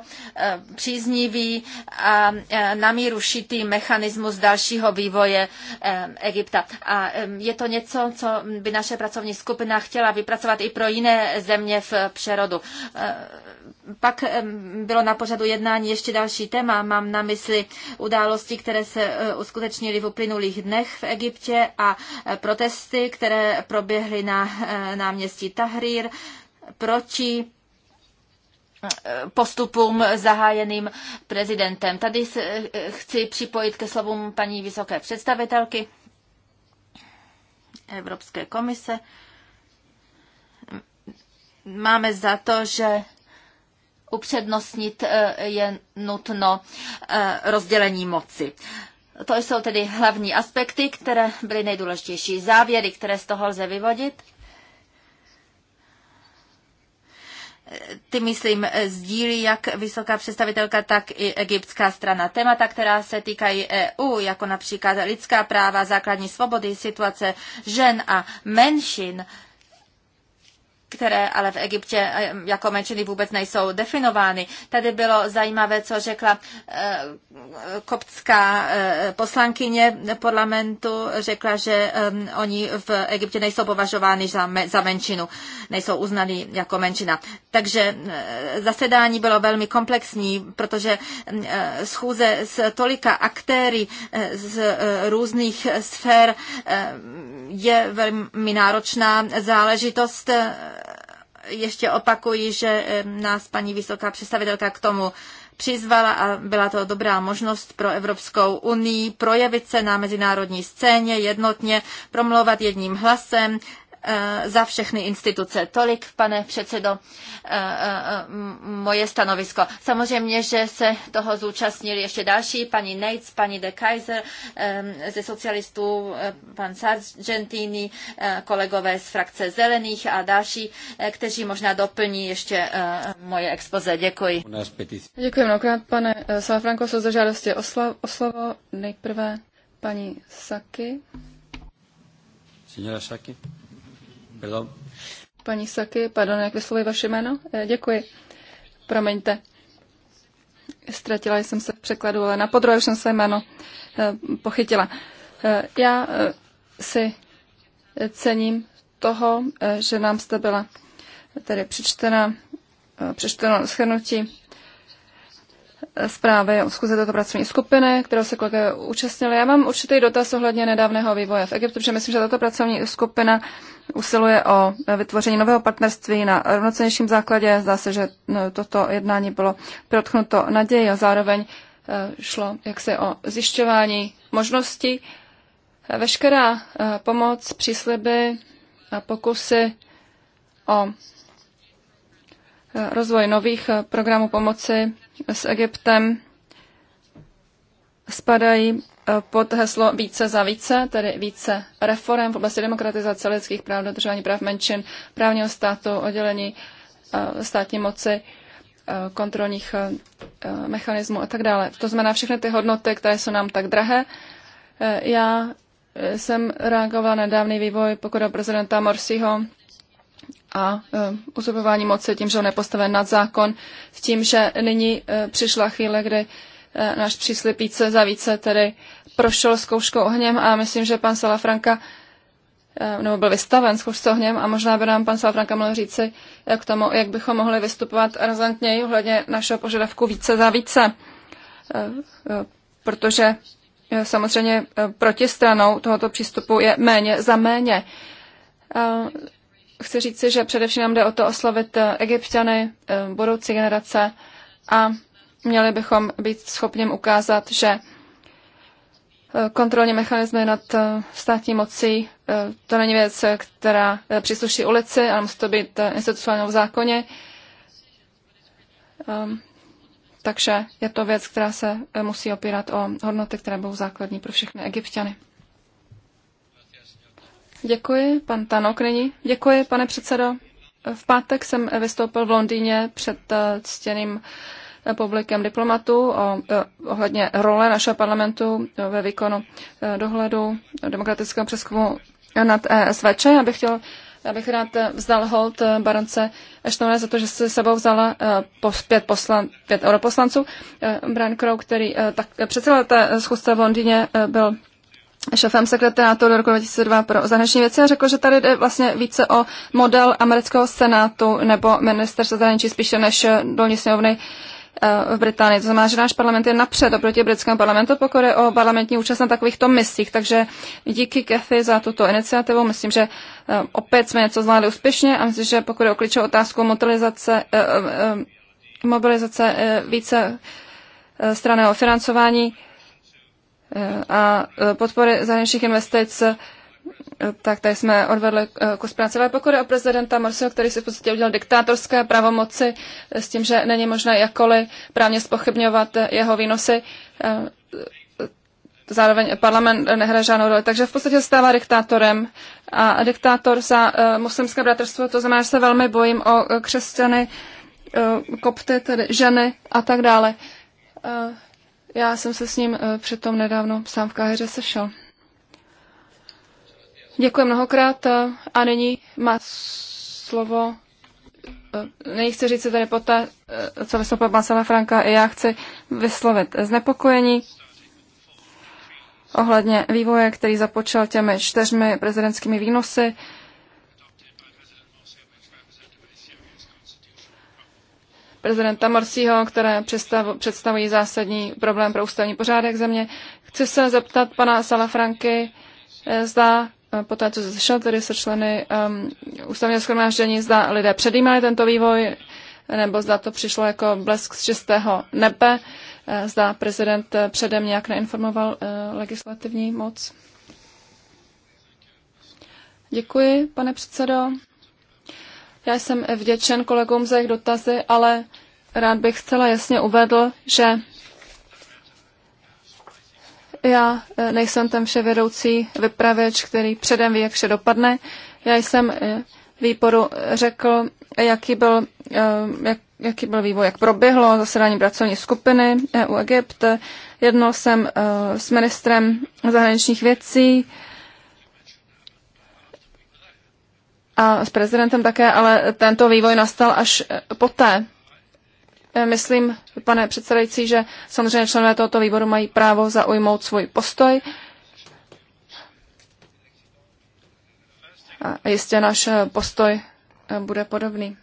příznivý a namíru šitý mechanismus dalšího vývoje Egypta. A je to něco, co by naše pracovní skupina chtěla vypracovat i pro jiné země v přerodu. Pak bylo na pořadu jednání ještě další téma. Mám na mysli události, které se e, uskutečnily v uplynulých dnech v Egyptě a e, protesty, které proběhly na e, náměstí Tahrir proti postupům zahájeným prezidentem. Tady se chci připojit ke slovům paní vysoké představitelky Evropské komise. Máme za to, že upřednostnit eh, je nutno eh, rozdělení moci. To jsou tedy hlavní aspekty, které byly nejdůležitější. Závěry, které z toho lze vyvodit, ty, myslím, sdílí jak vysoká představitelka, tak i egyptská strana. Témata, která se týkají EU, jako například lidská práva, základní svobody, situace žen a menšin, které ale v Egyptě eh, jako menšiny vůbec nejsou definovány. Tady bylo zajímavé, co řekla eh, koptská eh, poslankyně parlamentu, řekla, že oni v Egyptě nejsou považováni za, za menšinu, nejsou uznaní jako menšina. Takže zasedání bylo velmi komplexní, protože schůze s tolika aktéry z různých sfér je velmi náročná záležitost ještě opakuji, že nás paní vysoká představitelka k tomu přizvala a byla to dobrá možnost pro Evropskou unii projevit se na mezinárodní scéně jednotně, promlouvat jedním hlasem, Eh, za všechny instituce. Tolik, pane předsedo, eh, eh, moje stanovisko. Samozřejmě, že se toho zúčastnili ještě další, paní Nates, paní de Kaiser ze socialistů, pan Sargentini, kolegové z frakce Zelených a další, kteří možná doplní ještě moje expoze. Děkuji. Děkuji mnohokrát, pane Salafranko, jsou za žádosti o slovo. Nejprve paní Saky. Signora Saky. Pardon. Paní Saky, pardon, jak vyslovuji vaše jméno? Eh, děkuji. Promiňte. Ztratila jsem se v překladu, ale na podruhé jsem se jméno eh, pochytila. Eh, já si cením toho, že nám jste byla tedy přečtena, přečteno schrnutí zprávy o schůze této pracovní skupiny, kterou se kolegy účastnili. Já mám určitý dotaz ohledně nedávného vývoje v Egyptu, protože myslím, že tato pracovní skupina usiluje o vytvoření nového partnerství na rovnocenějším základě. Zdá se, že no, toto jednání bylo protchnuto naději a zároveň eh, šlo jaksi o zjišťování možností. Veškerá eh, pomoc, přísliby a pokusy o rozvoj nových eh, programů pomoci s Egyptem spadají eh, pod heslo více za více, tedy více reform v oblasti demokratizace lidských práv, dodržování práv menšin, právního státu, oddělení eh, státní moci, kontrolních mechanismů a tak dále. To znamená všechny ty hodnoty, které jsou nám tak drahé. Já jsem reagovala na dávný vývoj, pokud o prezidenta Morsiho, a e, uzurpování moci tím, že on je postaven nad zákon, s tím, že nyní e, přišla chvíle, kdy e, náš příslip více za více tedy prošel zkouškou ohněm a myslím, že pan Salafranka nebo byl vystaven zkoušce ohněm a možná by nám pan Salafranka mohl říci k tomu, jak bychom mohli vystupovat razantněji ohledně našeho požadavku více za více. Protože samozřejmě protistranou tohoto přístupu je méně za méně chci říci, že především nám jde o to oslovit eh, egyptiany, eh, budoucí generace a měli bychom být schopni ukázat, že eh, kontrolní mechanismy nad státní mocí, to není věc, která přísluší ulici, ale musí to být institucionálně v zákoně. Ehm, takže je to věc, která se musí opírat o hodnoty, které budou základní pro všechny egyptiany. Děkuji, pan Tanok nyní. Děkuji, pane předsedo. V pátek jsem vystoupil v Londýně před eh, ctěným eh, publikem diplomatů o, eh, ohledně role našeho parlamentu ve výkonu dohledu demokratického přeskumu nad ESVČ. Já bych chtěl já bych rád vzdal hold barance Eštonové za to, že se sebou vzala pět, poslan, pět europoslanců. Brian Crow, který tak předseda té schůzce v Londýně byl šéfem sekretariátu do roku 2002 pro zahraniční věci a řekl, že tady jde vlastně více o model amerického senátu nebo ministerstva zahraničí spíše než dolní sněmovny eh, v Británii. To znamená, že náš parlament je napřed oproti britskému parlamentu, pokud je o parlamentní účast na takovýchto misích. Takže díky Kathy za tuto iniciativu. Myslím, že eh, opět jsme něco zvládli úspěšně a myslím, že pokud je o klíčovou otázku eh, mobilizace, mobilizace více straného financování, Eh, a eh, podpory zahraničních investic, eh, tak tady jsme odvedli kus práce. Ale pokud je o prezidenta Morsiho, který si v podstatě udělal diktátorské pravomoci s tím, že není možné jakkoliv právně spochybňovat jeho výnosy, zároveň parlament nehraje žádnou roli. Takže v podstatě stává diktátorem a diktátor za muslimské bratrstvo, to znamená, že se velmi bojím o křesťany, kopty, tedy ženy a tak dále. Já jsem se s ním eh, přitom nedávno sám v Káheře sešel. Děkuji mnohokrát eh, a nyní má slovo eh, nechci říct se tady poté, co vystoupil pan Franka, i já chci vyslovit znepokojení ohledně vývoje, který započal těmi čtyřmi prezidentskými výnosy. prezidenta Morsího, které představují zásadní problém pro ústavní pořádek země. Chci se zeptat pana Salafranky, eh, zda eh, po té, co zašel tedy se členy um, ústavního schromáždění, zda lidé předjímali tento vývoj, nebo zda to přišlo jako blesk z čistého nebe, eh, zda prezident předem nějak neinformoval uh, legislativní moc. Děkuji, pane předsedo. Já jsem vděčen kolegům za jejich dotazy, ale rád bych zcela jasně uvedl, že já e, nejsem ten vševedoucí vypravěč, který předem ví, jak vše dopadne. Já jsem e, výboru řekl, jaký byl, e, jak, jaký byl vývoj, jak proběhlo zasedání pracovní skupiny EU Egypt. Jednal jsem s ministrem zahraničních věcí, a s prezidentem také, ale tento vývoj nastal až eh, poté. Eh, myslím, pane předsedající, že samozřejmě členové tohoto výboru mají právo zaujmout svůj postoj. A jistě náš eh, postoj bude podobný.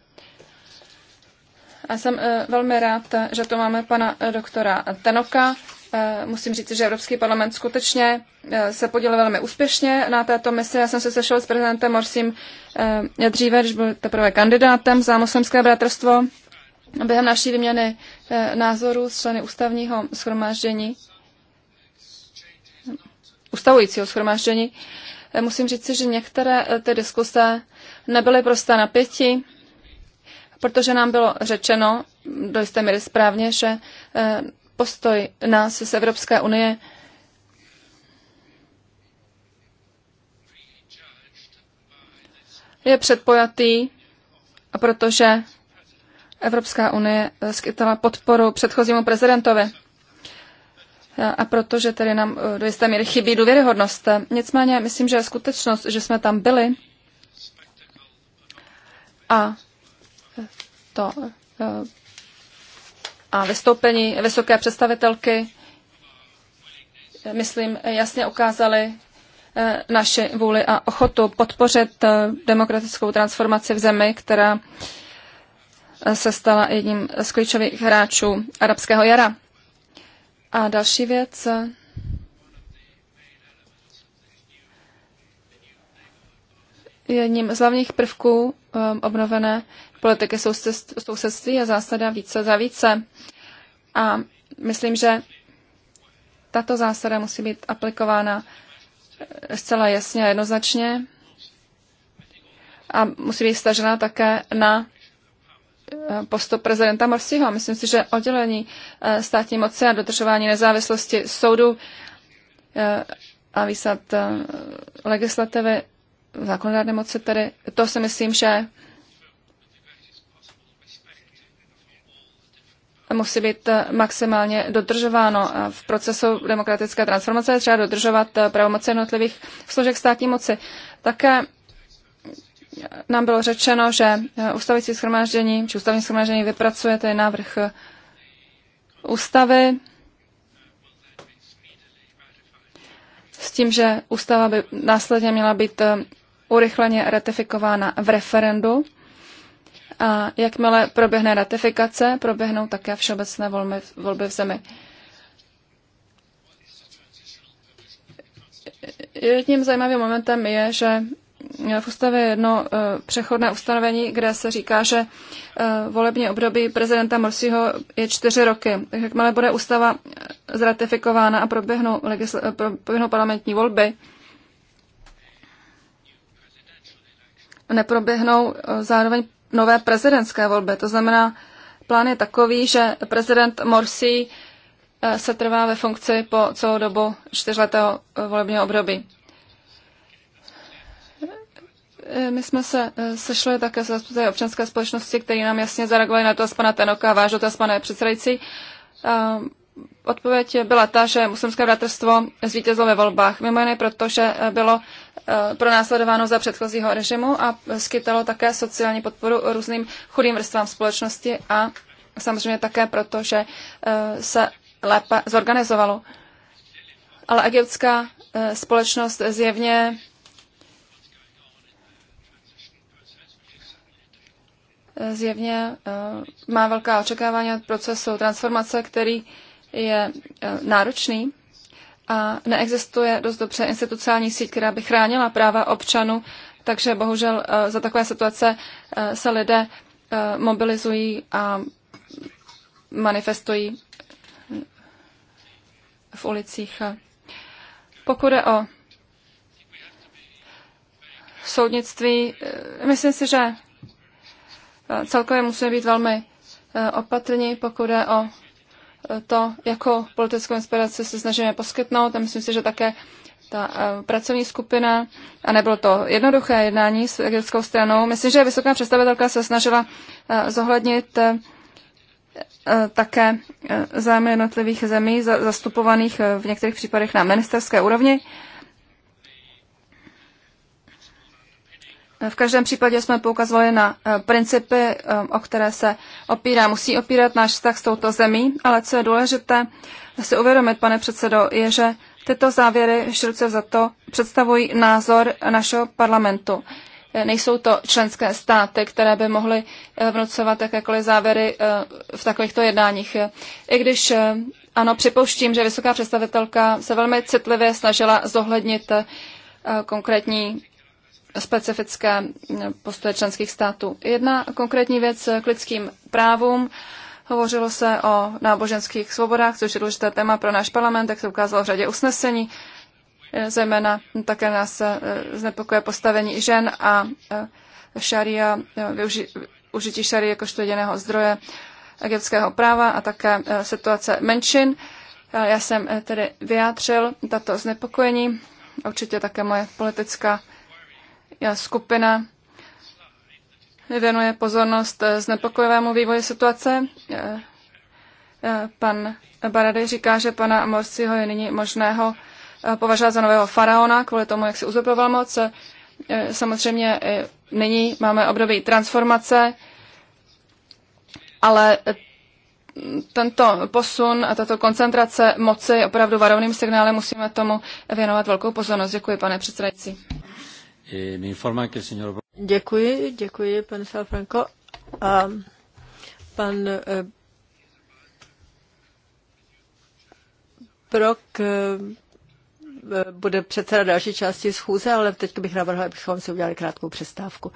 A jsem velmi rád, že tu máme pana doktora Tenoka, Eh, musím říct, že Evropský parlament skutečně eh, se podělil velmi úspěšně na této misi. Já jsem se sešel s prezidentem Morsím eh, dříve, když byl teprve kandidátem za muslimské bratrstvo. Během naší výměny názorů s členy ústavního schromáždění, ustavujícího schromáždění, musím říct, že některé ty diskuse nebyly prosté napětí, protože nám bylo řečeno, do jisté míry správně, že postoj nás z Evropské unie je předpojatý, protože Evropská unie skytala podporu předchozímu prezidentovi. A protože tedy nám eh, do jisté míry chybí důvěryhodnost. Nicméně myslím, že skutečnost, že jsme tam byli a to eh, a vystoupení vysoké představitelky, myslím, jasně ukázali eh, naše vůli a ochotu podpořit eh, demokratickou transformaci v zemi, která eh, se stala jedním z klíčových hráčů arabského jara. A další věc. Jedním z hlavních prvků obnovené politiky sousedství je zásada více za více. A myslím, že tato zásada musí být aplikována eh, zcela jasně a jednoznačně a musí být stažena také na eh, postup prezidenta Morsiho. Myslím si, že oddělení eh, státní moci a dodržování nezávislosti soudu a výsad legislativy zákonodárné moci tedy, to si myslím, že musí být eh, maximálně dodržováno. V procesu demokratické transformace je třeba dodržovat eh, pravomoci jednotlivých složek státní moci. Také nám bylo řečeno, že eh, ústavící schromáždění či ústavní schromáždění vypracuje tedy návrh ústavy s tím, že ústava by následně měla být urychleně ratifikována v referendu a jakmile proběhne ratifikace, proběhnou také všeobecné volby, volby v zemi. Jedním zajímavým momentem je, že v ústavě je jedno eh, přechodné ustanovení, kde se říká, že eh, volební období prezidenta Morsiho je čtyři roky. Tak jakmile bude ústava eh, zratifikována a proběhnou, legisl- proběhnou parlamentní volby, neproběhnou zároveň nové prezidentské volby. To znamená, plán je takový, že prezident Morsi eh, se trvá ve funkci po celou dobu čtyřletého eh, volebního období. Eh, my jsme se sešli také se zastupci občanské společnosti, který nám jasně zareagovali na to z pana Tenoka, váš dotaz, pane předsedající. Odpověď byla ta, že muslimské bratrstvo zvítězilo ve volbách, mimo jiné proto, že bylo Eh, pronásledováno za předchozího režimu a skytalo také sociální podporu různým chudým vrstvám společnosti a samozřejmě také proto, že eh, se lépe zorganizovalo. Ale egyptská eh, společnost zjevně zjevně má velká očekávání od procesu transformace, který je náročný a neexistuje dost dobře institucionální síť, která by chránila práva občanů, takže bohužel eh, za takové situace eh, se lidé eh, mobilizují a manifestují v ulicích. Pokud je o soudnictví, myslím si, že celkově musíme být velmi opatrní, pokud je o to, jako politickou inspiraci se snažíme poskytnout a myslím si, že také ta eh, pracovní skupina, a nebylo to jednoduché jednání s egyptskou stranou, myslím, že vysoká představitelka se snažila eh, zohlednit eh, také zájmy jednotlivých zemí zastupovaných v některých případech na ministerské úrovni. V každém případě jsme poukazovali na eh, principy, eh, o které se opírá, musí opírat náš vztah s touto zemí, ale co je důležité si uvědomit, pane předsedo, je, že tyto závěry široce za to představují názor našeho parlamentu. Eh, nejsou to členské státy, které by mohly vnucovat jakékoliv závěry v takovýchto jednáních. I když ano, připouštím, že vysoká představitelka se velmi citlivě snažila zohlednit konkrétní specifické postoje členských států. Jedna konkrétní věc k lidským právům. Hovořilo se o náboženských svobodách, což je důležité téma pro náš parlament, jak se ukázalo v řadě usnesení. Zejména také nás eh, znepokoje postavení žen a eh, šaria, eh, užití šarie jakožto jediného zdroje egyptského práva a také situace menšin. Já jsem tedy vyjádřil tato znepokojení, určitě také moje politická skupina věnuje pozornost znepokojivému vývoji situace. Eh, eh, pan Barady říká, že pana Morsiho je nyní možného eh, považovat za nového faraona kvůli tomu, jak si uzurpoval moc. Samozřejmě nyní máme období transformace, ale tento posun a tato koncentrace moci opravdu varovným signálem musíme tomu věnovat velkou pozornost. Děkuji, pane předsedající. Eh, děkuji, děkuji, pan Salfranco. A pan eh, Brok eh, bude předseda další části schůze, ale teď bych navrhla, abychom si udělali krátkou přestávku.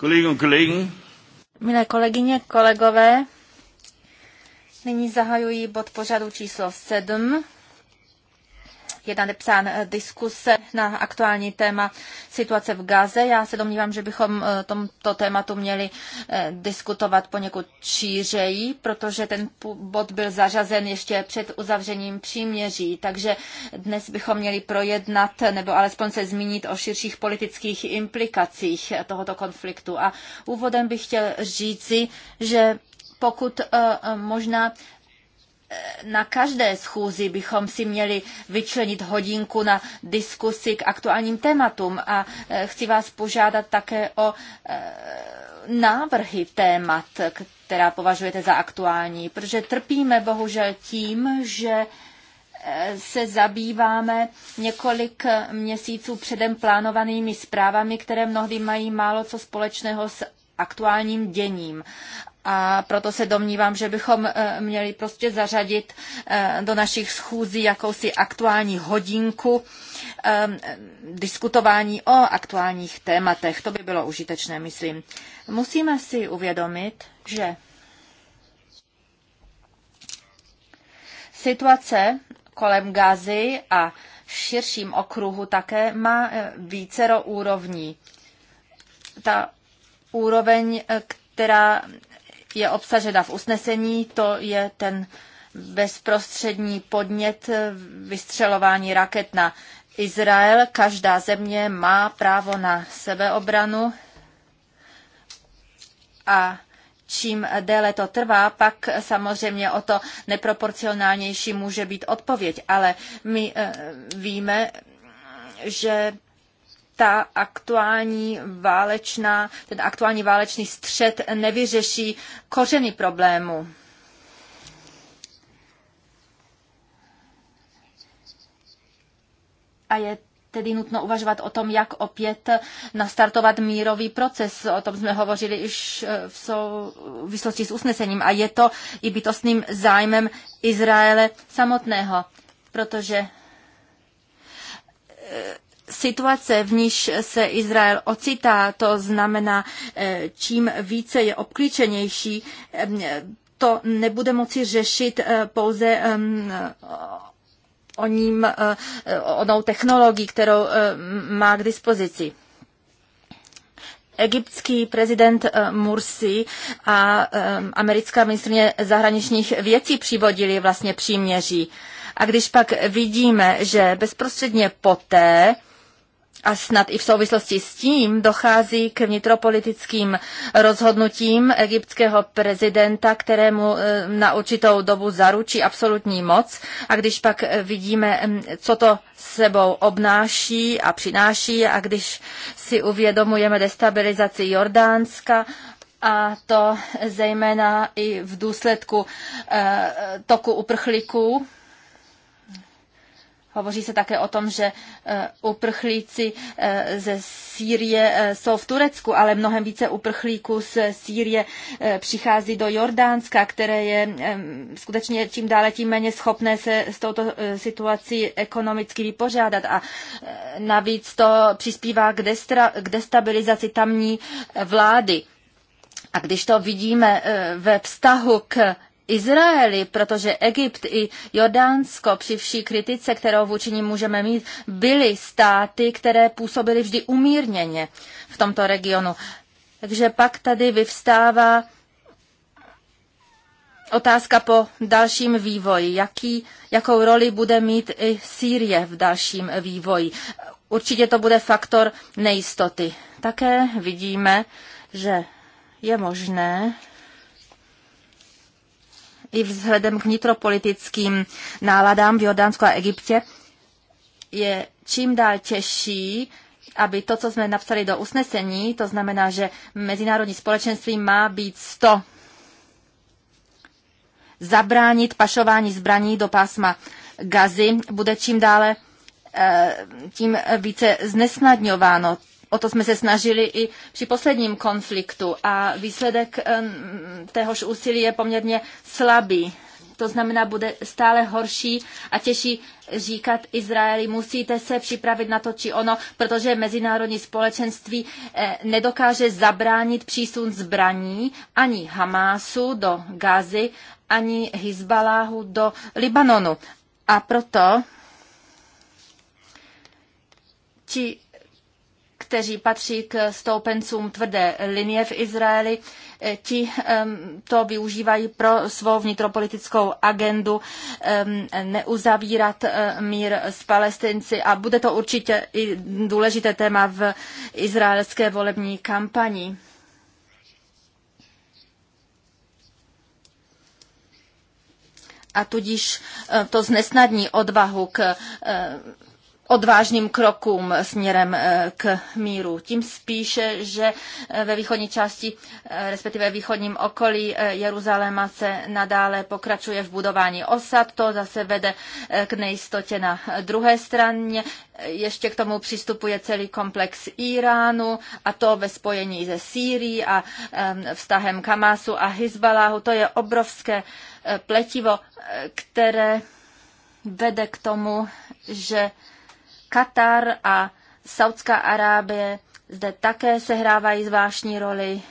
Kolegyně, kolegyně. Milé kolegyně, kolegové, nyní zahajuji bod pořadu číslo 7. Je nadepsán eh, diskuse na aktuální téma situace v Gaze. Já se domnívám, že bychom eh, tomto tématu měli eh, diskutovat poněkud šířeji, protože ten bod byl zařazen ještě před uzavřením příměří, takže dnes bychom měli projednat nebo alespoň se zmínit o širších politických implikacích tohoto konfliktu. A úvodem bych chtěl říci, že pokud eh, možná na každé schůzi bychom si měli vyčlenit hodinku na diskusi k aktuálním tématům a e, chci vás požádat také o e, návrhy témat, která považujete za aktuální, protože trpíme bohužel tím, že e, se zabýváme několik měsíců předem plánovanými zprávami, které mnohdy mají málo co společného s aktuálním děním a proto se domnívám, že bychom eh, měli prostě zařadit eh, do našich schůzí jakousi aktuální hodinku eh, diskutování o aktuálních tématech. To by bylo užitečné, myslím. Musíme si uvědomit, že situace kolem Gazy a v širším okruhu také má vícero úrovní. Ta úroveň, která je obsažena v usnesení, to je ten bezprostřední podnět vystřelování raket na Izrael. Každá země má právo na sebeobranu a čím déle to trvá, pak samozřejmě o to neproporcionálnější může být odpověď. Ale my eh, víme, že ta aktuální válečná, ten aktuální válečný střed nevyřeší kořeny problému. A je tedy nutno uvažovat o tom, jak opět nastartovat mírový proces. O tom jsme hovořili už eh, v souvislosti s usnesením. A je to i bytostným zájmem Izraele samotného, protože eh, situace, v níž se Izrael ocitá, to znamená, eh, čím více je obklíčenější, eh, to nebude moci řešit eh, pouze ehm, o ním, onou technologií, kterou má k dispozici egyptský prezident Mursi a ehm, americká ministrně zahraničních věcí přivodili vlastně příměří. A když pak vidíme, že bezprostředně poté a snad i v souvislosti s tím dochází k vnitropolitickým rozhodnutím egyptského prezidenta, kterému eh, na určitou dobu zaručí absolutní moc. A když pak eh, vidíme, mm, co to sebou obnáší a přináší, a když si uvědomujeme destabilizaci Jordánska, a to zejména i v důsledku eh, toku uprchlíků, Hovoří se také o tom, že e, uprchlíci e, ze Sýrie e, jsou v Turecku, ale mnohem více uprchlíků z Sýrie přichází do Jordánska, které je skutečně čím dále tím méně schopné se s touto situací ekonomicky vypořádat. A navíc to přispívá k, destra, k destabilizaci tamní vlády. A když to vidíme ve vztahu k Izraeli, protože Egypt i Jordánsko při vší kritice, kterou vůči nim můžeme mít, byly státy, které působily vždy umírněně v tomto regionu. Takže pak tady vyvstává otázka po dalším vývoji. Jaký, jakou roli bude mít i Sýrie v dalším vývoji? Určitě to bude faktor nejistoty. Také vidíme, že je možné, i vzhledem k vnitropolitickým náladám v Jordánsku a Egyptě je čím dál těžší, aby to, co jsme napsali do usnesení, to znamená, že mezinárodní společenství má být 100 zabránit pašování zbraní do pásma Gazy, bude čím dále eh, tím více znesnadňováno. O to jsme se snažili i při posledním konfliktu a výsledek téhož úsilí je poměrně slabý. To znamená, bude stále horší a těžší říkat Izraeli, musíte se připravit na to či ono, protože mezinárodní společenství eh, nedokáže zabránit přísun zbraní ani Hamásu do Gazy, ani Hizbaláhu do Libanonu. A proto ti kteří patří k stoupencům tvrdé linie v Izraeli, eh, ti ehm, to využívají pro svou vnitropolitickou agendu ehm, neuzavírat eh, mír s palestinci a bude to určitě i důležité téma v izraelské volební kampani. a tudíž eh, to znesnadní odvahu k odvážným krokům směrem eh, k míru. Tím spíše, že eh, ve východní části, eh, respektive východním okolí Jeruzaléma se nadále pokračuje v budování osad. To zase vede k nejistotě na druhé straně. Ještě k tomu přistupuje celý komplex Iránu a to ve spojení se Sýrií a vztahem Kamasu a Hizbaláhu. To je obrovské pletivo, které vede k tomu, že Katar a Saudská Arábie zde také sehrávají zvláštní roli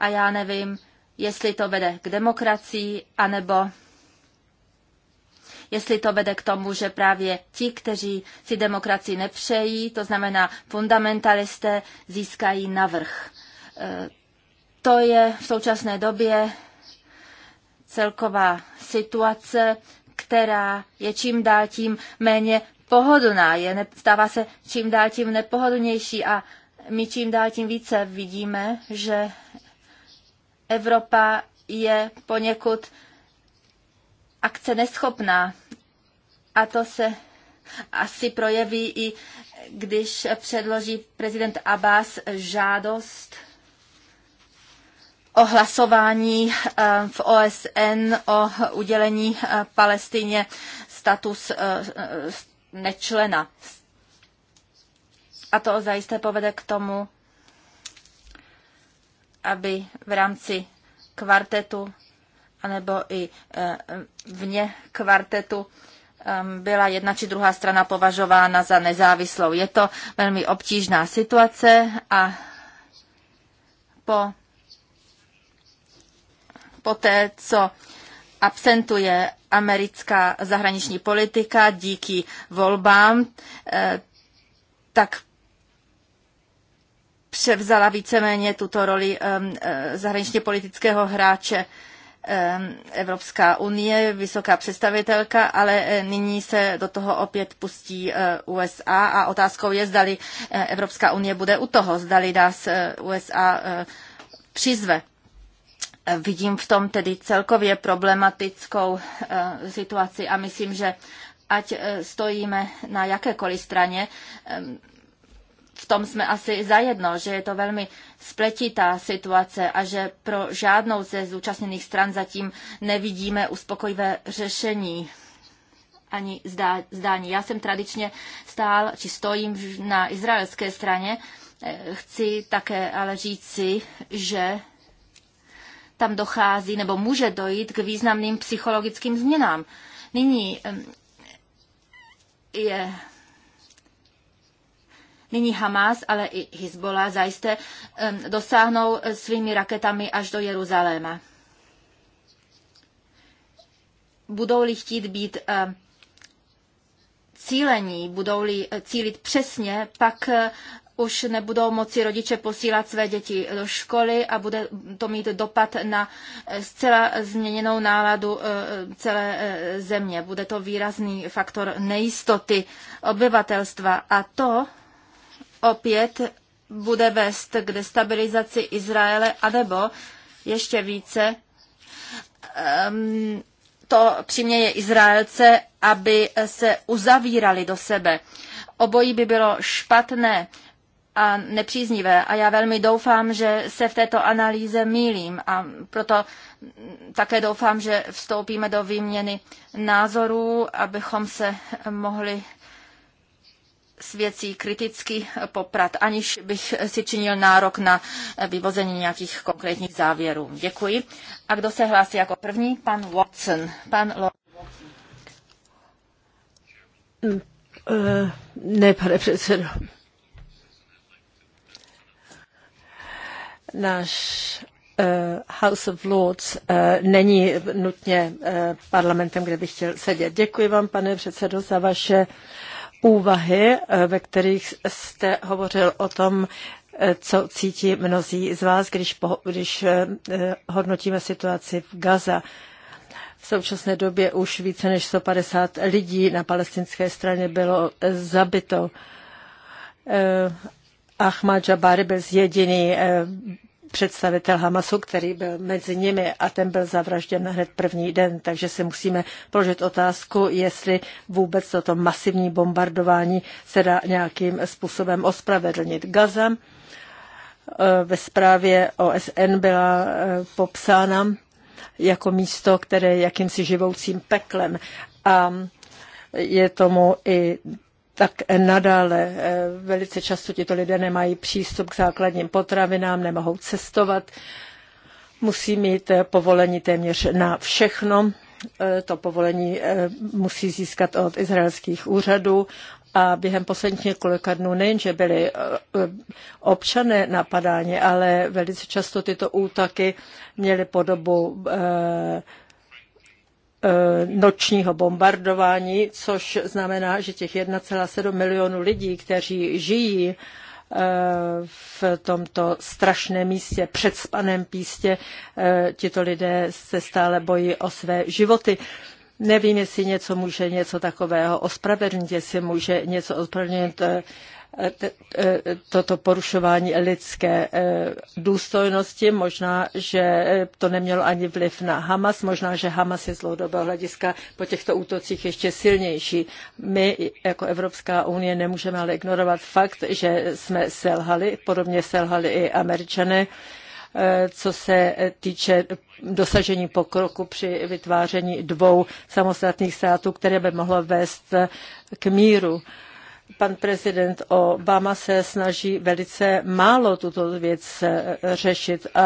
a já nevím, jestli to vede k demokracii, anebo jestli to vede k tomu, že právě ti, kteří si demokracii nepřejí, to znamená fundamentalisté, získají navrh. E, to je v současné době celková situace, která je čím dál tím méně pohodlná, je, ne, stává se čím dál tím nepohodlnější a my čím dál tím více vidíme, že Evropa je poněkud akce neschopná. A to se asi projeví i, když předloží prezident Abbas žádost o hlasování eh, v OSN o udělení eh, Palestině status eh, nečlena. A to zajisté povede k tomu, aby v rámci kvartetu anebo i eh, vně kvartetu ehm, byla jedna či druhá strana považována za nezávislou. Je to velmi obtížná situace a po, po té, co absentuje americká zahraniční politika díky volbám, eh, tak převzala víceméně tuto roli eh, eh, zahraničně politického hráče Evropská unie, vysoká představitelka, ale nyní se do toho opět pustí USA a otázkou je, zdali Evropská unie bude u toho, zdali nás USA přizve. Vidím v tom tedy celkově problematickou eh, situaci a myslím, že ať eh, stojíme na jakékoliv straně, eh, v tom jsme asi zajedno, že je to velmi spletitá situace a že pro žádnou ze zúčastněných stran zatím nevidíme uspokojivé řešení ani zdání. Já jsem tradičně stál, či stojím na izraelské straně. Chci také ale říci, že tam dochází nebo může dojít k významným psychologickým změnám. Nyní je Nyní Hamas, ale i Hezbollah zajisté dosáhnou svými raketami až do Jeruzaléma. Budou-li chtít být cílení, budou-li cílit přesně, pak už nebudou moci rodiče posílat své děti do školy a bude to mít dopad na eh, zcela změněnou náladu eh, celé eh, země. Bude to výrazný faktor nejistoty obyvatelstva a to opět bude vést k destabilizaci Izraele anebo ještě více ehm, to přiměje Izraelce, aby se uzavírali do sebe. Obojí by bylo špatné a nepříznivé. A já velmi doufám, že se v této analýze mílím a proto také doufám, že vstoupíme do výměny názorů, abychom se mohli s věcí kriticky poprat, aniž bych si činil nárok na vyvození nějakých konkrétních závěrů. Děkuji. A kdo se hlásí jako první? Pan Watson. Pan Lord mm, eh, Ne, pane předsedo. Náš eh, House of Lords eh, není nutně eh, parlamentem, kde bych chtěl sedět. Děkuji vám, pane předsedo, za vaše úvahy, ve kterých jste hovořil o tom, co cítí mnozí z vás, když, po, když hodnotíme situaci v Gaza. V současné době už více než 150 lidí na palestinské straně bylo zabito Ahmad Jabari byl jediný eh, představitel Hamasu, který byl mezi nimi a ten byl zavražděn hned první den. Takže si musíme položit otázku, jestli vůbec toto masivní bombardování se dá nějakým způsobem ospravedlnit. Gaza eh, ve zprávě OSN byla eh, popsána jako místo, které je jakýmsi živoucím peklem. A je tomu i tak nadále eh, velice často tito lidé nemají přístup k základním potravinám, nemohou cestovat, musí mít eh, povolení téměř na všechno. Eh, to povolení musí získat od izraelských úřadů a během posledních několika dnů nejenže byly občané napadáni, ale velice často tyto útaky měly podobu E, nočního bombardování, což znamená, že těch 1,7 milionů lidí, kteří žijí e, v tomto strašném místě, před spaném pístě, e, tito lidé se stále bojí o své životy. Nevím, jestli něco může něco takového ospravedlnit, jestli může něco ospravedlnit toto porušování lidské eh, důstojnosti. Možná, že eh, to nemělo ani vliv na Hamas, možná, že Hamas je z dlouhodobého hlediska po těchto útocích ještě silnější. My jako Evropská unie nemůžeme ale ignorovat fakt, že jsme selhali, podobně selhali i američané eh, co se týče dosažení pokroku při vytváření dvou samostatných států, které by mohlo vést k míru pan prezident Obama se snaží velice málo tuto věc eh, řešit a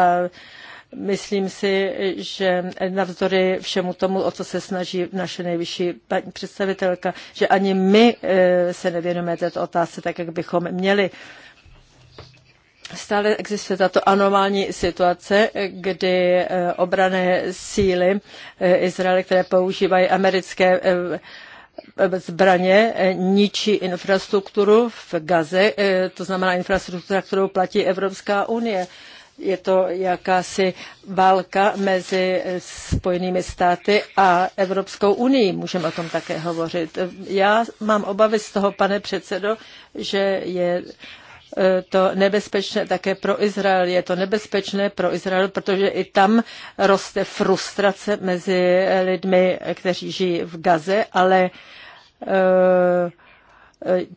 myslím si, že navzdory všemu tomu, o co se snaží naše nejvyšší paní představitelka, že ani my eh, se nevěnujeme této otázce tak, jak bychom měli. Stále existuje tato anomální situace, kdy eh, obrané síly Izraele, které používají americké zbraně eh, ničí infrastrukturu v Gaze, eh, to znamená infrastruktura, kterou platí Evropská unie. Je to jakási válka mezi eh, Spojenými státy a Evropskou unii. Můžeme o tom také hovořit. Já mám obavy z toho, pane předsedo, že je Eh, to nebezpečné také pro Izrael. Je to nebezpečné pro Izrael, protože i tam roste frustrace mezi lidmi, kteří žijí v Gaze, ale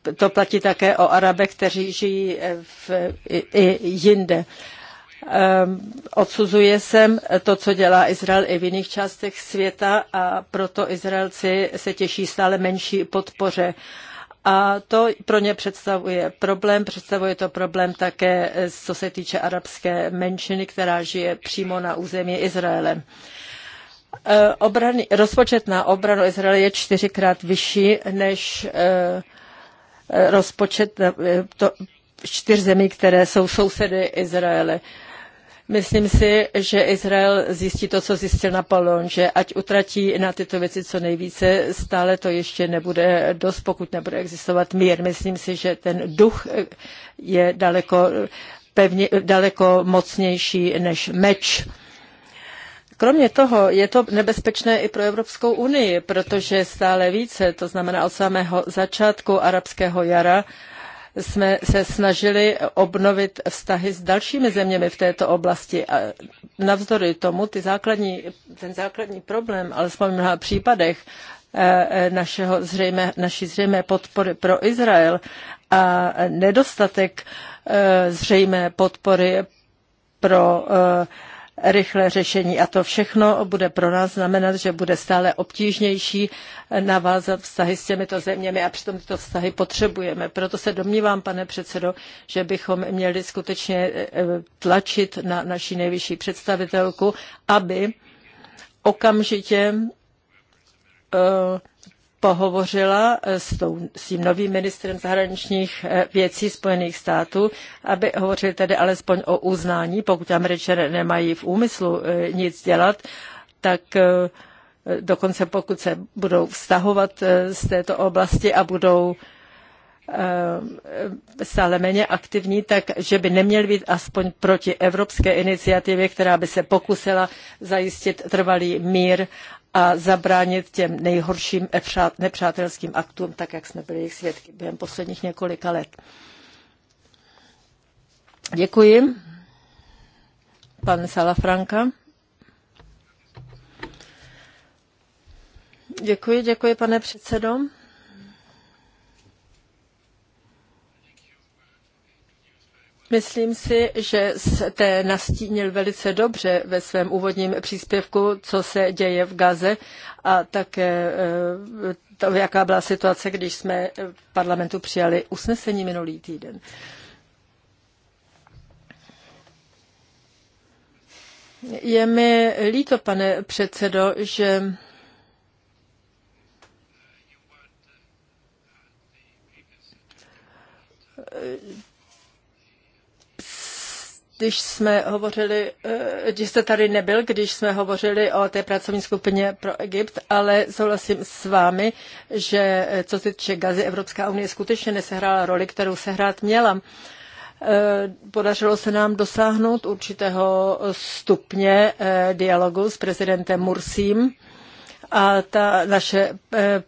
eh, to platí také o Arabech, kteří žijí v, i, i jinde. Eh, odsuzuje jsem to, co dělá Izrael i v jiných částech světa a proto Izraelci se těší stále menší podpoře. Uh, a to pro ně představuje problém. Představuje to problém také, co se týče arabské menšiny, která žije přímo na území Izraele. Eh, obrany, rozpočet na obranu Izraele je čtyřikrát vyšší než eh, rozpočet eh, to, čtyř zemí, které jsou sousedy Izraele. Myslím si, že Izrael zjistí to, co zjistil Napoleon, že ať utratí na tyto věci co nejvíce, stále to ještě nebude dost, pokud nebude existovat mír. Myslím si, že ten duch je daleko, pevně, daleko mocnější než meč. Kromě toho je to nebezpečné i pro Evropskou unii, protože stále více, to znamená od samého začátku arabského jara, jsme se snažili obnovit vztahy s dalšími zeměmi v této oblasti. A navzdory tomu ty základní, ten základní problém, alespoň v mnoha případech, eh, eh, našeho zřejmé, naší zřejmé podpory pro Izrael a nedostatek eh, zřejmé podpory pro rychlé řešení. A to všechno bude pro nás znamenat, že bude stále obtížnější navázat vztahy s těmito zeměmi a přitom tyto vztahy potřebujeme. Proto se domnívám, pane předsedo, že bychom měli skutečně e, tlačit na naší nejvyšší představitelku, aby okamžitě uh, pohovořila eh, s, tou, s tím novým ministrem zahraničních eh, věcí Spojených států, aby hovořili tedy alespoň o uznání, pokud američané nemají v úmyslu eh, nic dělat, tak dokonce pokud se budou vztahovat z této oblasti a budou stále méně aktivní, tak že by neměl být aspoň proti evropské iniciativě, která by se pokusila zajistit trvalý mír a zabránit těm nejhorším nepřátelským aktům, tak jak jsme byli jejich svědky během posledních několika let. Děkuji. Pan Salafranka. Děkuji, děkuji, pane předsedo. Myslím si, že jste nastínil velice dobře ve svém úvodním příspěvku, co se děje v Gaze a také eh, to, jaká byla situace, když jsme v parlamentu přijali usnesení minulý týden. Je mi líto, pane předsedo, že když jsme hovořili, eh, když jste tady nebyl, když jsme hovořili o té pracovní skupině pro Egypt, ale souhlasím s vámi, že eh, co se týče Gazy, Evropská unie skutečně nesehrála roli, kterou sehrát měla. Eh, podařilo se nám dosáhnout určitého stupně dialogu s prezidentem Mursím a ta naše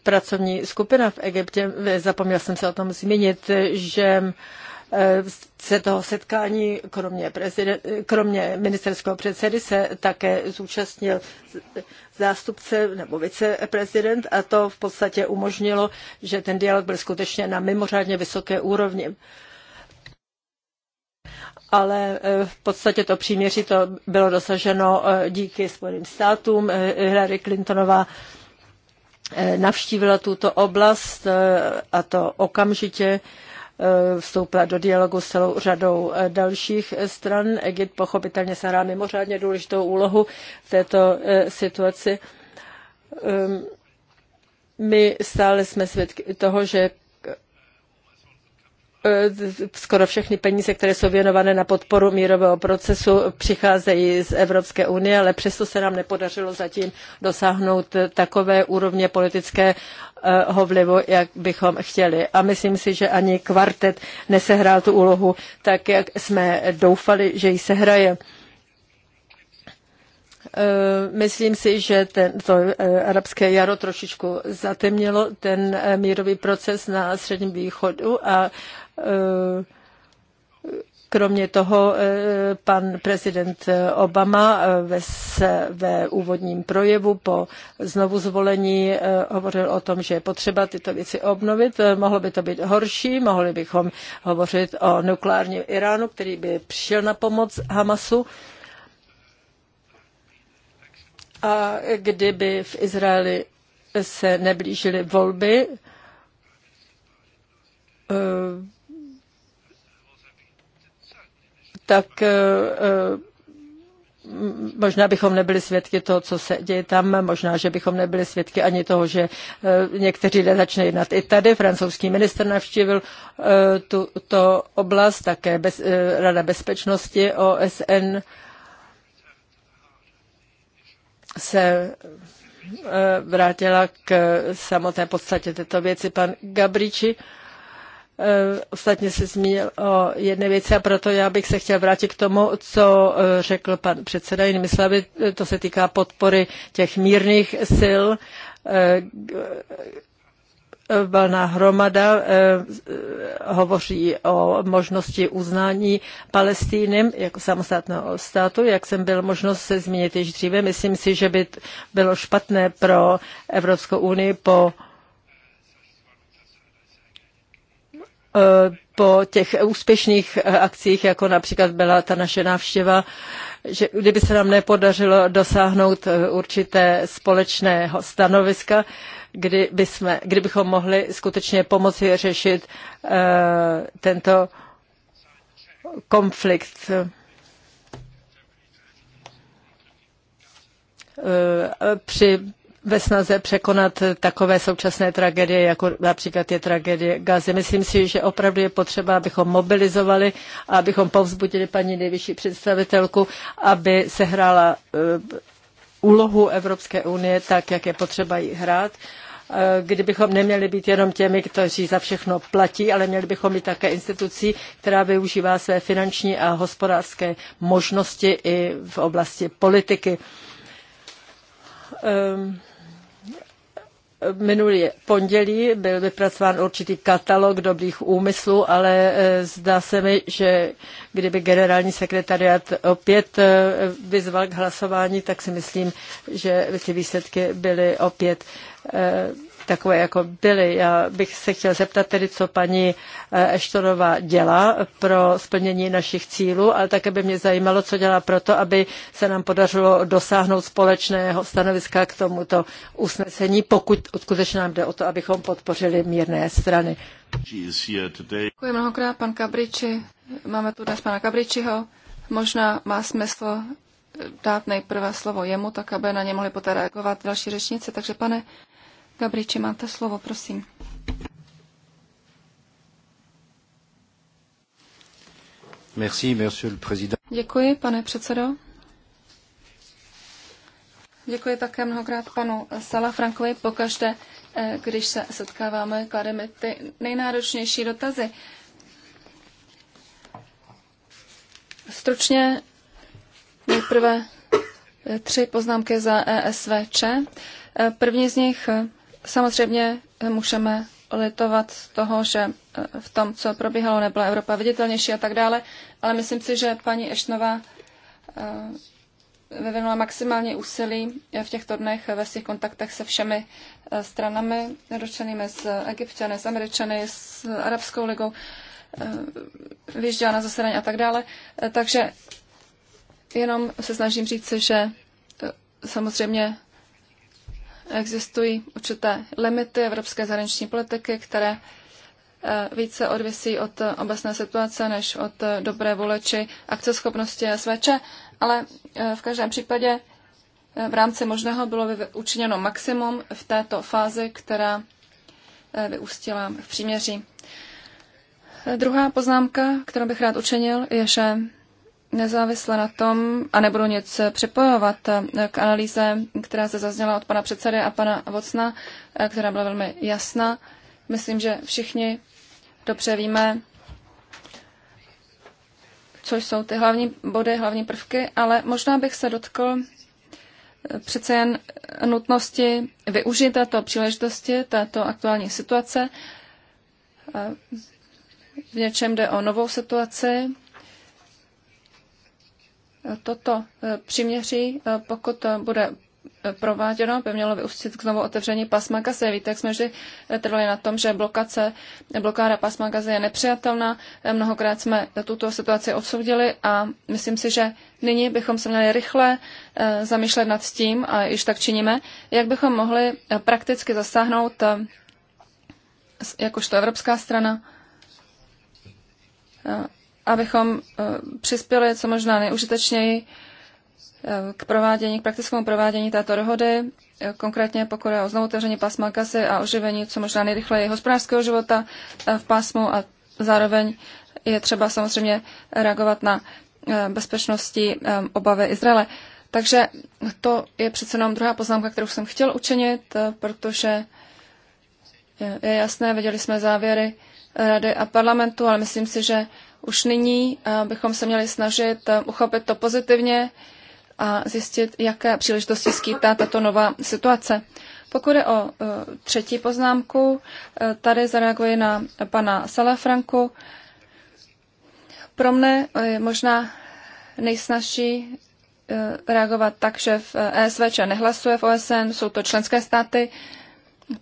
pracovní skupina v Egyptě, zapomněl jsem se o tom zmínit, že Eh, se toho setkání, kromě, prezident, eh, kromě ministerského předsedy, se také zúčastnil zástupce nebo viceprezident a to v podstatě umožnilo, že ten dialog byl skutečně na mimořádně vysoké úrovni ale eh, v podstatě to příměří to bylo dosaženo díky Spojeným státům. Hillary Clintonová navštívila tuto oblast a to okamžitě Eh, vstoupila do dialogu s celou řadou eh, dalších stran. Egypt pochopitelně se hrá mimořádně důležitou úlohu v této eh, situaci. Ehm, my stále jsme svědky toho, že E, skoro všechny peníze, které jsou věnované na podporu mírového procesu, přicházejí z Evropské unie, ale přesto se nám nepodařilo zatím dosáhnout takové úrovně politického e, vlivu, jak bychom chtěli. A myslím si, že ani kvartet nesehrál tu úlohu tak, jak jsme doufali, že ji sehraje. E, myslím si, že ten, to arabské jaro trošičku zatemnilo ten mírový proces na Středním východu a Eh, kromě toho eh, pan prezident Obama eh, ve, ve úvodním projevu po znovu zvolení hovořil o tom, že je potřeba tyto věci obnovit. Mohlo by to být horší, mohli bychom hovořit o nukleárním Iránu, který by přišel na pomoc Hamasu. A kdyby v Izraeli se neblížily volby, tak eh, eh, možná bychom nebyli svědky toho, co se děje tam, možná, že bychom nebyli svědky ani toho, že eh, někteří lidé začne jednat i tady. Francouzský minister navštívil tuto oblast, také bez, Rada bezpečnosti OSN se vrátila k samotné podstatě této věci. Pan Gabriči Eh, ostatně se zmínil o jedné věci a proto já bych se chtěl vrátit k tomu, co eh, řekl pan předseda. Jinými slovy, eh, to se týká podpory těch mírných sil. Valná hromada hovoří o možnosti uznání Palestíny jako samostatného státu. Jak jsem byl možnost se zmínit již dříve, myslím si, že by bylo špatné pro Evropskou unii po po těch úspěšných eh, akcích, jako například byla ta naše návštěva, že kdyby se nám nepodařilo dosáhnout eh, určité společného stanoviska, kdyby jsme, kdybychom mohli skutečně pomoci řešit eh, tento konflikt. Při ve snaze překonat takové současné tragédie, jako například je tragédie Gazy. Myslím si, že opravdu je potřeba, abychom mobilizovali a abychom povzbudili paní nejvyšší představitelku, aby se hrála e, úlohu Evropské unie tak, jak je potřeba jí hrát e, kdybychom neměli být jenom těmi, kteří za všechno platí, ale měli bychom být také institucí, která využívá své finanční a hospodářské možnosti i v oblasti politiky. Um, Minulý pondělí byl vypracován určitý katalog dobrých úmyslů, ale e, zdá se mi, že kdyby generální sekretariat opět e, vyzval k hlasování, tak si myslím, že ty výsledky byly opět e, takové, jako byly. Já bych se chtěl zeptat tedy, co paní eh, Eštorová dělá pro splnění našich cílů, ale také by mě zajímalo, co dělá proto, aby se nám podařilo dosáhnout společného stanoviska k tomuto usnesení, pokud skutečně nám jde o to, abychom podpořili mírné strany. Děkuji mnohokrát, pan Kabriči. Máme tu dnes pana Kabričiho. Možná má smysl eh, dát nejprve slovo jemu, tak aby na ně mohli poté reagovat další řečnice. Takže pane Gabriči, máte slovo, prosím. Merci, monsieur le président. Děkuji, pane předsedo. Děkuji také mnohokrát panu Sala Frankovi. Pokažte, eh, když se setkáváme, klademe ty nejnáročnější dotazy. Stručně nejprve tři poznámky za ESVČ. Eh, první z nich Samozřejmě eh, můžeme litovat z toho, že eh, v tom, co probíhalo, nebyla Evropa viditelnější a tak dále, ale myslím si, že paní Ešnova eh, vyvinula maximální úsilí v těchto dnech ve svých kontaktech se všemi stranami dočenými s Egyptěny, s Američany, s Arabskou ligou, vyjížděla na zasedání a tak dále. Takže jenom se snažím říct, že samozřejmě existují určité limity evropské zahraniční politiky, které eh, více odvisí od obecné situace než od eh, dobré vůle či akceschopnosti SVČ, ale eh, v každém případě v rámci možného bylo učiněno maximum v této fázi, která vyústila v příměří. Druhá poznámka, kterou bych rád učinil, je, že nezávisle na tom, a nebudu nic připojovat k analýze, která se zazněla od pana předsedy a pana Vocna, která byla velmi jasná. Myslím, že všichni dobře víme, co jsou ty hlavní body, hlavní prvky, ale možná bych se dotkl přece jen nutnosti využít této příležitosti, této aktuální situace. V něčem jde o novou situaci, toto e, přiměří, e, pokud e, bude prováděno, by mělo vyústit k znovu otevření pasma gazy. Víte, jak jsme vždy trvali na tom, že blokace, blokáda pasma gazy je nepřijatelná. Mnohokrát jsme tuto situaci odsoudili a myslím si, že nyní bychom se měli rychle zamýšlet nad tím, a již tak činíme, jak bychom mohli prakticky zasáhnout jakožto evropská strana abychom eh, přispěli co možná nejužitečněji eh, k provádění, k praktickému provádění této dohody, eh, konkrétně pokud je o znovu otevření pásma kasy a oživení co možná nejrychleji hospodářského života v pásmu a zároveň je třeba samozřejmě reagovat na bezpečnosti obavy Izraele. Takže to je přece jenom druhá poznámka, kterou jsem chtěl učinit, protože je jasné, viděli jsme závěry rady a parlamentu, ale myslím si, že už nyní eh, bychom se měli snažit eh, uchopit to pozitivně a zjistit, jaké příležitosti skýtá tato nová situace. Pokud je o eh, třetí poznámku, tady zareaguji na pana Salafranku. Pro mne je možná nejsnažší reagovat tak, že v ESVČ e nehlasuje v OSN, jsou to členské státy,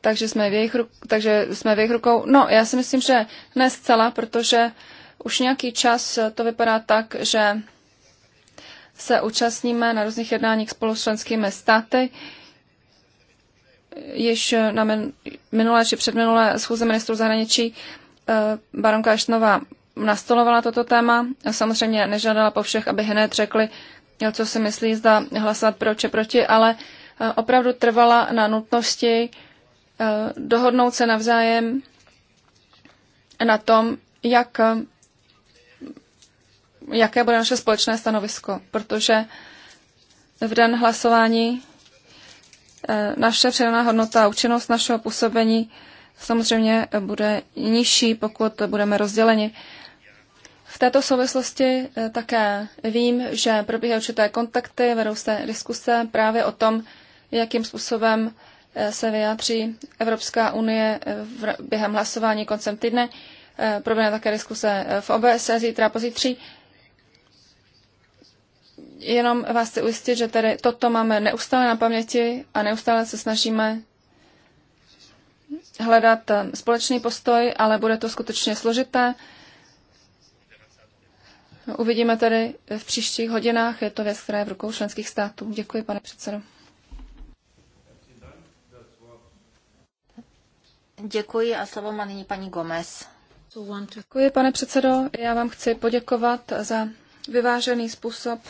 takže jsme v jejich, takže jsme v jejich rukou. No, já si myslím, že ne zcela, protože už nějaký čas to vypadá tak, že se účastníme na různých jednáních spolu s členskými státy. Již na minulé či předminulé schůze ministrů zahraničí eh, baronka Eštnová nastolovala toto téma. Samozřejmě nežádala po všech, aby hned řekli, co si myslí, zda hlasovat pro či proti, ale eh, opravdu trvala na nutnosti eh, dohodnout se navzájem na tom, jak jaké bude naše společné stanovisko, protože v den hlasování eh, naše přidaná hodnota a účinnost našeho působení samozřejmě bude nižší, pokud budeme rozděleni. V této souvislosti eh, také vím, že probíhají určité kontakty, vedou se diskuse právě o tom, jakým způsobem eh, se vyjádří Evropská unie během hlasování koncem týdne. Proběhne také diskuse v OBS e zítra pozítří jenom vás chci ujistit, že tady toto máme neustále na paměti a neustále se snažíme hledat eh, společný postoj, ale bude to skutečně složité. Uvidíme tady v příštích hodinách. Je to věc, která je v rukou členských států. Děkuji, pane předsedo. Děkuji a slovo má nyní paní Gomez. Děkuji, pane předsedo. Já vám chci poděkovat za vyvážený způsob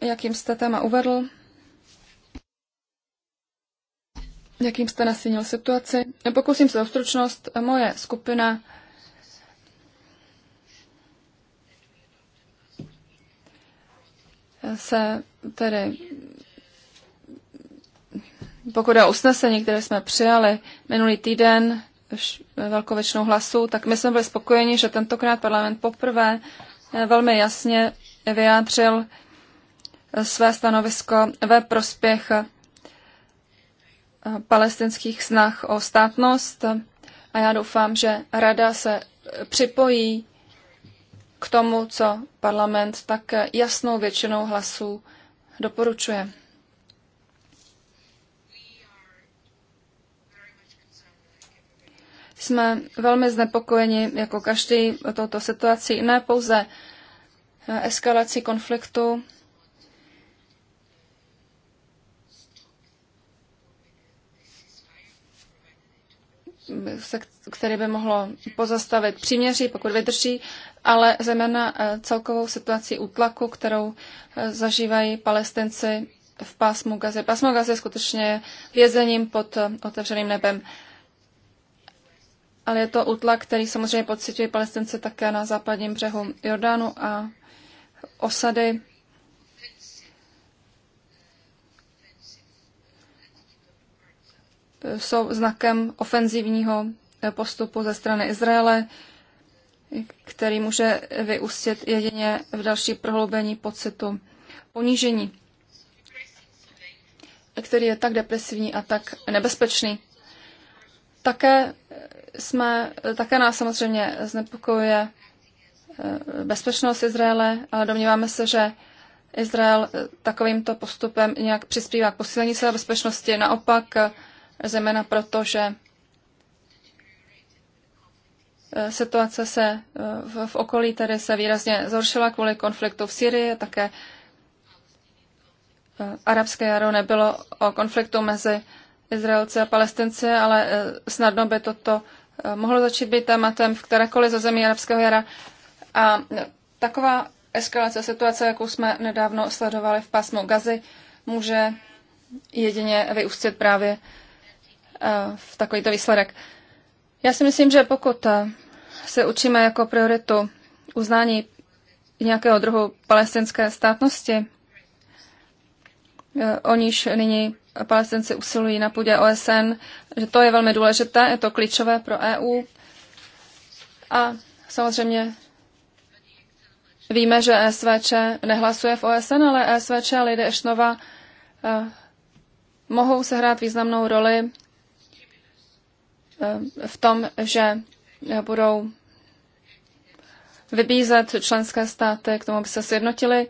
jakým jste téma uvedl, jakým jste nasínil situaci. Pokusím se o stručnost. Moje skupina se tedy pokud je usnesení, které jsme přijali minulý týden velkou většinou hlasů, tak my jsme byli spokojeni, že tentokrát parlament poprvé velmi jasně vyjádřil své stanovisko ve prospěch eh, palestinských snah o státnost a já doufám, že rada se eh, připojí k tomu, co parlament tak jasnou většinou hlasů doporučuje. Jsme velmi znepokojeni jako každý touto situací, ne pouze eh, eskalací konfliktu, se, které by mohlo pozastavit příměří, pokud vydrží, ale zejména eh, celkovou situaci útlaku, kterou eh, zažívají palestinci v pásmu Gazy. Pásmo Gazy je skutečně vězením pod eh, otevřeným nebem. Ale je to útlak, který samozřejmě pocitují palestinci také na západním břehu Jordánu a osady jsou znakem ofenzivního postupu ze strany Izraele, který může vyústit jedině v další prohloubení pocitu ponížení, který je tak depresivní a tak nebezpečný. Také, jsme, také nás samozřejmě znepokojuje eh, bezpečnost Izraele, ale domníváme se, že Izrael eh, takovýmto postupem nějak přispívá k posílení své bezpečnosti. Naopak eh, zejména proto, že eh, situace se eh, v, v okolí tedy se výrazně zhoršila kvůli konfliktu v Syrii, také eh, arabské jaro nebylo o konfliktu mezi Izraelci a Palestinci, ale snadno by toto mohlo začít být tématem v kterékoliv ze zemí arabského jara. A taková eskalace situace, jakou jsme nedávno sledovali v pásmu Gazy, může jedině vyústit právě Eh, v takovýto výsledek. Já si myslím, že pokud eh, se učíme jako prioritu uznání nějakého druhu palestinské státnosti, eh, o níž nyní palestinci usilují na půdě OSN, že to je velmi důležité, je to klíčové pro EU. A samozřejmě víme, že e SVČ nehlasuje v OSN, ale e SVČ a Lidé Ešnova mohou sehrát významnou roli Eh, v tom, že budou vybízet členské státy k tomu, aby se sjednotili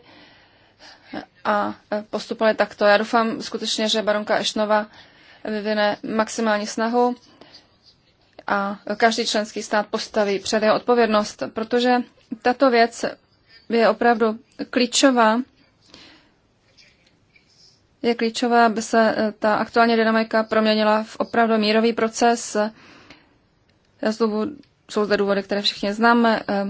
a postupovali takto. Já doufám skutečně, že baronka Ešnova vyvine maximální snahu a každý členský stát postaví před jeho odpovědnost, protože tato věc je opravdu klíčová je klíčové, aby se eh, ta aktuální dynamika proměnila v opravdu mírový proces. Znovu jsou zde důvody, které všichni známe. Eh,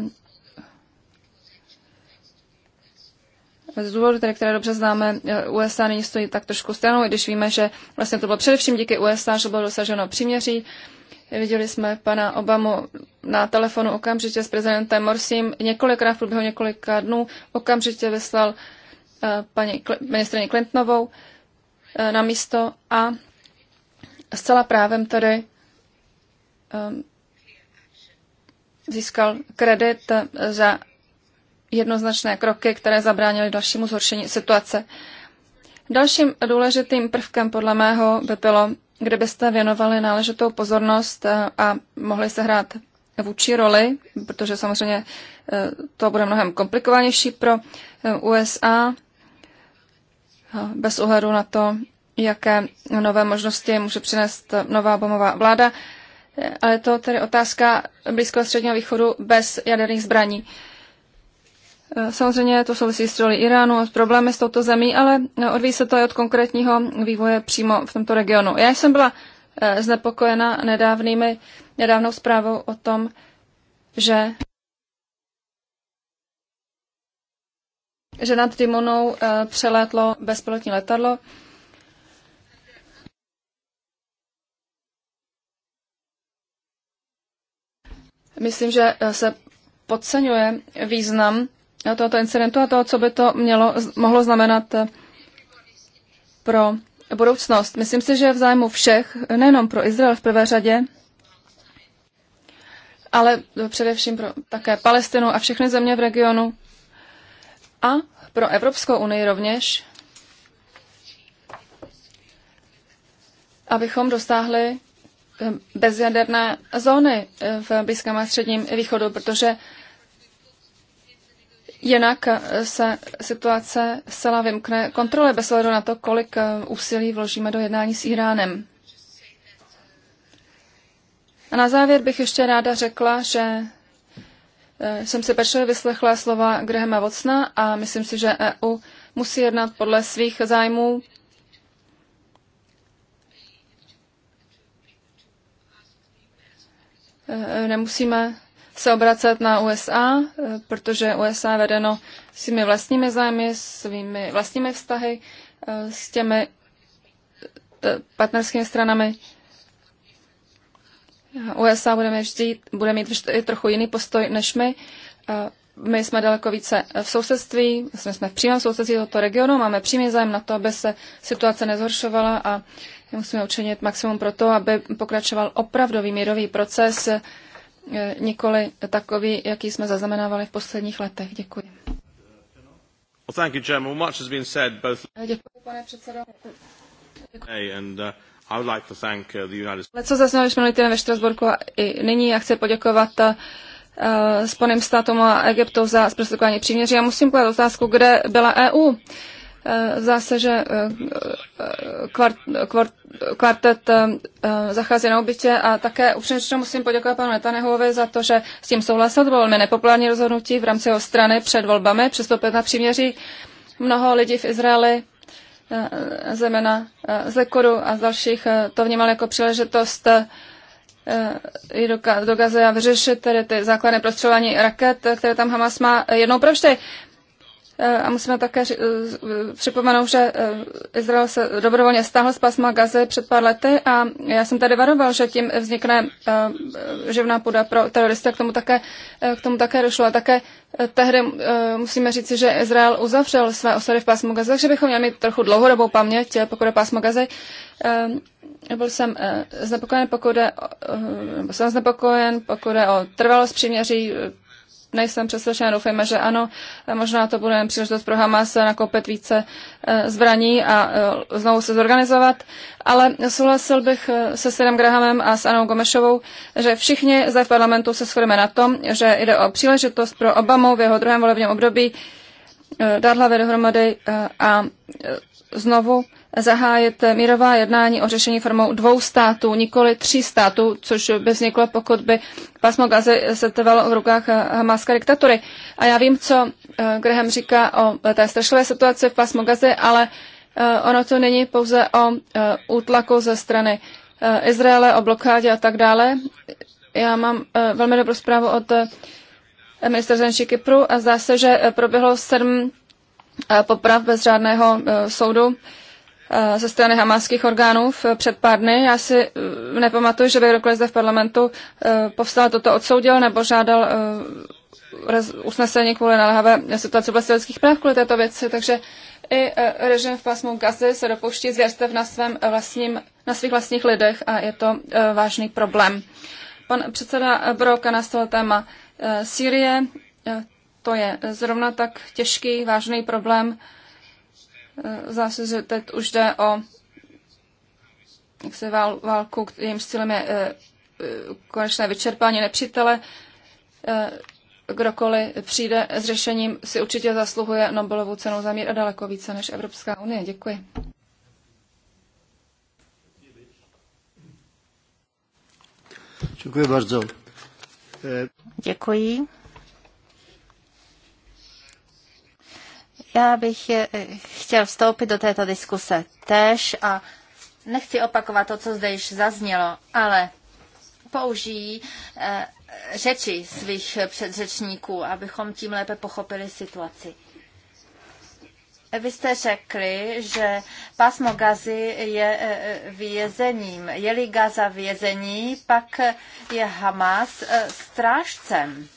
z důvodu, které, které dobře známe, eh, USA nyní stojí tak trošku stranou, i když víme, že vlastně to bylo především díky USA, že bylo dosaženo příměří. Viděli jsme pana Obamu na telefonu okamžitě s prezidentem Morsím. Několikrát v průběhu několika dnů okamžitě vyslal uh, Eh, paní ministrině Clintonovou eh, na místo a zcela právem tedy ehm, získal kredit eh, za jednoznačné kroky, které zabránily dalšímu zhoršení situace. Dalším důležitým prvkem podle mého by bylo, kdybyste věnovali náležitou pozornost a mohli se hrát vůči roli, protože samozřejmě to bude mnohem komplikovanější pro USA, bez ohledu na to, jaké nové možnosti může přinést nová bomová vláda. Ale to tedy otázka Blízkého středního východu bez jaderných zbraní. Samozřejmě to souvisí s roli Iránu a problémy s touto zemí, ale odvíjí se to i od konkrétního vývoje přímo v tomto regionu. Já jsem byla eh, znepokojena nedávnými, nedávnou zprávou o tom, že že nad Dimonou eh, přelétlo bezpilotní letadlo. Myslím, že eh, se podceňuje význam eh, tohoto incidentu a toho, co by to mělo, mohlo znamenat pro budoucnost. Myslím si, že v zájmu všech, nejenom pro Izrael v prvé řadě, ale především pro také Palestinu a všechny země v regionu, a pro Evropskou unii rovněž, abychom dostáhli eh, bezjaderné zóny eh, v Blízkém a Středním východu, protože jinak eh, se situace zcela vymkne kontrole bez ohledu na to, kolik úsilí vložíme do jednání s Iránem. A na závěr bych ještě ráda řekla, že Eh, jsem si pečlivě vyslechla slova Grahama Vocna a myslím si, že EU musí jednat podle svých zájmů. Eh, nemusíme se obracet na USA, eh, protože USA je vedeno svými vlastními zájmy, svými vlastními vztahy s těmi partnerskými stranami USA bude mít vždy, bude mít vždy trochu jiný postoj než my. My jsme daleko více v sousedství, jsme, jsme v přímém sousedství tohoto regionu, máme přímý zájem na to, aby se situace nezhoršovala a musíme učinit maximum pro to, aby pokračoval opravdový mírový proces, e, nikoli takový, jaký jsme zaznamenávali v posledních letech. Děkuji. Děkuji, pane předsedo. Děkuji. Uh, Leco zaznělo již minulý týden ve Štrasburku a i nyní, já chci poděkovat uh, uh, Spojeným státům a Egyptu za zprostředkování příměří. Já musím klást otázku, kde byla EU. Uh, zdá se, že kvart, kvart, kvartet zachází na obytě a také upřímně musím poděkovat panu Netanehovi za to, že s tím souhlasil. To bylo velmi nepopulární rozhodnutí v rámci jeho strany před volbami přestoupit na příměří. Mnoho lidí v Izraeli Eh, zejména eh, z Likoru a z dalších, eh, to vnímal jako příležitost i do, do a vyřešit tedy ty základné prostřelování raket, které tam Hamas má jednou pro vždy. Eh, a musíme také eh, připomenout, že eh, Izrael se dobrovolně stáhl z pasma Gazy před pár lety a já jsem tady varoval, že tím vznikne živná půda pro teroristy a k tomu také, k tomu také došlo. A také tehdy musíme říci, že Izrael uzavřel své osady v pásmu Gazy, takže bychom měli mít trochu dlouhodobou paměť, pokud je pásmo Gazy. Byl jsem znepokojen, pokud je, jsem znepokojen, pokud je o trvalost příměří, nejsem přesvědčen, doufejme, že ano, eh, možná to bude příležitost pro Hamas nakoupit více eh, zbraní a eh, znovu se zorganizovat, ale souhlasil bych se Sirem Grahamem a s Anou Gomešovou, že všichni zde v parlamentu se shodeme na tom, že jde o příležitost pro Obamu v jeho druhém volebním období dát hlavy dohromady a znovu zahájit mírová jednání o řešení formou dvou států, nikoli tří států, což by vzniklo, pokud by pásmo Gazy se trvalo v rukách hamáské diktatury. A já vím, co eh, Graham říká o eh, té strašlivé situaci v pásmu Gazy, ale eh, ono to není pouze o útlaku ze strany Izraele, o blokádě a tak dále. Já mám velmi dobrou zprávu od ministra zahraničí Kypru a zdá se, že proběhlo sedm poprav bez řádného soudu Eh, ze strany hamáských orgánů před pár dny. Já si eh, nepamatuju, že by kdokoliv zde v parlamentu eh, povstal toto odsoudil nebo žádal usnesení kvůli naléhavé situaci oblasti lidských práv kvůli této věci, takže i režim v pasmu Gazy se dopouští zvěrstev na, svém vlastním, na svých vlastních lidech a je to vážný problém. Pan předseda Broka nastal téma Sýrie. To je zrovna tak těžký, vážný problém, Eh, zase, že teď už jde o jak se vál, válku, jejím cílem je e, konečné vyčerpání nepřítele. E, kdokoliv přijde s řešením, si určitě zasluhuje Nobelovu cenu za mír a daleko více než Evropská unie. Děkuji. Děkuji bardzo. Děkuji. Já bych eh, chtěl vstoupit do této diskuse též a nechci opakovat to, co zde již zaznělo, ale použijí eh, řeči svých předřečníků, abychom tím lépe pochopili situaci. Vy jste řekli, že pásmo Gazy je eh, vězením. Je-li Gaza vězení, pak je Hamas strážcem,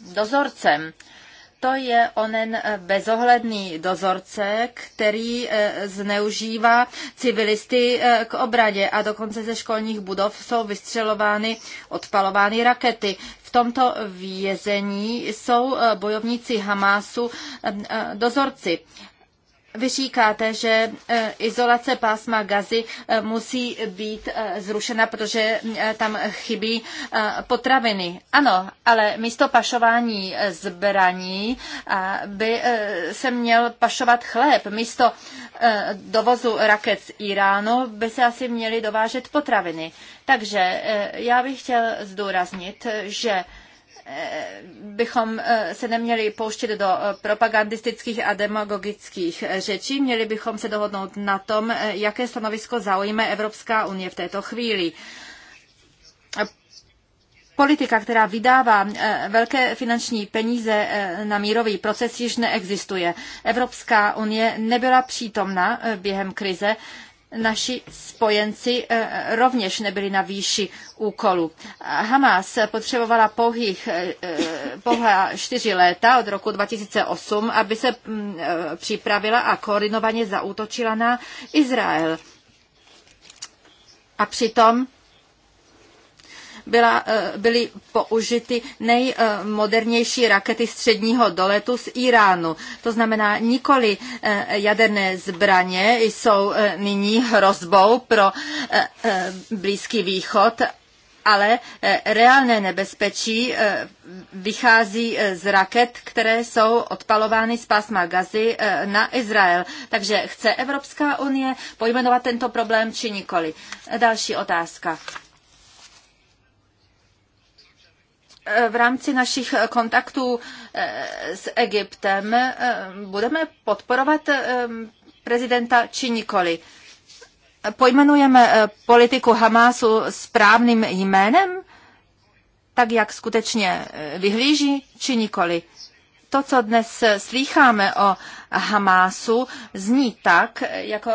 dozorcem to je onen eh, bezohledný dozorce, který eh, zneužívá civilisty eh, k obradě a dokonce ze školních budov jsou vystřelovány, odpalovány rakety. V tomto vězení jsou bojovníci Hamásu dozorci. Vy říkáte, že e, izolace pásma gazy e, musí být e, zrušena, protože tam chybí potraviny. Ano, ale místo pašování zbraní by se měl pašovat chléb. Místo dovozu raket z Iránu by se asi měly dovážet potraviny. Takže já bych chtěl zdůraznit, že bychom eh, se neměli pouštět do eh, propagandistických a demagogických eh, řečí. Měli bychom se dohodnout na tom, jaké stanovisko zaujme Evropská unie v této chvíli politika, která vydává velké finanční peníze na mírový proces, již neexistuje. Evropská unie nebyla přítomna během krize naši spojenci eh, rovněž nebyli na výši úkolu. Hamas potřebovala pouhých, eh, eh, pouhá čtyři léta od roku 2008, aby se mm, připravila a koordinovaně zaútočila na Izrael. A přitom byla, eh, byly použity nejmodernější rakety středního doletu z Iránu. To znamená, nikoli eh, jaderné zbraně jsou eh, nyní hrozbou pro Blízký východ, ale reálné nebezpečí vychází z raket, které jsou odpalovány z pásma gazy na Izrael. Takže chce Evropská unie pojmenovat tento problém či nikoli? Další otázka. v rámci našich kontaktů eh, s Egyptem eh, budeme podporovat eh, prezidenta či nikoli. Pojmenujeme politiku Hamásu správným jménem, tak jak skutečně vyhlíží, či nikoli. To, co dnes slýcháme o Hamásu, zní tak, jako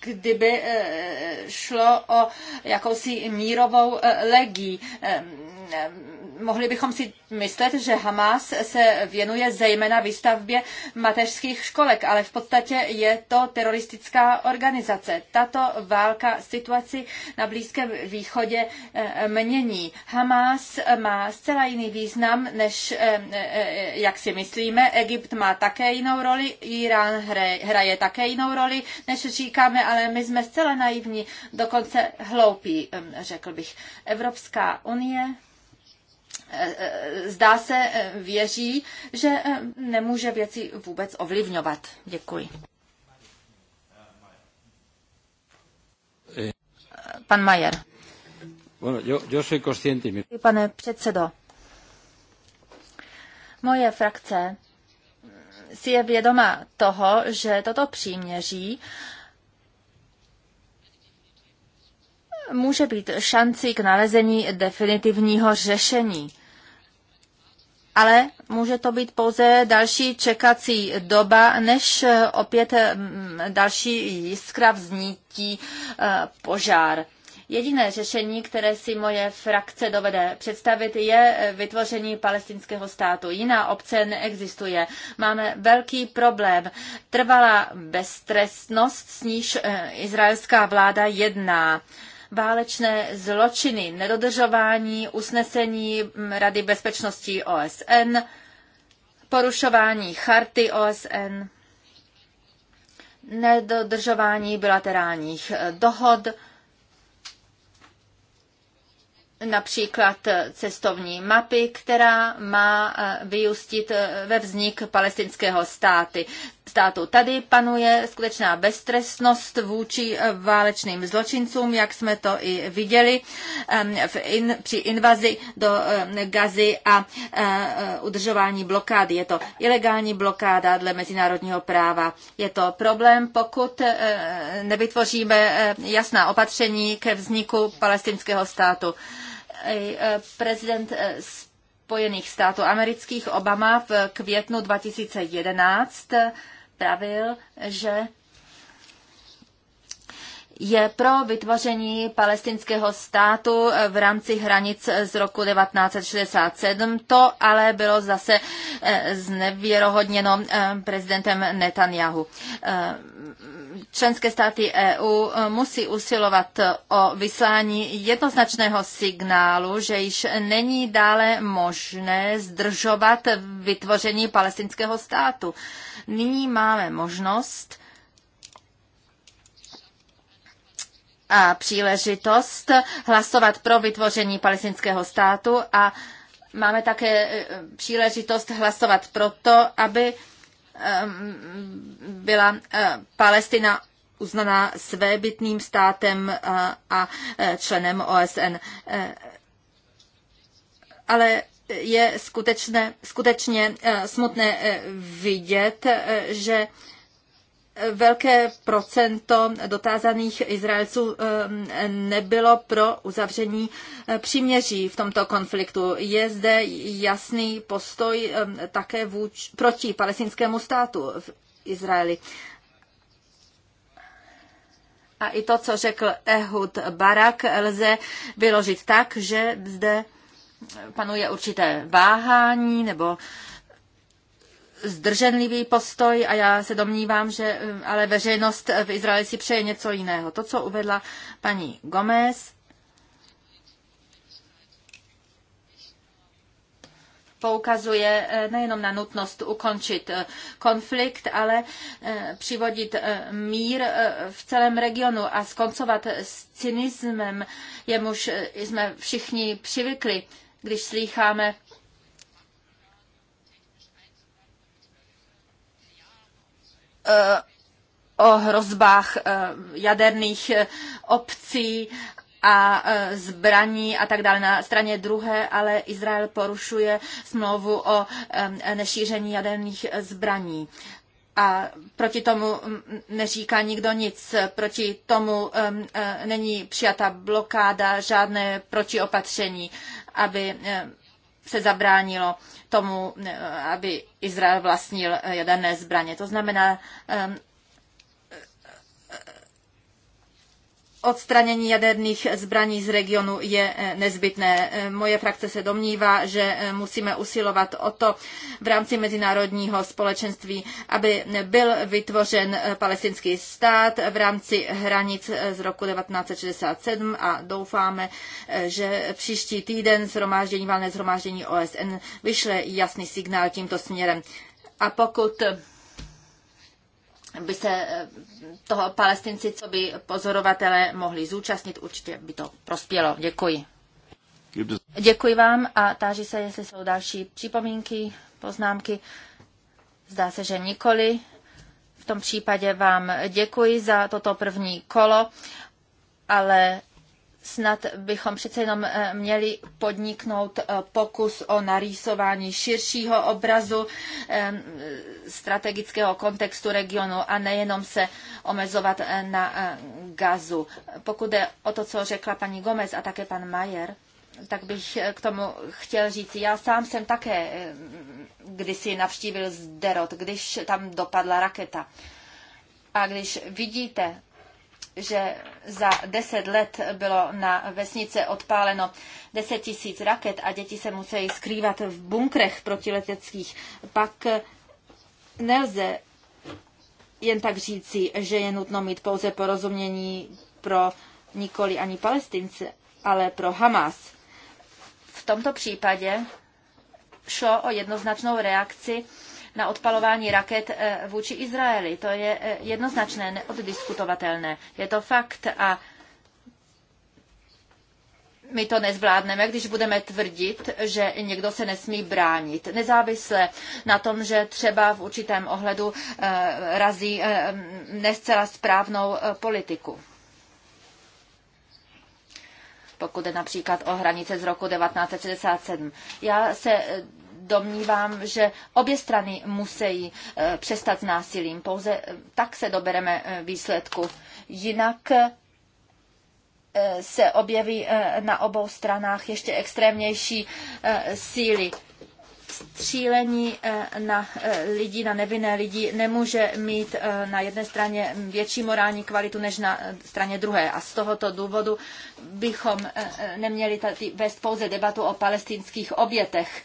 kdyby šlo o jakousi mírovou legii ehm, ehm, mohli bychom si myslet, že Hamas se věnuje zejména výstavbě mateřských školek, ale v podstatě je to teroristická organizace. Tato válka situaci na Blízkém východě eh, mění. Hamas má zcela jiný význam, než eh, eh, jak si myslíme. Egypt má také jinou roli, Irán hraje také jinou roli, než říkáme, ale my jsme zcela naivní, dokonce hloupí, řekl bych. Evropská unie zdá se, eh, věří, že eh, nemůže věci vůbec ovlivňovat. Děkuji. Pan Majer. Pane předsedo, moje frakce si je vědoma toho, že toto příměří může být šanci k nalezení definitivního řešení. Ale může to být pouze další čekací doba, než opět mm, další jiskra vznítí e, požár. Jediné řešení, které si moje frakce dovede představit, je vytvoření palestinského státu. Jiná obce neexistuje. Máme velký problém. Trvalá beztrestnost, s níž e, izraelská vláda jedná válečné zločiny, nedodržování usnesení mm, Rady bezpečnosti OSN, porušování charty OSN, nedodržování bilaterálních eh, dohod, například cestovní mapy, která má eh, vyústit eh, ve vznik palestinského státy státu. Tady panuje skutečná beztrestnost vůči eh, válečným zločincům, jak jsme to i viděli ehm, v in, při invazi do ehm, Gazy a eh, eh, udržování blokády. Je to ilegální blokáda dle mezinárodního práva. Je to problém, pokud nevytvoříme jasná opatření ke vzniku palestinského státu. Prezident Spojených států amerických Obama v květnu 2011 pravil, že je pro vytvoření palestinského státu v rámci hranic z roku 1967. To ale bylo zase eh, znevěrohodněno eh, prezidentem Netanyahu. Eh, členské státy EU musí usilovat o vyslání jednoznačného signálu, že již není dále možné zdržovat vytvoření palestinského státu. Nyní máme možnost a příležitost hlasovat pro vytvoření palestinského státu a máme také e, příležitost hlasovat pro to, aby byla e, Palestina uznaná svébytným státem e, a členem OSN. Ale je skutečné, skutečně eh, smutné eh, vidět, eh, že velké procento dotázaných Izraelců nebylo pro uzavření příměří v tomto konfliktu. Je zde jasný postoj také vůč, proti palestinskému státu v Izraeli. A i to, co řekl Ehud Barak, lze vyložit tak, že zde panuje určité váhání nebo zdrženlivý postoj a já se domnívám, že eh, ale veřejnost v Izraeli si přeje něco jiného. To, co uvedla paní Gomez, poukazuje eh, nejenom na nutnost ukončit eh, konflikt, ale přivodit mír v celém regionu a skoncovat s cynismem, jemuž jsme všichni přivykli když slýcháme eh, o hrozbách eh, jaderných eh, obcí a zbraní a tak dále na straně druhé, ale Izrael porušuje smlouvu o nešíření jaderných zbraní. A proti tomu mm, mm, neříká nikdo nic, proti tomu mm, není přijata blokáda, žádné protiopatření aby eh, se zabránilo tomu, eh, aby Izrael vlastnil eh, jaderné zbraně. To znamená odstranění jaderných zbraní z regionu je eh, nezbytné. Eh, moje frakce se domnívá, že eh, musíme usilovat o to v rámci mezinárodního společenství, aby byl vytvořen palestinský stát v rámci hranic z roku 1967 a doufáme, že příští týden zhromáždění, valné zhromáždění OSN vyšle jasný signál tímto směrem. A pokud by se eh, toho palestinci, co by pozorovatele mohli zúčastnit, určitě by to prospělo. Děkuji. Děkuji vám a táži se, jestli jsou další připomínky, poznámky. Zdá se, že nikoli. V tom případě vám děkuji za toto první kolo, ale Snad bychom přece jenom eh, měli podniknout eh, pokus o narýsování širšího obrazu eh, strategického kontextu regionu a nejenom se omezovat na gazu. Pokud je o to, co řekla paní Gomez a také pan Majer, tak bych k tomu chtěl říct, já sám jsem také kdysi navštívil Zderot, když tam dopadla raketa. A když vidíte že za deset let bylo na vesnice odpáleno deset tisíc raket a děti se musí skrývat v bunkrech protileteckých, pak nelze jen tak říci, že je nutno mít pouze porozumění pro nikoli ani palestince, ale pro Hamas. V tomto případě šlo o jednoznačnou reakci na odpalování raket eh, vůči Izraeli. To je eh, jednoznačné, neoddiskutovatelné. Je to fakt a my to nezvládneme, když budeme tvrdit, že někdo se nesmí bránit. Nezávisle na tom, že třeba v určitém ohledu eh, razí nescela správnou politiku pokud je například o hranice z roku 1967. Já se domnívám, že obě strany musí eh, přestat s násilím. Pouze eh, tak se dobereme eh, výsledku. Jinak se objeví na obou stranách ještě extrémnější síly. Střílení na lidi, na nevinné lidi nemůže mít na jedné straně větší morální kvalitu než na straně druhé. A z tohoto důvodu bychom neměli tady vést pouze debatu o palestinských obětech.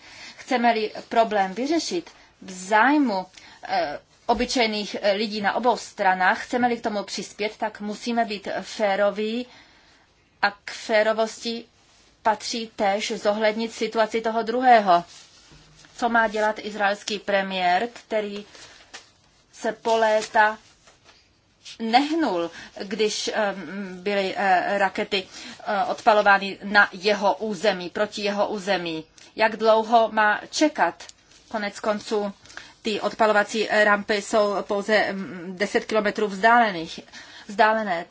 Chceme-li problém vyřešit v zájmu eh, obyčejných eh, lidí na obou stranách, chceme-li k tomu přispět, tak musíme být féroví a k férovosti patří též zohlednit situaci toho druhého. Co má dělat izraelský premiér, který se po léta nehnul, když eh, byly rakety odpalovány na jeho území, proti jeho území jak dlouho má čekat. Konec konců ty odpalovací rampy jsou pouze 10 mm, kilometrů vzdálených, vzdálené,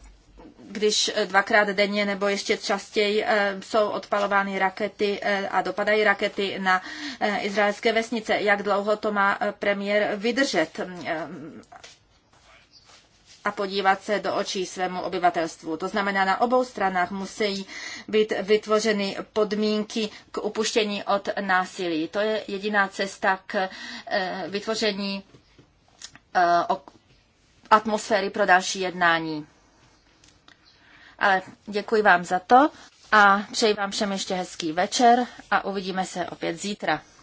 když eh, dvakrát denně nebo ještě častěji eh, jsou odpalovány rakety eh, a dopadají rakety na izraelské vesnice. Jak dlouho to má premiér vydržet? Mm, a podívat se do očí svému obyvatelstvu. To znamená, na obou stranách musí být vytvořeny podmínky k upuštění od násilí. To je jediná cesta k eh, vytvoření eh, atmosféry pro další jednání. Ale děkuji vám za to a přeji vám všem ještě hezký večer a uvidíme se opět zítra.